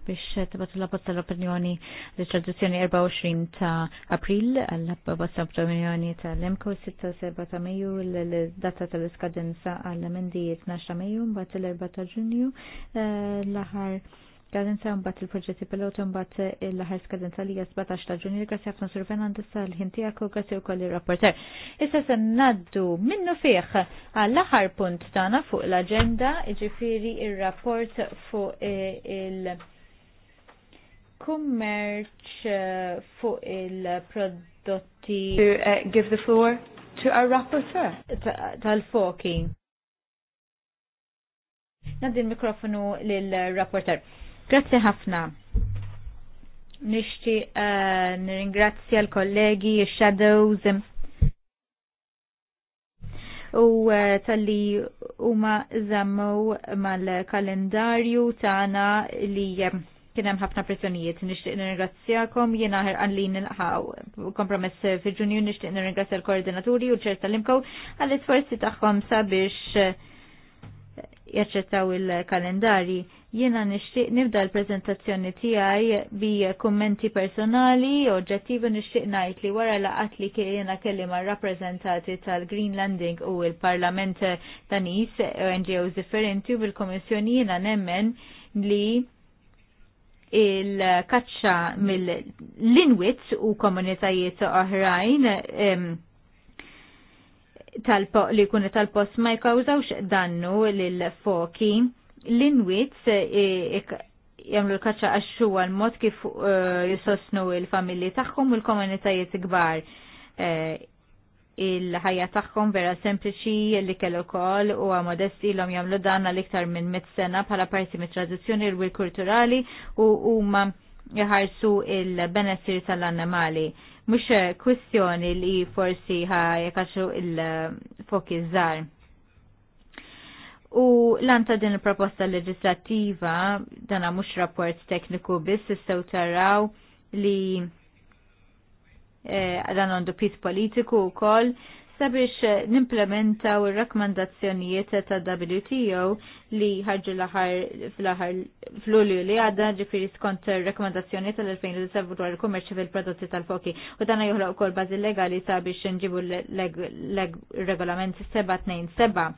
biex tibat l-abbozz tal-opinjoni l-traduzzjoni 24 ta' april għall-abbozz tal-opinjoni tal-Lemko 6-7 ta' Mejju l-data tal-iskadenza għall mendi 12 ta' Mejju mbagħad l-4 ta' Ġunju eh, l-aħħar Skadenza mbagħad il-proġetti pilota mbagħad il aħħar skadenza li hija 17 ta' għasja għafna surfen Sur Fernandez ħinti ħin tiegħek u kolli wkoll ir-rapporter. Issa se ngħaddu minnu fih għall-aħħar punt tagħna fuq l agenda jiġifieri eh, il rapport fuq il-, -rapport, il kummerċ eh, fuq il-prodotti. To uh, give the floor to our rapporteur. Tal-foki. Naddi l-mikrofonu lill rapporteur Grazie ħafna. Nishti uh, nirringrazzja l-kollegi, shadows u tal-li huma zammu mal-kalendarju tagħna li kien hemm ħafna pressjonijiet. Nixtieq nirringrazzjakom jiena ħerqan li nilħaw kompromess fil-Ġunju nixtieq nirringrazzja l-koordinaturi u ċerta l-imkow għall-isforzi tagħhom sabiex eh, jaċċettaw il-kalendari. Jiena nixtieq nibda l-prezentazzjoni tiegħi bi kummenti personali, oġġettivi nixtieq ngħid li wara laqat li kiena kelli ma' rappreżentati tal-Greenlanding u l-Parlament Danis, eh, NGOs differenti u bil-Komissjoni jiena nemmen li il-kaċċa mill-linwit u komunitajiet oħrajn li kunet tal-post ma jkawżawx dannu l foki L-inwit e, e, jamlu l-kaċċa għaxxu għal-mod kif e, jisosnu il-familji tagħhom u l-komunitajiet kbar il-ħajja tagħhom vera sempliċi li kellu kol u modesti l-om jamlu dan għal iktar minn mit sena bħala parti mit tradizjoni l kulturali u huma jħarsu il-benessir tal annemali Mux kwistjoni li forsi ħajkaxu il-foki żgħar. U lanta din il-proposta legislativa, dana mux rapport tekniku biss, istaw taraw li Eh, dan għandu pis politiku u kol sabiex eh, nimplementaw u rakkomandazzjonijiet ta' WTO li ħarġu l-aħar fl-aħar fl-ulju li għadda ġifiri skont rakkomandazzjoni tal 2017 dwar il-kummerċ fil-prodotti tal-foki u dan joħloq ukoll bażi legali sabiex nġibu l-regolament 727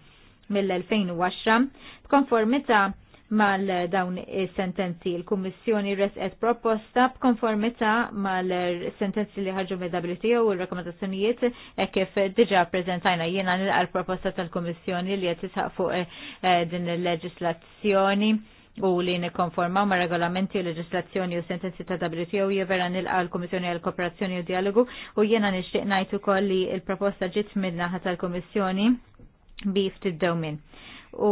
mill-2010 b'konformita mal dawn sentenzi. Il-Kummissjoni resqet proposta b'konformità mal-sentenzi li ħarġu mill-WTO u l-rekomendazzjonijiet e kif diġa prezentajna jiena nilqa' proposta tal-Kummissjoni li qed tisħaq fuq eh, eh, din il-leġislazzjoni u li nikonformaw ma' regolamenti u leġislazzjoni u sentenzi ta' WTO jivera nilqa l-Komissjoni għal kooperazzjoni u dialogu u jena nixtieq ngħid ukoll li l-proposta ġiet minnaħa tal-Komissjoni bi ftit U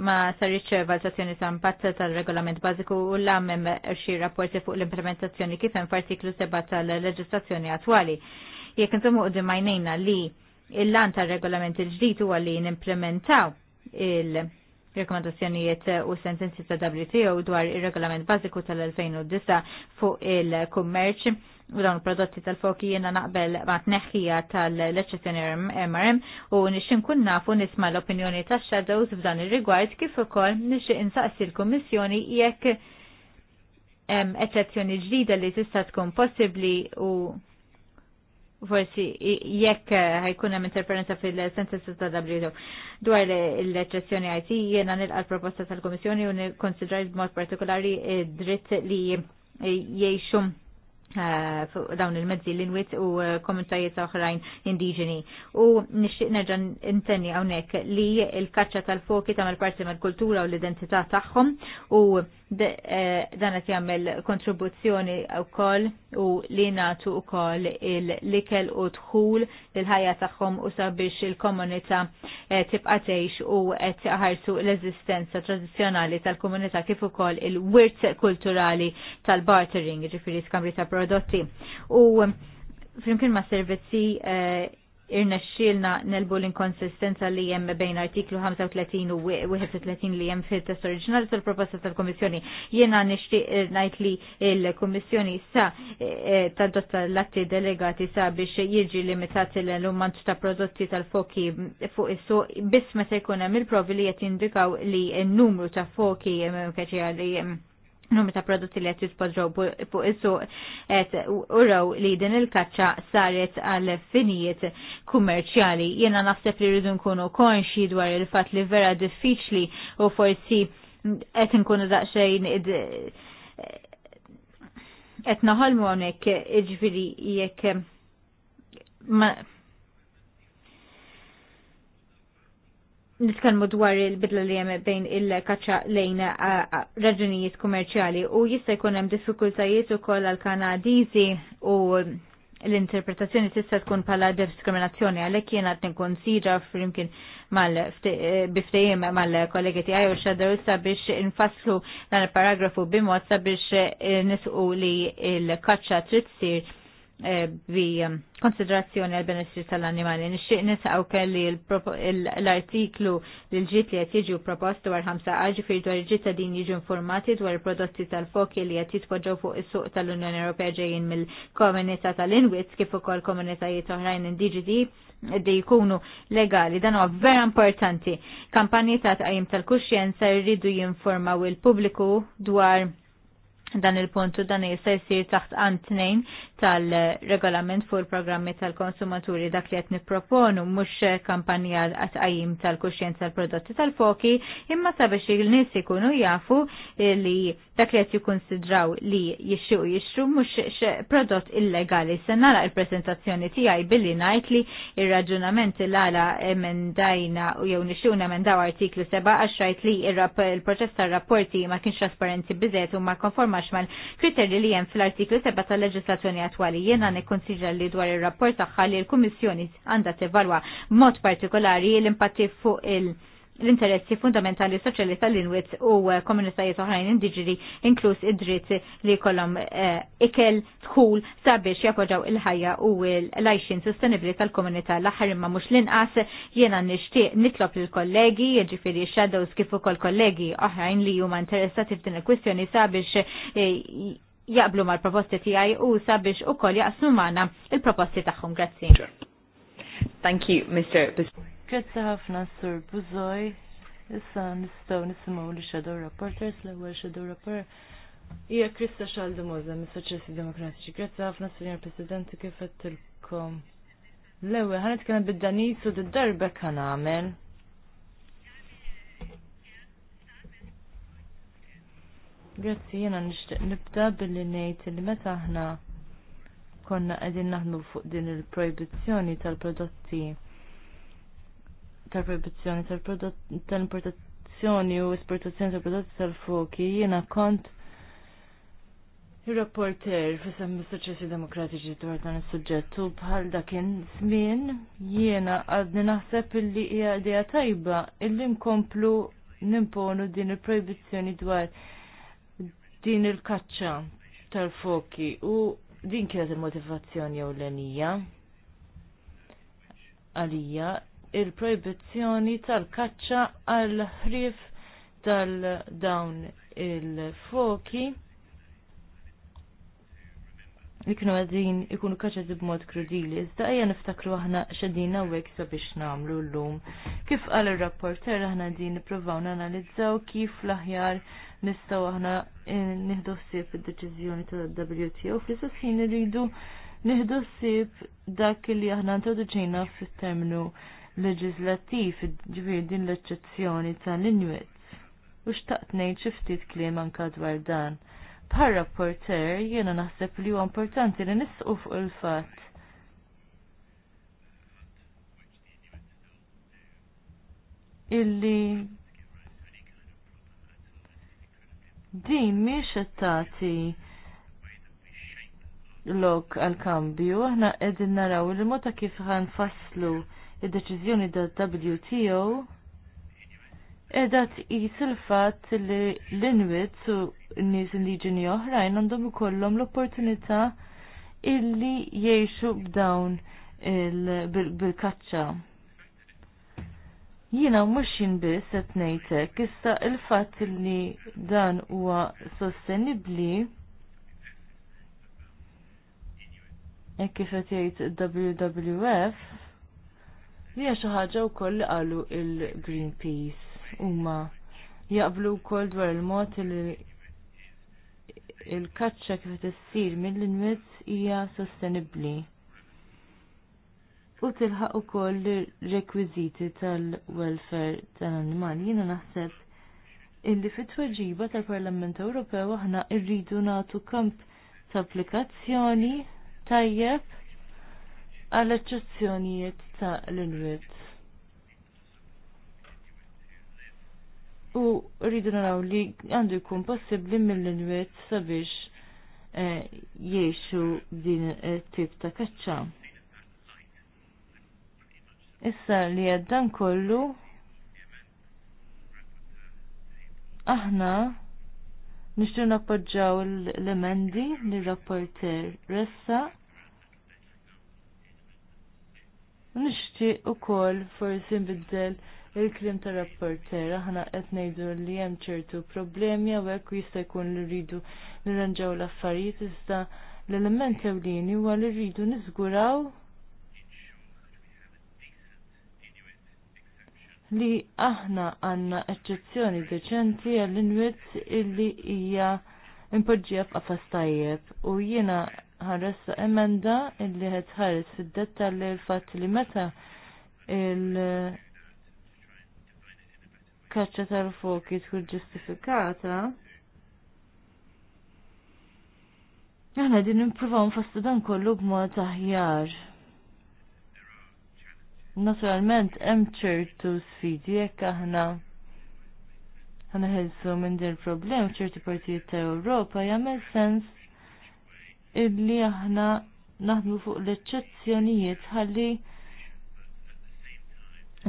ma sarriċ valutazzjoni ta' impatt tal-regolament bażiku u l-għammem xi rapporti fuq l-implementazzjoni kif hemm f'artiklu seba tal-leġislazzjoni attwali. Jekk intom uqdim majnejna li il-lan tal-regolament il-ġdid huwa li nimplementaw il- rekomendazzjonijiet u sentenzi ta' WTO dwar ir regolament bażiku tal-2009 fuq il-kummerċ u dawn prodotti tal-foki jena naqbel ma' tneħħija tal-eċezzjoni MRM u nixin kun nafu nisma l-opinjoni ta' shadows f'dan ir-rigward kif ukoll nixin insaqsi l-Kummissjoni jekk eċezzjoni ġdida li tista' tkun possibbli u forsi jekk ħajkun hemm interferenza fil-sentenza ta' WTO. Dwar l-eċezzjoni IT jiena nilqa l-proposta tal-Komissjoni u nikkonsidra b'mod partikolari dritt li jgħixu Eh, fuq dawn il-mezzi l-inwit u eh, komunitajiet oħrajn indiġeni. U nixtieq nerġa' intenni hawnhekk li l-kaċċa tal-foki tagħmel parti mal-kultura u l-identità tagħhom u eh, dan qed jagħmel kontribuzzjoni wkoll u li nagħtu wkoll il-likel u dħul lill-ħajja tagħhom u sabiex il-komunità tibqa' tgħix u qed ħarsu l-eżistenza tradizzjonali tal-komunità kif ukoll il-wirt kulturali tal-bartering, ġifieri skambri ta' prodotti. U um, flimkien ma' servizzi eh, irnexxielna nelbu l-inkonsistenza li hemm bejn artiklu 35 u 31 li hemm fil-test oriġinali tal-proposta tal komissjoni Jiena nixtieq eh, ngħid li l-Kummissjoni sa eh, tal-dotta l-atti delegati sa biex jiġi limitati l-umant ta' prodotti tal-foki fuq is-suq biss meta jkun hemm il-provi li qed jindikaw li n-numru ta' foki keċija li numru ta' prodotti li qed jispoġġew fuq is-suq qed uraw li din il-kaċċa saret għal finijiet kummerċjali. Jiena naħseb li rridu nkunu konxi dwar il-fatt li vera diffiċli u forsi qed nkunu daqsxejn qed naħolmu hawnhekk iġifieri jekk nitkellmu dwar il-bidla li hemm bejn il-kaċċa lejn raġunijiet kummerċjali u jista' jkun hemm diffikultajiet ukoll għal kanadiżi u l-interpretazzjoni tista' tkun bħala diskriminazzjoni għalhekk jien qed nikkonsidra flimkien mal-biftejjem mal-kollegi tiegħi u xadaw sabiex infasslu dan il-paragrafu bimod sabiex nisqu li l-kaċċa trid tsir Eh, bi um, konsiderazzjoni għal benessri tal-animali. Nixtieq nisaw kelli l-artiklu li l-ġit li qed jiġu propost dwar ħamsa ġifier dwar ġit din jiġu informati dwar il-prodotti tal-foki li qed jitpoġġew fuq is-suq tal-Unjoni Ewropea ġejjin mill-komunità tal-Inwits kif ukoll komunitajiet oħrajn indiġidi li jkunu legali. Dan huwa vera importanti. Kampanji ta' tqajjim tal-kuxjenza jridu jinformaw il-pubbliku dwar dan il-puntu dan jista' jsir taħt għand tnejn tal-regolament fuq il-programmi tal-konsumaturi dak li qed nipproponu mhux kampanja għatqajjim tal-kuxjenza tal-prodotti tal-foki imma sabiex il-nies ikunu jafu li dak li qed jikkunsidraw li jixxu jixxu mhux prodott illegali. Se nara il-preżentazzjoni tiegħi billi ngħid li ir-raġunament l-għala emendajna u jew nixxuna emendaw artiklu seba' għax li il-proċess tar-rapporti ma kienx trasparenti biżet u ma konforma jaqax mal-kriterji li hemm fl-artiklu 7 tal-leġislazzjoni attwali. Jiena nikkonsidra li dwar ir-rapport tagħha li l-Kummissjoni għandha tevalwa mod partikolari l-impatti fuq il- l-interessi fundamentali soċjali tal-inwit u eh, komunitajiet oħrajn indiġeni inkluż id-dritt li kollhom eh, ikel tkul sabiex jappoġġaw il-ħajja u l-għajxin sostenibli tal-komunità l-aħħar imma mhux l-inqas jiena nixtieq nitlob lill-kollegi, jiġifieri shadows kif ukoll kollegi oħrajn li huma interessati f'din il-kwistjoni sabiex eh, jaqblu mal-proposti tiegħi u sabiex ukoll jaqsmu magħna il-proposti tagħhom. Grazzi. Thank you, Mr. Grazzi ħafna Sur Buzoj. Issa nistgħu nisimgħu li Shadow Reporters l-ewwel Shadow Reporter. Ija Krista Xaldu Moza mis soċessi Demokratiċi. Grazzi ħafna Sinjor Presidenti kif għedtilkom. L-ewwel ħan nitkellem bid-Danis u d-darba kan għamen. Grazzi jiena nixtieq nibda billi ngħid li meta aħna konna qegħdin naħdmu fuq din il-projbizzjoni tal-prodotti tal-proibizzjoni tal-importazzjoni u esportazzjoni tal-prodotti tal-foki jiena kont Il-rapporter fissam mis-soċessi demokratiċi dwar dan il-sujġett u bħal dakin zmin jiena għadni naħseb illi hija idea tajba illi nkomplu nimponu din il-proibizzjoni dwar din il-kaċċa tal-foki u din kienet il-motivazzjoni ewlenija għalija il-proibizzjoni tal-kaċċa għal ħrif tal-dawn il-foki li kienu għadin ikunu kaċċa b'mod krudili. Iżda għajja niftakru aħna xedin għawek sabiex namlu l-lum. Kif għal il-rapporter aħna din niprofaw nanalizzaw kif l-aħjar nistaw aħna eh, nihdu s-sib id-deċizjoni tal-WTO fl-istess ħin rridu nihdu s-sib dak li aħna introduċina fit-terminu leġislattiv ġviri din l-eċċezzjoni tal-Inuit. U xtaqt ngħid xi ftit kliem anke dwar dan. Bħar rapporter jiena naħseb li huwa importanti li nisqu fuq il-fatt illi din miex tagħti lok għal-kambju, aħna qegħdin naraw il-mota kif ħanfasslu fasslu il deċiżjoni da' WTO edat tqis il-fatt li l inwit u n-nies indiġeni oħrajn għandhom ikollhom l-opportunità illi jgħixu b'dawn bil-kaċċa. Jina mux jinbis et nejtek, issa il-fat li dan huwa sostenibli, e kif qed jgħid WWF, Li hija xi ħaġa wkoll li qalu il-Greenpeace huma jaqblu wkoll dwar il-mod li il-kaċċa kif tissir mill-inwit hija sostenibbli. U tilħaq ukoll rekwiżiti tal-welfare tal-annimali. Jiena naħseb illi fit-tweġiba tal-Parlament Ewropew aħna rridu nagħtu kamp ta' applikazzjoni tajjeb għal eċċezzjonijiet ta' l-inwit. U rridu naraw li għandu jkun possibbli mill-inwit sabiex eh, jiexu din eh, tip ta' kaċċa. Issa li għaddan kollu aħna nishtu nappoġġaw l-emendi li rapporter ressa Nixtieq ukoll forsi nbiddel il krim ta' rapporter aħna qed ngħidu li hemm ċertu problemi hawnhekk u jista' jkun li rridu nirranġaw l-affarijiet iżda l-element ewlieni huwa li rridu niżguraw li aħna għanna eċċezzjoni deċenti għall-inwit illi hija impoġġija f'qafas tajjeb u jiena ħarressa emenda illi ħed ħares fid-detta li l fat li meta il- kaċċa tal-foki tkun ġustifikata. Aħna din nippruvaw nfassu dan kollu b'mod aħjar. Naturalment hemm ċertu sfidi jekk aħna ħanħelsu minn din il-problem f'ċerti partijiet ta' Ewropa jagħmel sens illi aħna naħdmu fuq l-eċċezzjonijiet ħalli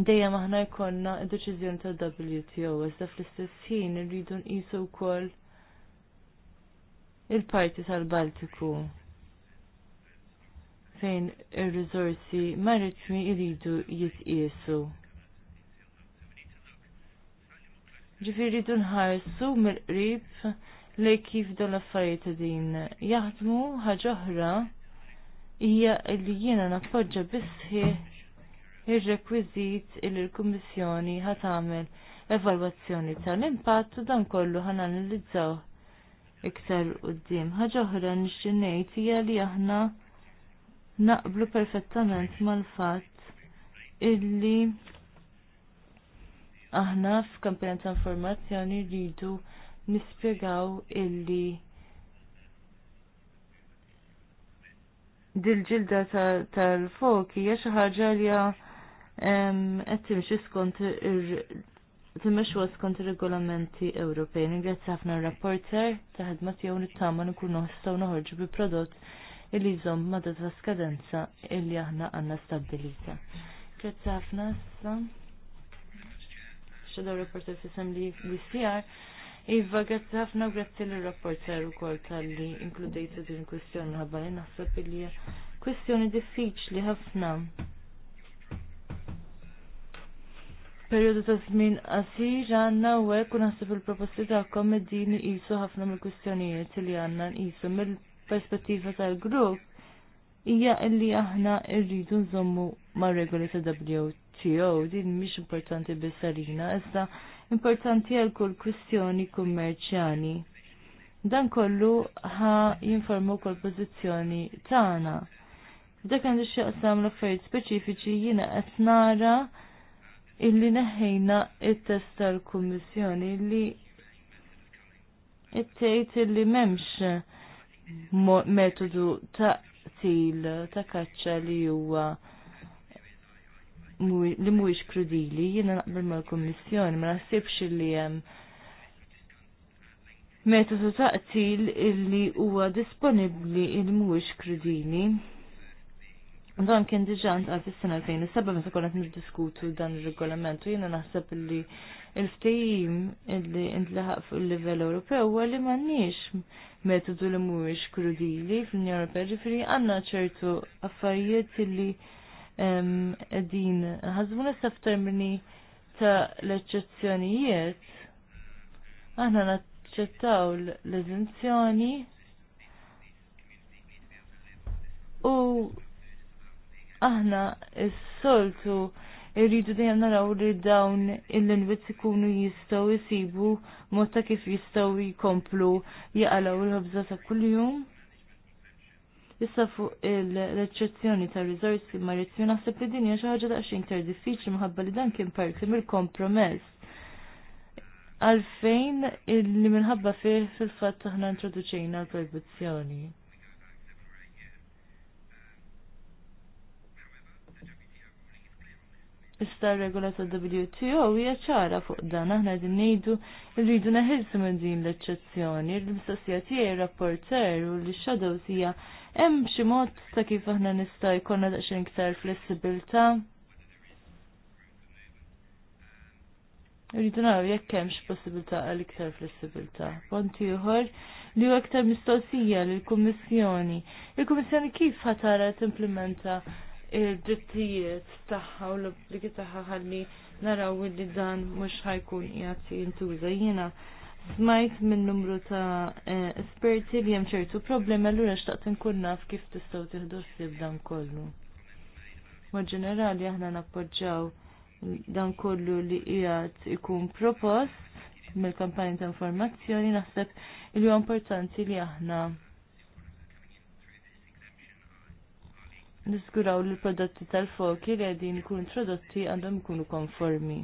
dejjem aħna jkollna d-deċiżjoni tal-WTO iżda fl-istess ħin irridu nqisu wkoll il-parti tal-Baltiku fejn ir-riżorsi maritmi jridu jitqiesu. Ġifieri dun nħarsu mill-qrib li kif dan l-affarijiet din jaħdmu ħaġa oħra hija li jiena nappoġġa bisħieħ ir-rekwiżit li l-Kummissjoni ħat tagħmel evalwazzjoni tal-impatt u dan kollu ħan analizzaw iktar quddiem. Ħaġa oħra nixtieq ngħid hija li aħna naqblu perfettament mal-fatt illi aħna f'kampjoni ta' informazzjoni rridu nispjegaw illi dil-ġilda tal-fok hija xi ħaġa li qed timxi skont timmexwa skont ir-regolamenti Ewropej. Ningrazzi ħafna r-rapporter ta' ħidma tiegħu nittama nkunu nistgħu noħorġu bi prodott illi jżomm ma' data skadenza illi aħna għandna stabbilita. Grazzi ħafna issa. Xedaw rapporter fisem li l-ICR. Iva, grazzi ħafna grazzi l-rapporter u kol tal-li inkludejtu din kwestjoni ħabba li naħseb li kwestjoni diffiċli ħafna. Periodu ta' żmien qasir għandna u hekk u naħseb il-proposti tagħkom din qisu ħafna mill-kwistjonijiet li għandna nqisu mill-perspettiva tal-grupp hija illi aħna rridu nżommu ma' regoli ta' WTO, din mhix importanti bissarina għalina, issa importanti għal kull kwistjoni kummerċjali. Dan kollu ħa jinformu kol pozizjoni tagħna. Dak għandu xieqsam l-affarijiet speċifiċi jiena qed illi neħejna il test tal-Kummissjoni illi it-tgħid illi m'hemmx metodu ta' til ta' kaċċa li huwa li mhuwiex krudili, jiena naqbel mal-Kummissjoni ma naħsibx li hemm metodu ta' taqtil illi huwa disponibbli il mhuwiex krudili. Dan kien diġà ntqal fis-sena 2007 meta konna qed niddiskutu dan ir-regolament u jiena naħseb illi il-ftehim illi intlaħaq fuq il-livell Ewropew huwa li m'għandniex metodu li mhuwiex krudili fl-Unjoni Ewropea ġifieri għandna ċertu affarijiet illi din ħazmu saf termini ta' l-eċezzjonijiet, aħna naċċettaw l-eżenzjoni u aħna s-soltu irridu dejjem naraw li dawn il-linwit ikunu jistgħu jisibu mod ta' kif jistgħu jkomplu jaqalaw il-ħobża ta' kuljum. Issa fuq il-reċezzjoni ta' rizorsi marittimi naħseb li din hija xi ħaġa daqsxejn diffiċli minħabba li dan kien parti mill-kompromess. Għalfejn li minħabba fih fil-fatt aħna introduċejna l-proibizzjoni. Ista regola ta' WTO hija ċara fuq dan aħna din ngħidu rridu neħilsu minn din l-eċċezzjoni. l mistoqsija tiegħi rapporter u l-shadows hija Hemm xi mod ta' kif aħna nista' jkollna daqsxejn iktar flessibilità. Rridu naraw jekk hemmx possibilità għal iktar flessibilità. Punt ieħor li huwa iktar mistoqsija lill-Kummissjoni. Il-Kummissjoni kif ħatara timplementa id drittijiet tagħha u l-obbligi tagħha ħalli naraw li dan mhux ħajkun qiegħed jintuża jiena smajt minn numru ta' eh, esperti li hemm ċertu problemi allura xtaqt inkun naf kif tistgħu s sib dan kollu. Ma ġenerali aħna nappoġġaw dan kollu li jgħat ikun propost mill kampanja ta' informazzjoni naħseb li huwa importanti li aħna niskuraw li l-prodotti tal-foki li għedin ikun introdotti għandhom ikunu konformi.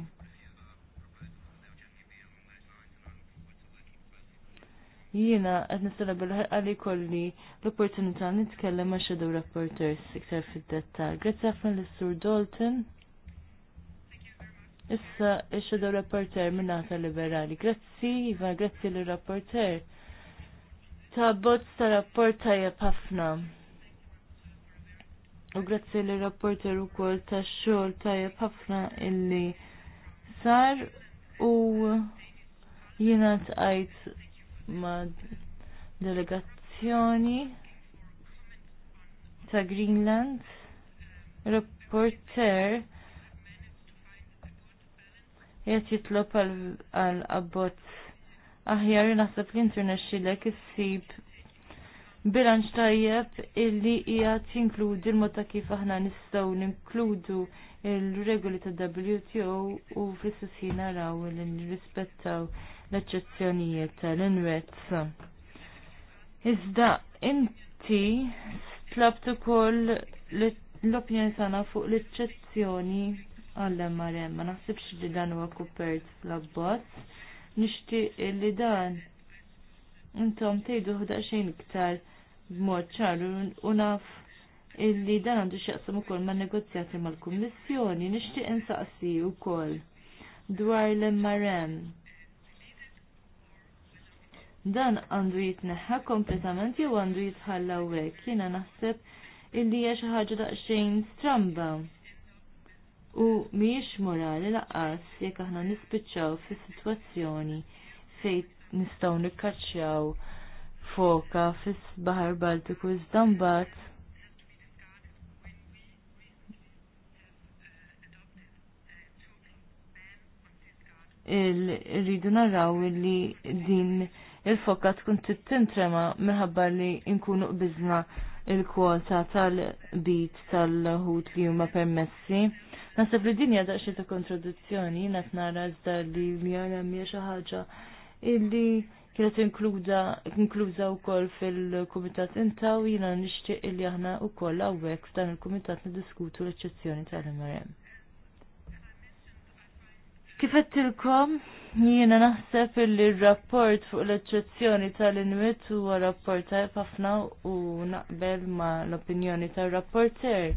Jiena qed nistana bil-ħarqa li kolli l-opportunità nitkellem ma' Shadow Reporters iktar fid-dettall. Grazzi ħafna lis-Sur Dalton. Issa ix rapporter Reporter minnata liberali. Grazzi, Iva, grazzi lir-rapporter. Ta' bot ta' rapporta tajjeb ħafna. U grazzi li rapporter u kol ta' xol tajab ħafna illi sar u jina tqajt ma' delegazzjoni ta' Greenland. Reporter jgħat jitlob għal abbot aħjar naħseb li internaxxilek issib bilanċ tajjeb illi jgħat jinkludi l-mod ta' kif aħna nistgħu ninkludu il-regoli ta' WTO u fl-istess naraw li nirrispettaw l-eċċezzjonijiet l-inwet. Iżda inti tlabt ukoll l-opinjoni tagħna fuq l-eċċezzjoni għall-MRM, ma naħsibx li dan huwa kupert fl-abbozz, nixtieq li dan intom tgħidu ħdaqxejn iktar b'mod ċar u naf illi dan għandu xieqsam u koll ma' negozjati mal-Kommissjoni, nixtieq insaqsi u koll dwar l-MRM dan għandu jitneħħa kompletament jew għandu jitħalla hekk. Jiena naħseb illi hija xi ħaġa daqsxejn stramba. U mhijiex morali laqqas jekk aħna nispiċċaw fi sitwazzjoni fej nistgħu nikkaċċjaw foka fis-Baħar Baltiku iżda mbagħad rridu naraw li din il-fokka tkun tittintrema minħabba li nkunu bizna il-kwota tal-bit tal-ħut li huma permessi. Nasab li dinja daqxie ta' kontradizzjoni, t nara iżda li l għana mija xaħġa illi kienet inkluża wkoll fil-kumitat intaw jina nixtieq illi aħna wkoll hawnhekk f'dan il-kumitat diskutu l-eċċezzjoni tal-MRM. Kifettilkom, jiena naħseb li r-rapport fuq l-eċċezzjoni tal inwit huwa rapport tajb ħafna u naqbel ma l-opinjoni tar-rapporter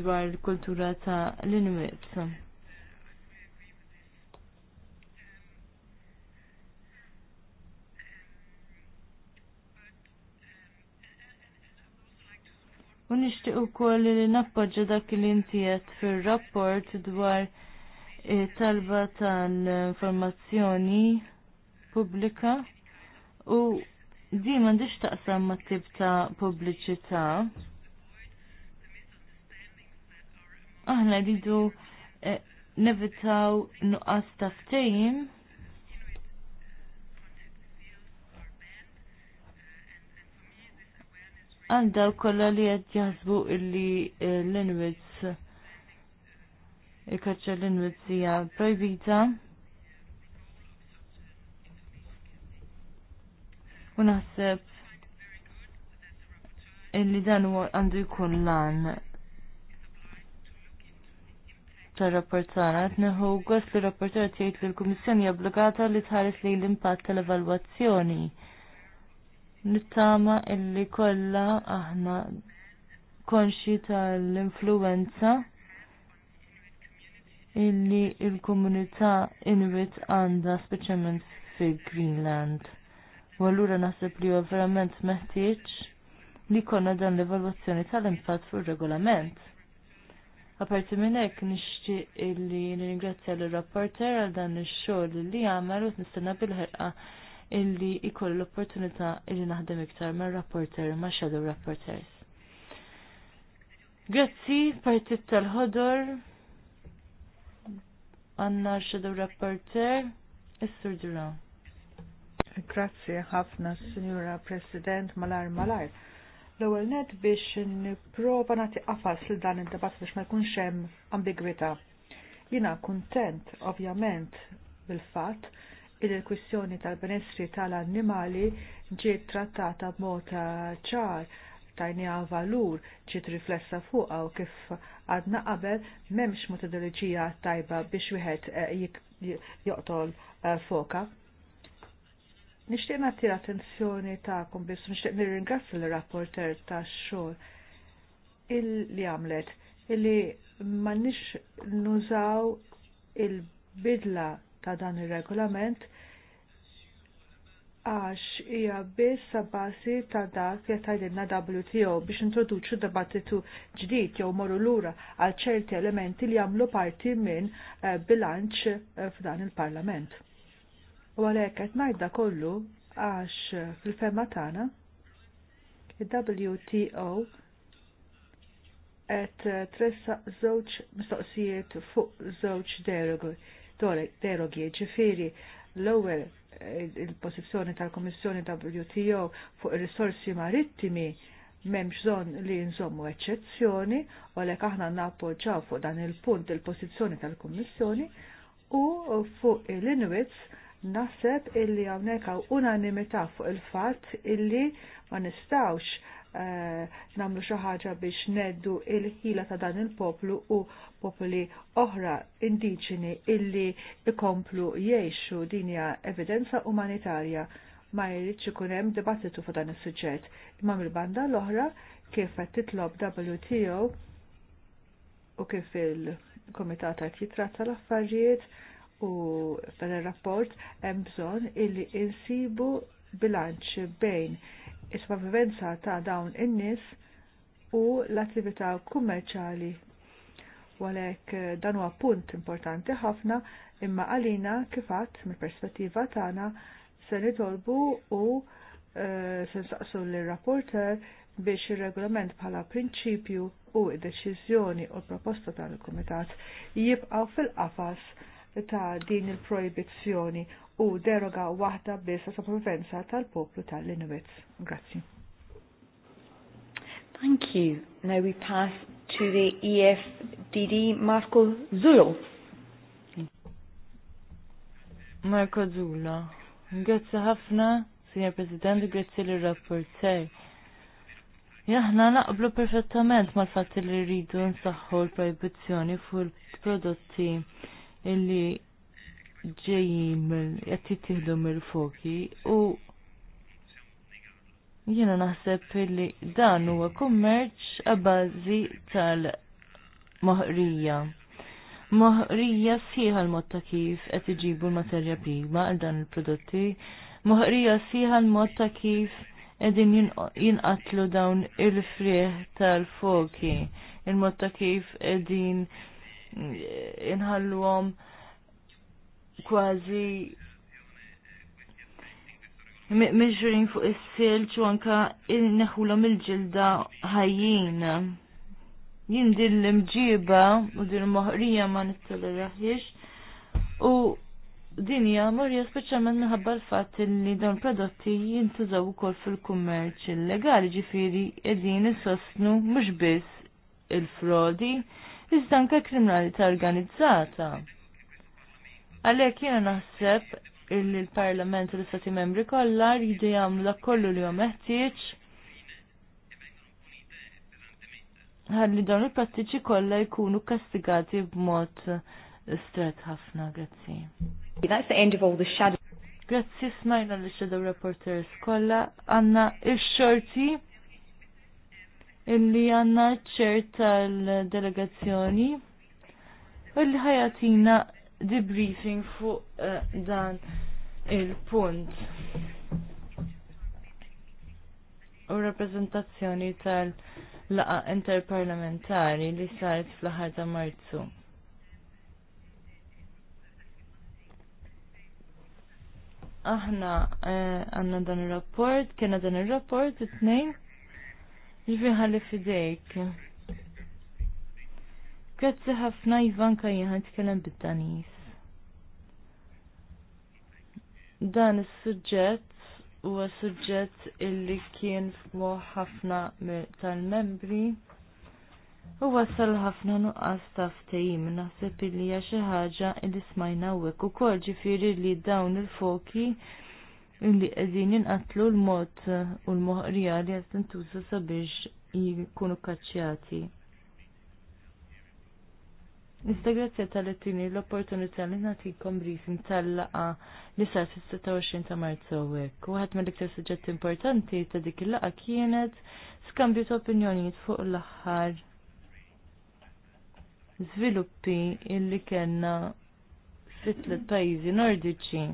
dwar il-kultura ta' l Unishti U nixtieq ukoll li nappoġġa dak li intiet fir-rapport dwar talba tal-informazzjoni pubblika u di mandiġ taqsam ma tib ta' pubbliċità. Aħna rridu eh, nevitaw nuqqas ta' ftejim għal daw kolla li għed jazbu illi eh, l-inwits il-kaċċa l-inwizzija projbita. U naħseb illi dan għandu jkun lan tar-rapportana neħu gost li rapportar tgħid li l-Kummissjoni obbligata li tħares li l-impatt tal-evalwazzjoni. Nittama illi kollha aħna konxi tal-influenza illi il-komunità Inuit għandha speċjalment fi Greenland. U allura naħseb li huwa verament meħtieġ li konna dan l-evalwazzjoni tal-impatt fuq regolament. Aparti minn hekk nixtieq illi nirringrazzja l rapporter għal dan ix-xogħol li għamel u nistenna bil-ħerqa illi ikolli l-opportunità illi naħdem iktar ma' rapporter ma' shadow rapporters. Grazzi, partit tal-ħodor, għanna xedu rapporter, Is-Sur Grazie ħafna, Signora President, malar malar. L-ewwel net biex nipprova nati għafas lil dan id debat biex ma jkunx hemm ambigwità. Jiena kuntent ovvjament bil-fatt il l-kwistjoni tal-benessri tal-annimali ġiet trattata b'mod ċar tajnija valur ċit riflessa fuqa u kif għadna qabel memx metodoloġija tajba biex wieħed eh, joqtol eh, foka. Nishtiq nagħti l-attenzjoni tagħkom biss nixtieq nirringrazzi l-rapporter tax-xogħol illi għamlet illi m'għandniex nużaw il-bidla ta' dan ir-regolament il għax hija biss bażi ta' dak li tgħidilna WTO biex introduċu dibattitu ġdid jew morru lura għal ċerti elementi li jagħmlu parti minn eh, bilanċ eh, f'dan il-Parlament. U għalhekk qed ngħidda kollu għax eh, fil femma tagħna il-WTO qed tressa żewġ mistoqsijiet fuq żewġ derogi, ġifieri l-ewwel il-posizjoni tal-Komissjoni WTO fuq ir-risorsi marittimi memx zon li nżommu eccezzjoni, u lek aħna nappoġġaw fuq dan il-punt il-posizjoni tal komissjoni u fuq il inuits naħseb illi hawnhekk hawn unanimità fuq il-fatt illi ma nistawx Eh, namlu xi ħaġa biex neddu il-ħila ta' dan il-poplu u popoli oħra indiġeni illi ikomplu jgħixu dinja evidenza umanitarja ma jridx ikun hemm dibattitu fuq dan is-suġġett. Imma mill-banda l-oħra kif qed titlob WTO u kif il-Komitat qed jitratta l-affarijiet u fil-rapport hemm bżonn illi insibu bilanċ bejn is-sopravivenza ta' dawn in-nies u l-attività kummerċali. Walek eh, dan huwa punt importanti ħafna imma għalina kifat mill-perspettiva tagħna se nitolbu u e, se nsaqsu l-rapporter biex ir-regolament bħala prinċipju u id-deċiżjoni u l-proposta tal-Kumitat jibqgħu fil-qafas ta' din il-proibizzjoni u deroga waħda biss sopravivenza tal-poplu tal-Inuits. Grazzi. Thank you. Now we pass to the EFDD Marco Zullo. Marco Zullo. Grazie ħafna, Signor President, grazzi li rapporter Jaħna naqblu perfettament mal-fatt li rridu nsaħħu l prohibizjoni fuq il-prodotti illi ġejjin qed jittihdu mill-foki u jiena naħseb li dan huwa kummerċ għabazi tal-moħrija. Moħrija siħal l-mod ta' kif qed iġibu l-materja prima għal dan il-prodotti. Moħrija sħiħa l-mod ta' kif qegħdin jinqatlu dawn il-frieħ tal-foki. Il-mod ta' kif qegħdin inħalluhom in kważi meġurin fuq is-silġ u anka neħulhom il-ġilda ħajjien. Jien din l-imġiba u din l-moħrija ma nittoleraħiex u din hija morja speċjalment minħabba l-fatt li dawn prodotti jintużaw ukoll fil-kummerċ illegali ġifieri qegħdin isostnu mhux biss il-frodi iżda anke kriminalità organizzata. Għalhekk jiena naħseb il l-Parlament u l-Istati Membri kollha rridu jagħmlu kollu li huwa meħtieġ ħalli dawn il-prattiċi kollha jkunu kastigati b'mod stret ħafna, grazzi. That's the end of all the shadow. Grazzi smajna li shadow reporters kolla għanna il-xorti illi għanna ċerta tal-delegazzjoni u li ħajatina debriefing fuq eh, dan il-punt. U rappresentazzjoni tal-laqa interparlamentari li saret fl-ħar ta' Marzu. Aħna eh, għanna dan il-rapport, kena dan il-rapport, it-nejn, ġviħalli fidejk. Grazzi ħafna Ivanka kajja tkellem bid-Danis. Dan is-suġġett huwa suġġett illi kien f'moħħ ħafna tal-membri u wasal ħafna nuqqas ta' ftehim naħseb illi hija xi ħaġa li smajna hawnhekk ukoll ġifieri li dawn il-foki illi qegħdin jinqatlu l-mod u l-moħqrija li qed tintuża sabiex jkunu kkaċċjati. Nista grazzja tal-ettini l-opportunità li natikom briefing tal-laqa li sar fis-26 ta' Marzu hekk. Waħed mill-iktar suġġett importanti ta' dik il-laqa kienet skambju ta' opinjonijiet fuq l-aħħar żviluppi illi kellna fit-tliet pajjiżi nordiċi.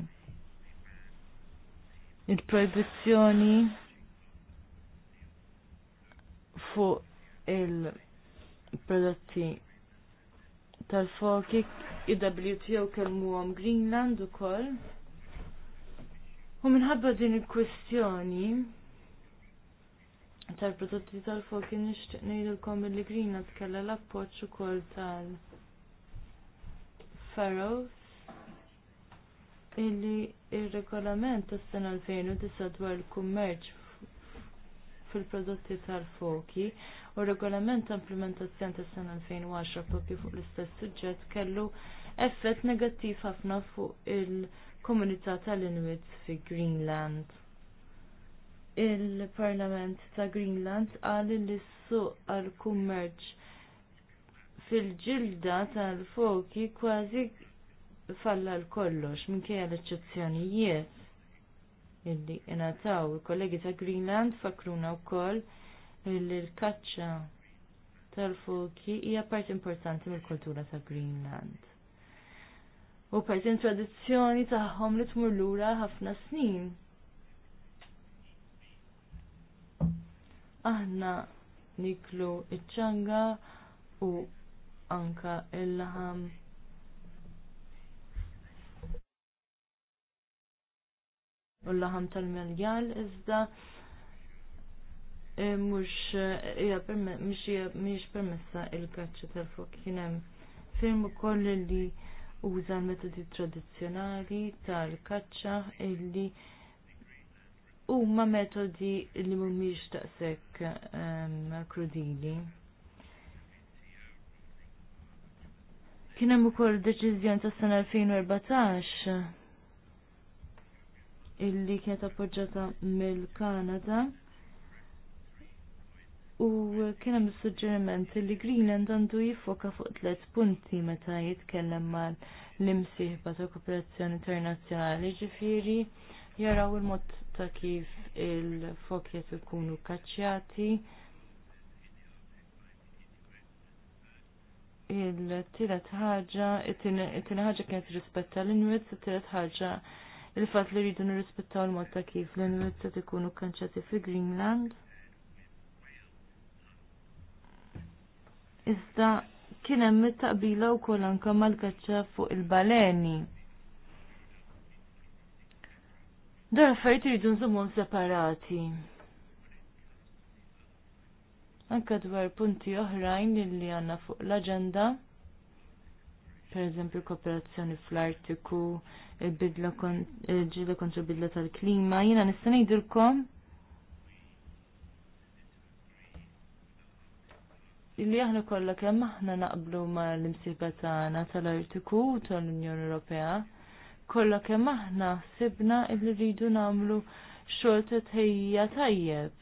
Il-proibizzjoni fuq il-prodotti tal-foki IWTO għom Greenland ukoll. U minħabba din il-kwestjoni tal-prodotti tal-foki nixtieq ngħidilkom li Greenland kellha l-appoġġ ukoll tal Faroes illi il regolament tas-sena 2009 dwar il-kummerċ fil-prodotti tal-foki u regolament ta' implementazzjoni tas sena 2010 propju fuq l-istess suġġett kellu effett negattiv ħafna fuq il-komunità tal-Inuit fi Greenland. Il-Parlament ta' Greenland qal li s-suq għal-kummerċ fil-ġilda tal-foki kważi falla l-kollox minkejja l-eċċezzjonijiet illi inataw il-kollegi ta' Greenland fakruna wkoll l kaċċa tal-fuki hija parti importanti mill-kultura ta' Greenland. U parti tradizzjoni tagħhom li tmur lura ħafna snin. Aħna niklu iċ-ċanga u anka il laħam u l-laħam tal-meljan iżda Eh, mhux eh, hija mhix permessa il-kaċċa tal-fuq kien hemm film ukoll li uża l-metodi tradizzjonali tal-kaċċa illi huma metodi li mhumiex taqsek ehm, krudili. Kien hemm ukoll deċiżjoni tas-sena 2014 illi kienet appoġġjata mill-Kanada U kien hemm suġġeriment li Greenland għandu jifoka fuq tliet punti meta jitkellem mal l-imsieħba ta' kooperazzjoni internazzjonali ġifiri jaraw il-mod ta' kif il-fokjet ikunu kaċċjati. Il-tielet ħaġa, it tilet ħaġa kienet rispetta l-inwits, it tilet ħaġa il-fatt li rridu nirrispettaw il-mod ta' kif l-inwits ikunu kanċati fi Greenland. iżda kien hemm taqbila wkoll anke mal-kaċċa fuq il-baleni. Dar affarijiet iridu nżumhom separati. Anke dwar punti oħrajn li għandna fuq l-aġenda, pereżempju kooperazzjoni fl-artiku, il-bidla kontra bidla tal-klima, jiena nista' ngħidilkom li aħna kollha kemm aħna naqblu ma l-imsiba tagħna tal-Artiku tal-Unjoni Ewropea, kolla kemm aħna sibna li rridu nagħmlu xogħol ta' tejja tajjeb.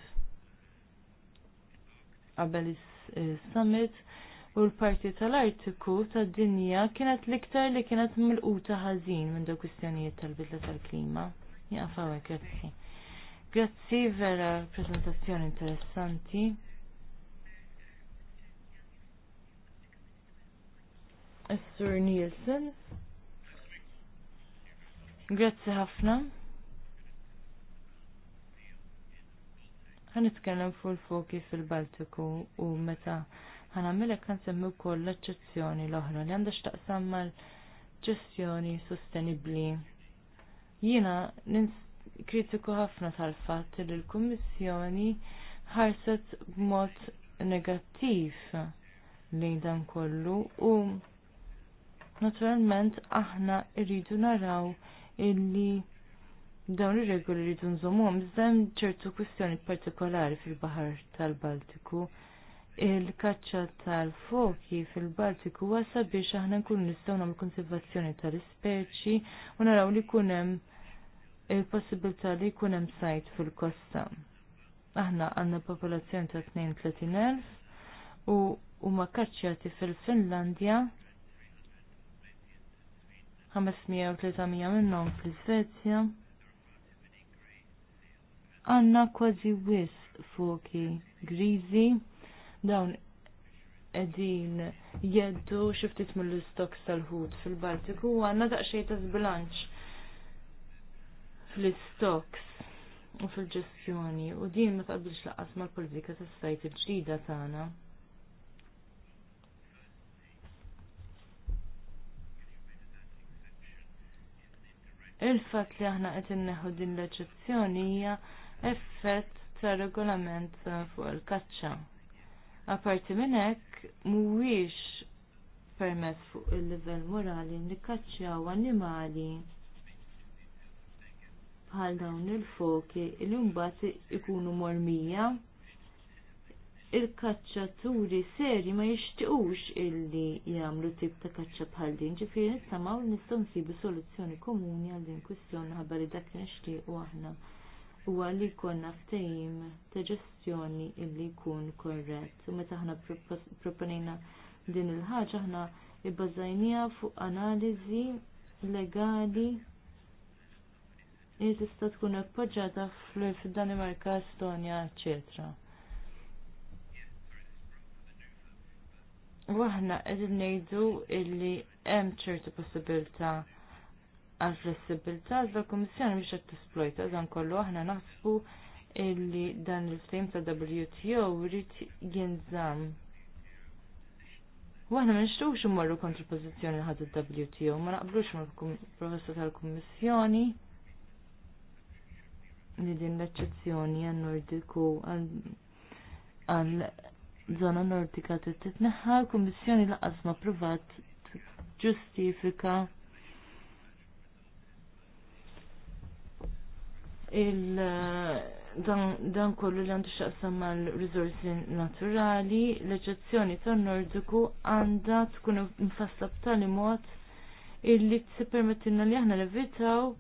Qabel is-summit u l-parti tal-Artiku tad-dinja kienet l-iktar li kienet milquta ħażin minn dawn kwistjonijiet tal-bidla tal-klima. Jaqfaw grazzi. Grazzi vera prezentazzjoni interessanti. Esther sur Nielsen. Grazzi ħafna. Ħanitkellem fuq il-foki fil-Baltiku u meta għan semmu wkoll l-eċċezzjoni l-oħra li għandha x'taqsam mal-ġestjoni sostenibbli. Jiena kritiku ħafna tal-fatt li l-Kummissjoni ħarset b'mod negattiv lejn dan kollu u Naturalment aħna rridu naraw illi dawn ir-regoli rridu nżommhom bżemm ċertu kwistjoni partikolari fil-Baħar tal-Baltiku. Il-kaċċa tal-foki fil-Baltiku huwa sabiex aħna nkunu nistgħu nagħmlu konservazzjoni tal-ispeċi u naraw li jkun hemm il-possibilità li jkun hemm sajt fil-kosta. Aħna għandna popolazzjoni ta' 32,000 u huma kaċċjati fil-Finlandja 500-300 minnhom fl-Svezja. Għanna kważi wis foki grizi dawn edin jeddu xiftit mill istok tal-ħut fil-Baltiku u għanna daqxej ta' zbilanċ fil-istoks u fil-ġestjoni u din ma taqbilx laqqas mal-politika s sajt il-ġdida tagħna. il-fatt li aħna qed inneħu din l-eċezzjoni hija effett ta' regolament fuq il-kaċċa. Aparti minn hekk mhuwiex permess fuq il-livell morali li kaċċjaw annimali bħal dawn il-foki li mbagħad ikunu mormija il-kaċċaturi seri ma jishtiqux illi jagħmlu tip ta' kaċċa bħal din, ġifieri nistgħu nistgħu nsibu soluzzjoni komuni għal din kwistjoni minħabba li dak nixtiequ aħna huwa li jkollna ftehim ta' ġestjoni illi jkun korrett. U meta aħna proponina din il-ħaġa aħna ibbażajnija fuq analiżi legali li tista' tkun appoġġjata fl-Danimarka, Estonja, eccetera. U aħna qegħdin ngħidu illi hemm ċertu possibilità għal flessibilità għal l-Kummissjoni mhix qed tisplojta dan kollu aħna naħsbu illi dan il-ftehim ta' WTO jrid jinżamm. Waħna ma nixtux immorru kontra pożizzjoni ħad il-WTO, ma naqblux mal-proposta tal-Kummissjoni li din l-eċċezzjoni għan-Nordiku għal zona nordika trid titneħħa, l-Kummissjoni laqas ma ġustifika il eh, dan, kollu li għandu xaqsam mal rizorsi naturali, l-eċezzjoni tan nordiku għandha tkun mfassab tal mod illi t-permettilna li aħna levitaw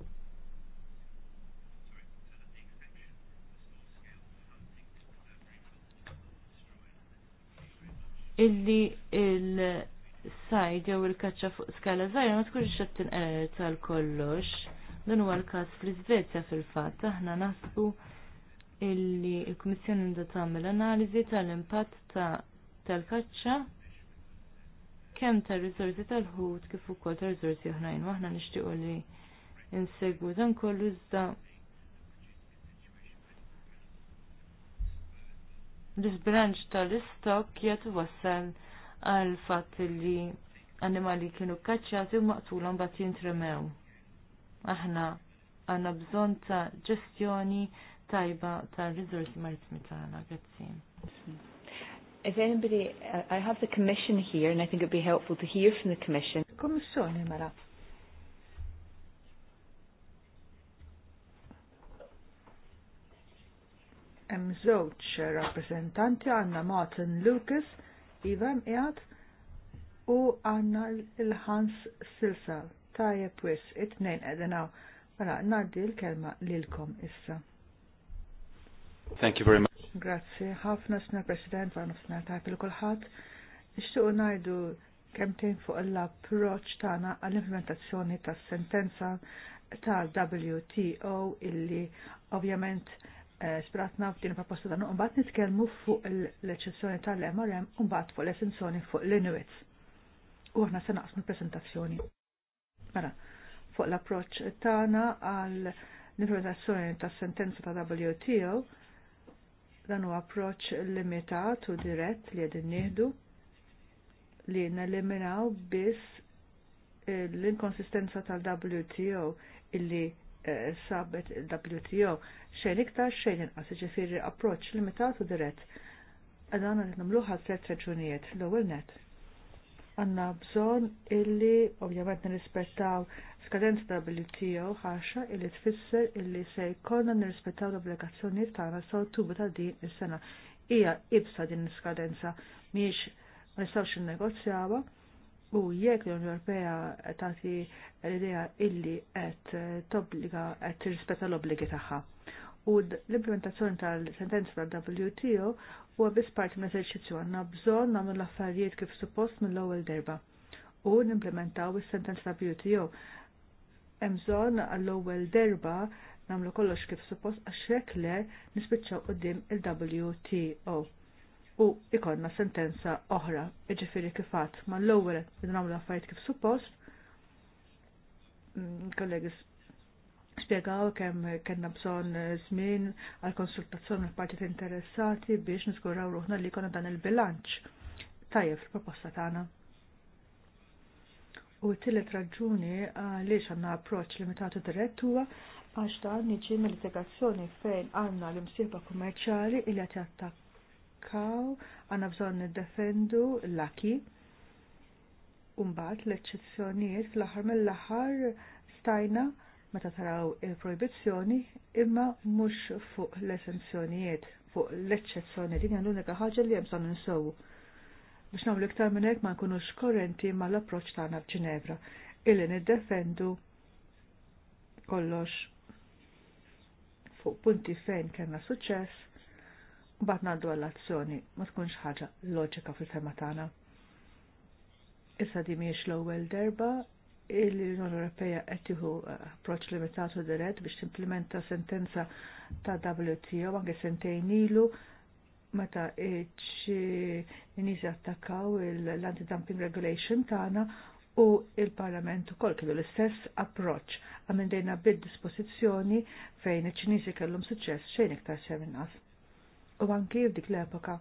illi il-sajd jew il-kaċċa fuq skala żgħira ma tkunx qed tal kollox. Dan huwa l-każ fl-Iżvezja fil-fatt aħna naħsbu illi l-Kummissjoni nda tagħmel analiżi tal-impatt tal-kaċċa kemm tar-riżorsi tal-ħut kif ukoll tar-riżorsi oħrajn waħna nixtiequ li insegwu dan kollu iżda disbranċ tal-istok jgħat wassal għal fat li animali kienu kacċati u maqtula bat jintremew. Aħna għanna bżon ta' ġestjoni tajba tal-riżorsi maritmi għana għazzin. If anybody, I have the commission here and I think it would be helpful to hear from the commission. Kommissjoni mara. Mela. hemm żewġ rappreżentanti għandna Martin Lucas, Ivan Ead u għandna l-Hans Silsal. Tajjeb wis, it-tnejn hawn. Mela ngħaddi l-kelma lilkom issa. Thank you very much. Grazzi, ħafna sna President għan sna ta' il-kulħadd. Nixtiequ ngħidu kemtejn fuq l-approċ tagħna għall-implementazzjoni tas-sentenza tal-WTO illi ovvjament spratna f'din proposta dan mbagħad nitkellmu fuq l eċessjoni tal-MRM u mbagħad fuq l eċessjoni fuq l-Inuits. U aħna se naqsmu l-preżentazzjoni. Mela, fuq l-approċċ tagħna għal l improvizazzjoni tas-sentenza ta' WTO dan huwa approċċ limitat u dirett li qegħdin nieħdu li neliminaw biss l-inkonsistenza tal-WTO illi sabet il-WTO xejn iktar xejn inqas ġifiri approċ limitat u dirett. Għadana li namluħa tret reġunijiet l-ewwel net. Għanna bżon illi ovvjament nirrispettaw skadenza WTO ħaxa illi tfisser illi se jkollna nirrispettaw l-obbligazzjonijiet tagħna sa Ottubru ta' din is-sena. Hija ibsa din l-iskadenza miex ma nistgħux innegozjawha U jekk l-Unjoni Ewropea tagħti l-idea illi qed tobbliga qed tirrispetta l-obbligi tagħha. U l-implementazzjoni tal-sentenza tal-WTO huwa biss parti minn eżerċizzju għandna bżonn nagħmlu l-affarijiet kif suppost mill-ewwel derba. U nimplementaw is-sentenza tal-WTO. Hemm bżonn għall-ewwel derba nagħmlu kollox kif suppost għax hekk le nispiċċaw quddiem il-WTO u ikonna sentenza oħra, iġifiri kifat ma l id nagħmlu affarijiet kif suppost. Mm, kollegi spjegaw kemm kellna bżonn eh, żmien għal konsultazzjoni mill partit interessati biex niskuraw ruħna li jkollna dan il-bilanċ tajjeb fil-proposta tagħna. U t-tillet raġuni għaliex għandna approċċ limitatu dirett huwa għax dan jiġi mill integrazzjoni fejn għandna l-imsieba kummerċjali li qed jattakk Kaw għanna bżon niddefendu l-laki, umbat l-eċċezzjonijiet fl-aħħar mill-aħħar stajna meta taraw il-proibizzjoni imma mhux fuq l-esenzjonijiet, fuq l-eċċezzjoni din l-unika ħaġa li hemm bżonn insowu. Biex nagħmlu iktar minn hekk ma nkunux korrenti mal-approċċ tagħna f'Ġinevra illi niddefendu kollox fuq punti fejn kellna suċċess bat naddu għall-azzjoni ma tkunx ħaġa loġika fil sema tagħna. Issa di miex l-ewwel derba l-Unjoni Ewropea qed tieħu approċċ u dirett biex timplementa sentenza ta' WTO anke sentejn ilu meta n-nies attakkaw l-anti-dumping regulation tagħna u il-Parlament ukoll kellu l-istess approċċ għamendejna bid-dispożizzjoni fejn iċ-Ċiniżi kellhom suċċess xejn iktar xejn inqas u anki f'dik l-epoka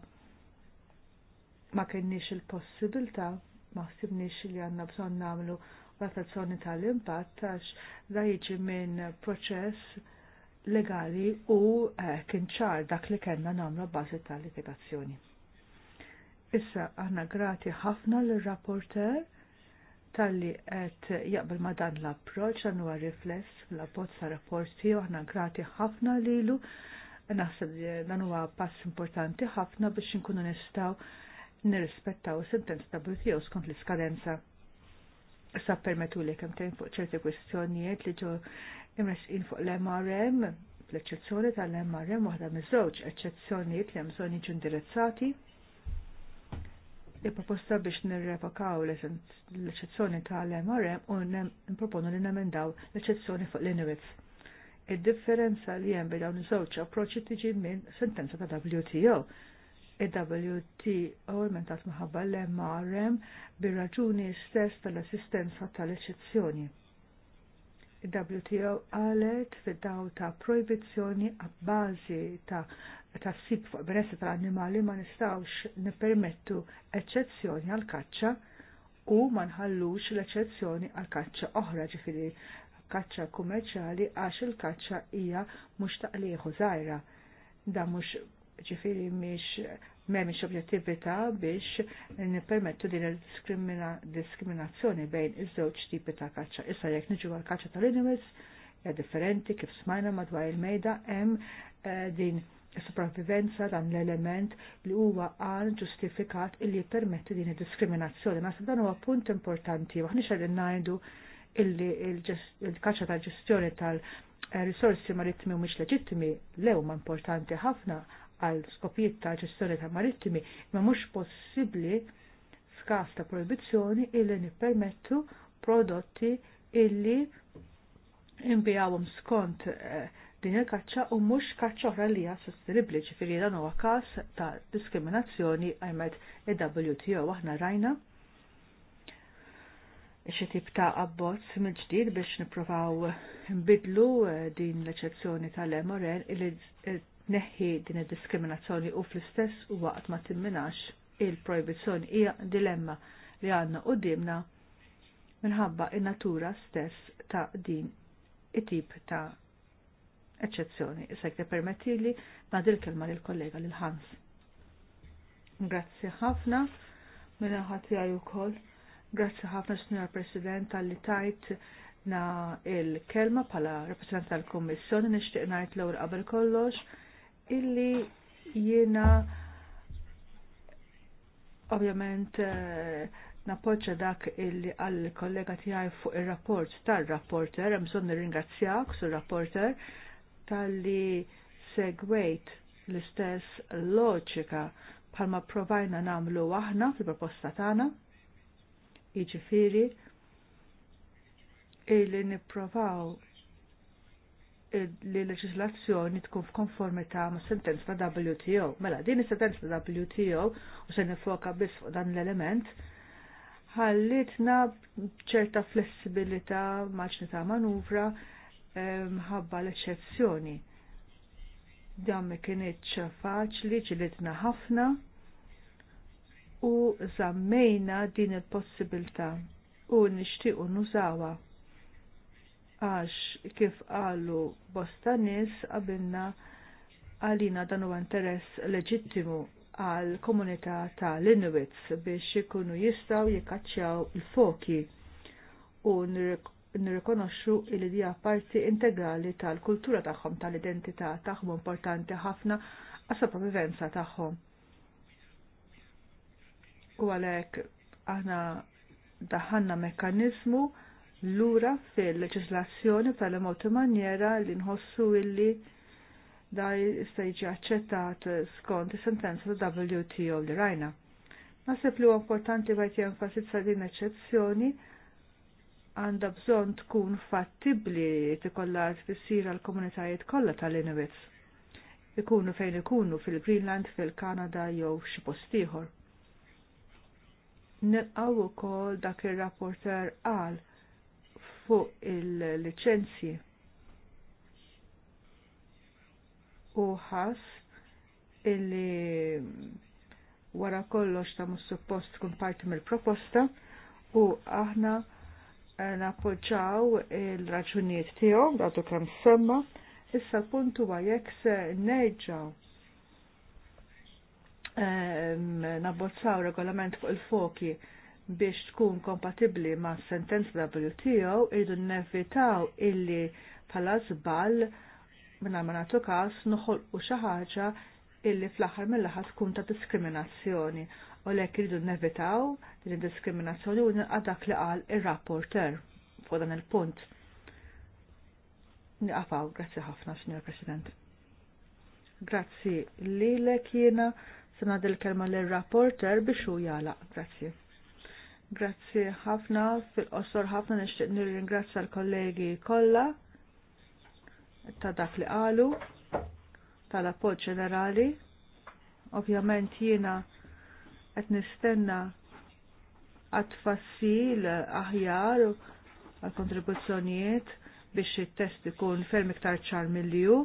ma kenniex il-possibilità ma ħsibniex li għanna bżon namlu valutazzjoni tal-impatt għax da jiġi minn proċess legali u eh, kien ċar dak li kellna namlu bażi tal-litigazzjoni. Issa aħna grati ħafna l-rapporter tal-li qed jaqbel ma dan l-approċ għan huwa rifless fl-abbozz rapporti u aħna grati ħafna lilu Naħseb li dan huwa pass importanti ħafna biex inkunu nistgħu nirrispettaw is-sentenz ta' WTO skont l-iskadenza. Issa permettu li kemm tejn fuq ċerti kwistjonijiet li ġew imresqin fuq l-MRM, fl-eċċezzjoni tal-MRM waħda miż-żewġ eċċezzjonijiet li hemm bżonn jiġu indirizzati il-proposta biex nirrevokaw l-eċezzjoni tal-MRM u nproponu li namendaw l-eċezzjoni fuq l-Inuits. Id-differenza li hemm bejn dawn iż-żewġ approċċi tiġi minn sentenza ta' WTO. Il-WTO mentat maħabba l-MRM bir-raġuni stess tal-assistenza tal-eċezzjoni. Il-WTO għalet fid-daw ta' proibizzjoni għabbażi ta' ta' sib fuq benessi tal-annimali ma nistawx nipermettu eċezzjoni għal kaċċa u ma nħallux l-eċezzjoni għal kaċċa oħra ġifiri kaċċa kummerċjali għax il-kaċċa hija mhux taqlieħu żgħira. Da mhux ġifieri mhix m'hemmx objettività biex nippermettu din il-diskriminazzjoni bejn iż-żewġ tipi ta' kaċċa. Issa jekk niġu għal kaċċa tal-inimis, hija differenti kif smajna madwar il-mejda hemm eh, din sopravvivenza dan l-element li huwa għal ġustifikat illi jippermetti din id-diskriminazzjoni. Ma dan huwa punt importanti, waħni xedin ngħidu illi il-kaċċa tal-ġestjoni tal-risorsi marittimi u mhux leġittimi lew ma importanti ħafna għal skopijiet ta' ġestjoni ta' marittimi ma mhux possibbli f'każ ta' proibizzjoni illi nippermettu prodotti illi imbijawhom skont eh, din il-kaċċa u mhux kaċċa oħra li hija sostenibbli ġifieri dan huwa każ ta' diskriminazzjoni għajmet il-WTO aħna rajna xi tip ta' abbozz mill-ġdid biex nippruvaw nbidlu eh, din l-eċezzjoni tal-emorel li eh, neħi din id-diskriminazzjoni u fl-istess u waqt ma timminax il-proibizzjoni hija dilemma li għandna dimna minħabba in-natura stess ta' din it-tip ta' eċezzjoni. Isek te permettili dil kelma lill-kollega lil Hans. Grazie ħafna minna ħatijaj u koll Grazzi ħafna, Signor President, għalli tajt na il-kelma pala rappresentant tal-Kommissjoni nixtieq ngħid l-ewwel qabel kollox illi jiena ovvjament eh, nappoġġa dak illi għal kollega tiegħi fuq ir-rapport tal-rapporter, hemm bżonn nirringrazzjak sur-rapporter tal-li segwejt l-istess loġika bħalma provajna namlu aħna fil-proposta tagħna jiġifieri illi nipprovaw li leġislazzjoni tkun f'konformità ma' sentenz ta' WTO. Mela, din is-sentenz ta' WTO u se nifoka biss fuq dan l-element ħallitna ċerta flessibilità maċni ta' manuvra eh, ħabba l-eċezzjoni. Dan kienet ċafaċ faċli ġilitna ħafna u zammejna din il-possibilità u nixtiequ nużawa. Għax kif qalu bosta għabinna qabilna għalina dan huwa interess leġittimu għal komunità ta' l-Inuits biex ikunu jistaw jikkaċċjaw il-foki u nirrikonoxxu li dija parti integrali tal-kultura tagħhom tal-identità tagħhom importanti ħafna għas sopravivenza tagħhom u għalek aħna daħanna l lura fil-leġislazzjoni tal-emoti manjera li nħossu illi daj sejġi accettat skont sentenza ta' WTO li rajna. Nasib li importanti għajt jenfasizza din eccezzjoni għanda bżon tkun fattibli tikolla fissira l komunitajiet kollha tal-Inuits. Ikunu fejn ikunu fil-Greenland, fil-Kanada jew xi postiħor. Nilqaw ukoll dak ir-rapporter qal fuq il-liċenzji. U ħass illi wara kollox ta' mus-suppost tkun parti mill-proposta u aħna eh, nappoġġaw il-raġunijiet tiegħu għadu kemm semma issa l puntu huwa jekk se nerġgħu nabbozzaw regolament fuq il-foki biex tkun kompatibli ma' sentenz WTO irridu nevitaw illi pala zbal minna ma nagħtu każ noħolqu xi ħaġa illi fl-aħħar mill laħa tkun ta' diskriminazzjoni u lek irridu nevitaw din diskriminazzjoni u nilqa' dak li qal ir-rapporter fuq dan il-punt. Niqafaw, grazzi ħafna, Signor President. Grazzi lilek jiena Sena dil-kelma l-rapporter biex u jala. Grazzi. Grazzi ħafna, fil-qosor ħafna nishtiq nir-ringrazzja l-kollegi kolla ta' dak li qalu, tal-appoġġ ġenerali. Ovvjament jiena qed nistenna għat-fassil aħjar għal-kontribuzzjonijiet biex il-test ikun ferm iktar ċar mill-ju,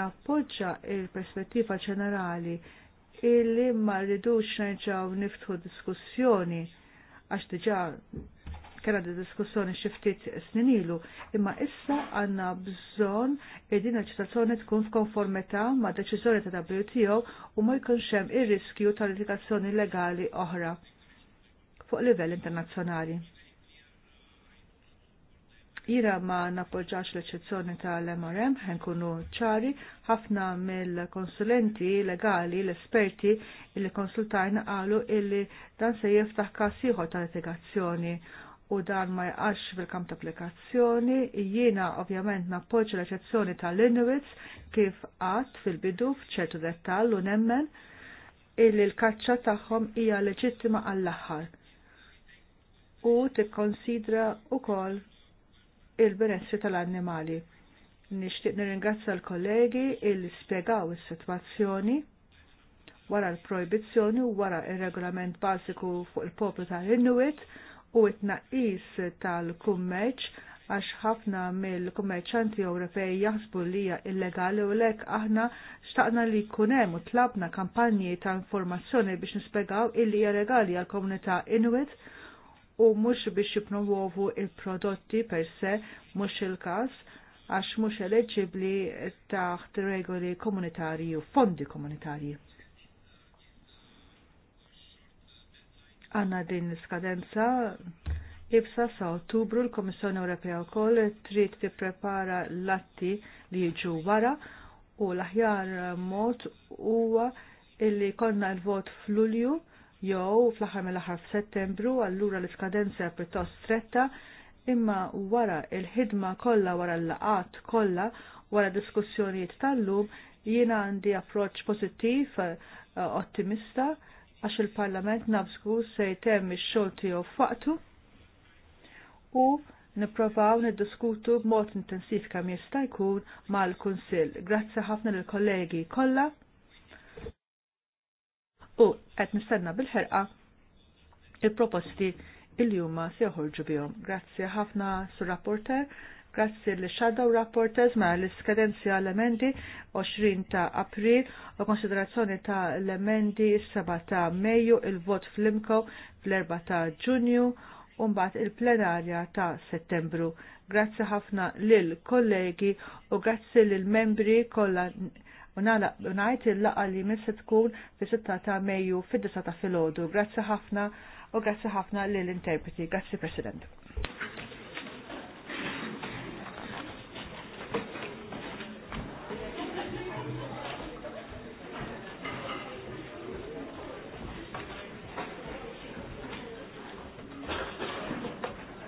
nappoġġa il-perspettiva ġenerali illi ma rridux nerġaw niftħu diskussjoni għax diġa kena di diskussjoni xiftit sninilu, imma issa għanna bżon id-dina ċitazzjoni tkun f'konformità ma' deċiżjoni ta' WTO u ma' jkunx hemm ir-riskju tal litigazzjoni legali oħra fuq livell internazzjonali. Ira ma nappoġġax l-eċezzjoni tal-MRM, ħenkunu ċari, ħafna mill-konsulenti legali, l-esperti, li konsultajna qalu illi dan se jiftaħ kasiħu tal-litigazzjoni u dan ma jqax fil-kamp ta' applikazzjoni, jiena ovvjament nappoġġ l-eċezzjoni tal-Inuits kif qatt fil-bidu f'ċertu dettall u nemmen illi l-kaċċa tagħhom hija leġittima għall-aħħar u tikkonsidra wkoll il-benessri tal-annimali. Nixtieq nirringrazza l-kollegi li spjegaw is-sitwazzjoni wara l-proibizzjoni u wara il-regolament basiku fuq il-poplu tal-Inuit u it-naqis tal-kummerċ għax ħafna mill-kummerċanti Ewropej jaħsbu li hija illegali u lek aħna xtaqna li kunem u tlabna kampanji ta' informazzjoni biex nispegaw illi hija legali għal komunità Inuit u mhux biex jippromovu il-prodotti per se mhux il-każ għax mhux eleġibli taħt regoli komunitarji u fondi komunitarji. Għanna din skadenza ibsa sa ottubru l-Komissjoni Ewropea wkoll trid tipprepara l-atti li jiġu wara u l-aħjar mod huwa illi konna l-vot f'Lulju jew fl-aħħar mill-aħħar f'Settembru allura l-iskadenza pjuttost stretta imma wara il-ħidma kollha wara l-laqat kollha wara diskussjonijiet tal-lum jiena għandi approċċ pożittiv eh, ottimista għax il-Parlament nabżgu se jtemm ix-xogħol tiegħu f'waqtu u nipprovaw niddiskutu b'mod intensiv kemm jista' jkun mal-Kunsill. Grazzi ħafna lill kollegi kollha u qed nistenna bil-ħerqa il-proposti il huma se joħorġu bihom. Grazzi ħafna sur rapporter, grazzi l shadow rapporters ma l skadenzja l-emendi 20 ta' april u konsiderazzjoni ta' l-emendi 7 ta' Mejju, il-vot fl-imko fl-4 ta' Ġunju Umbat il-plenarja ta' settembru. Grazzi ħafna lil kollegi u grazzi lil membri kollha u ngħid il-laqa li se tkun fi 6 ta' Mejju fid-9 ta' filgħodu. Grazzi ħafna u grazzi ħafna lill-interpreti. Grazzi President.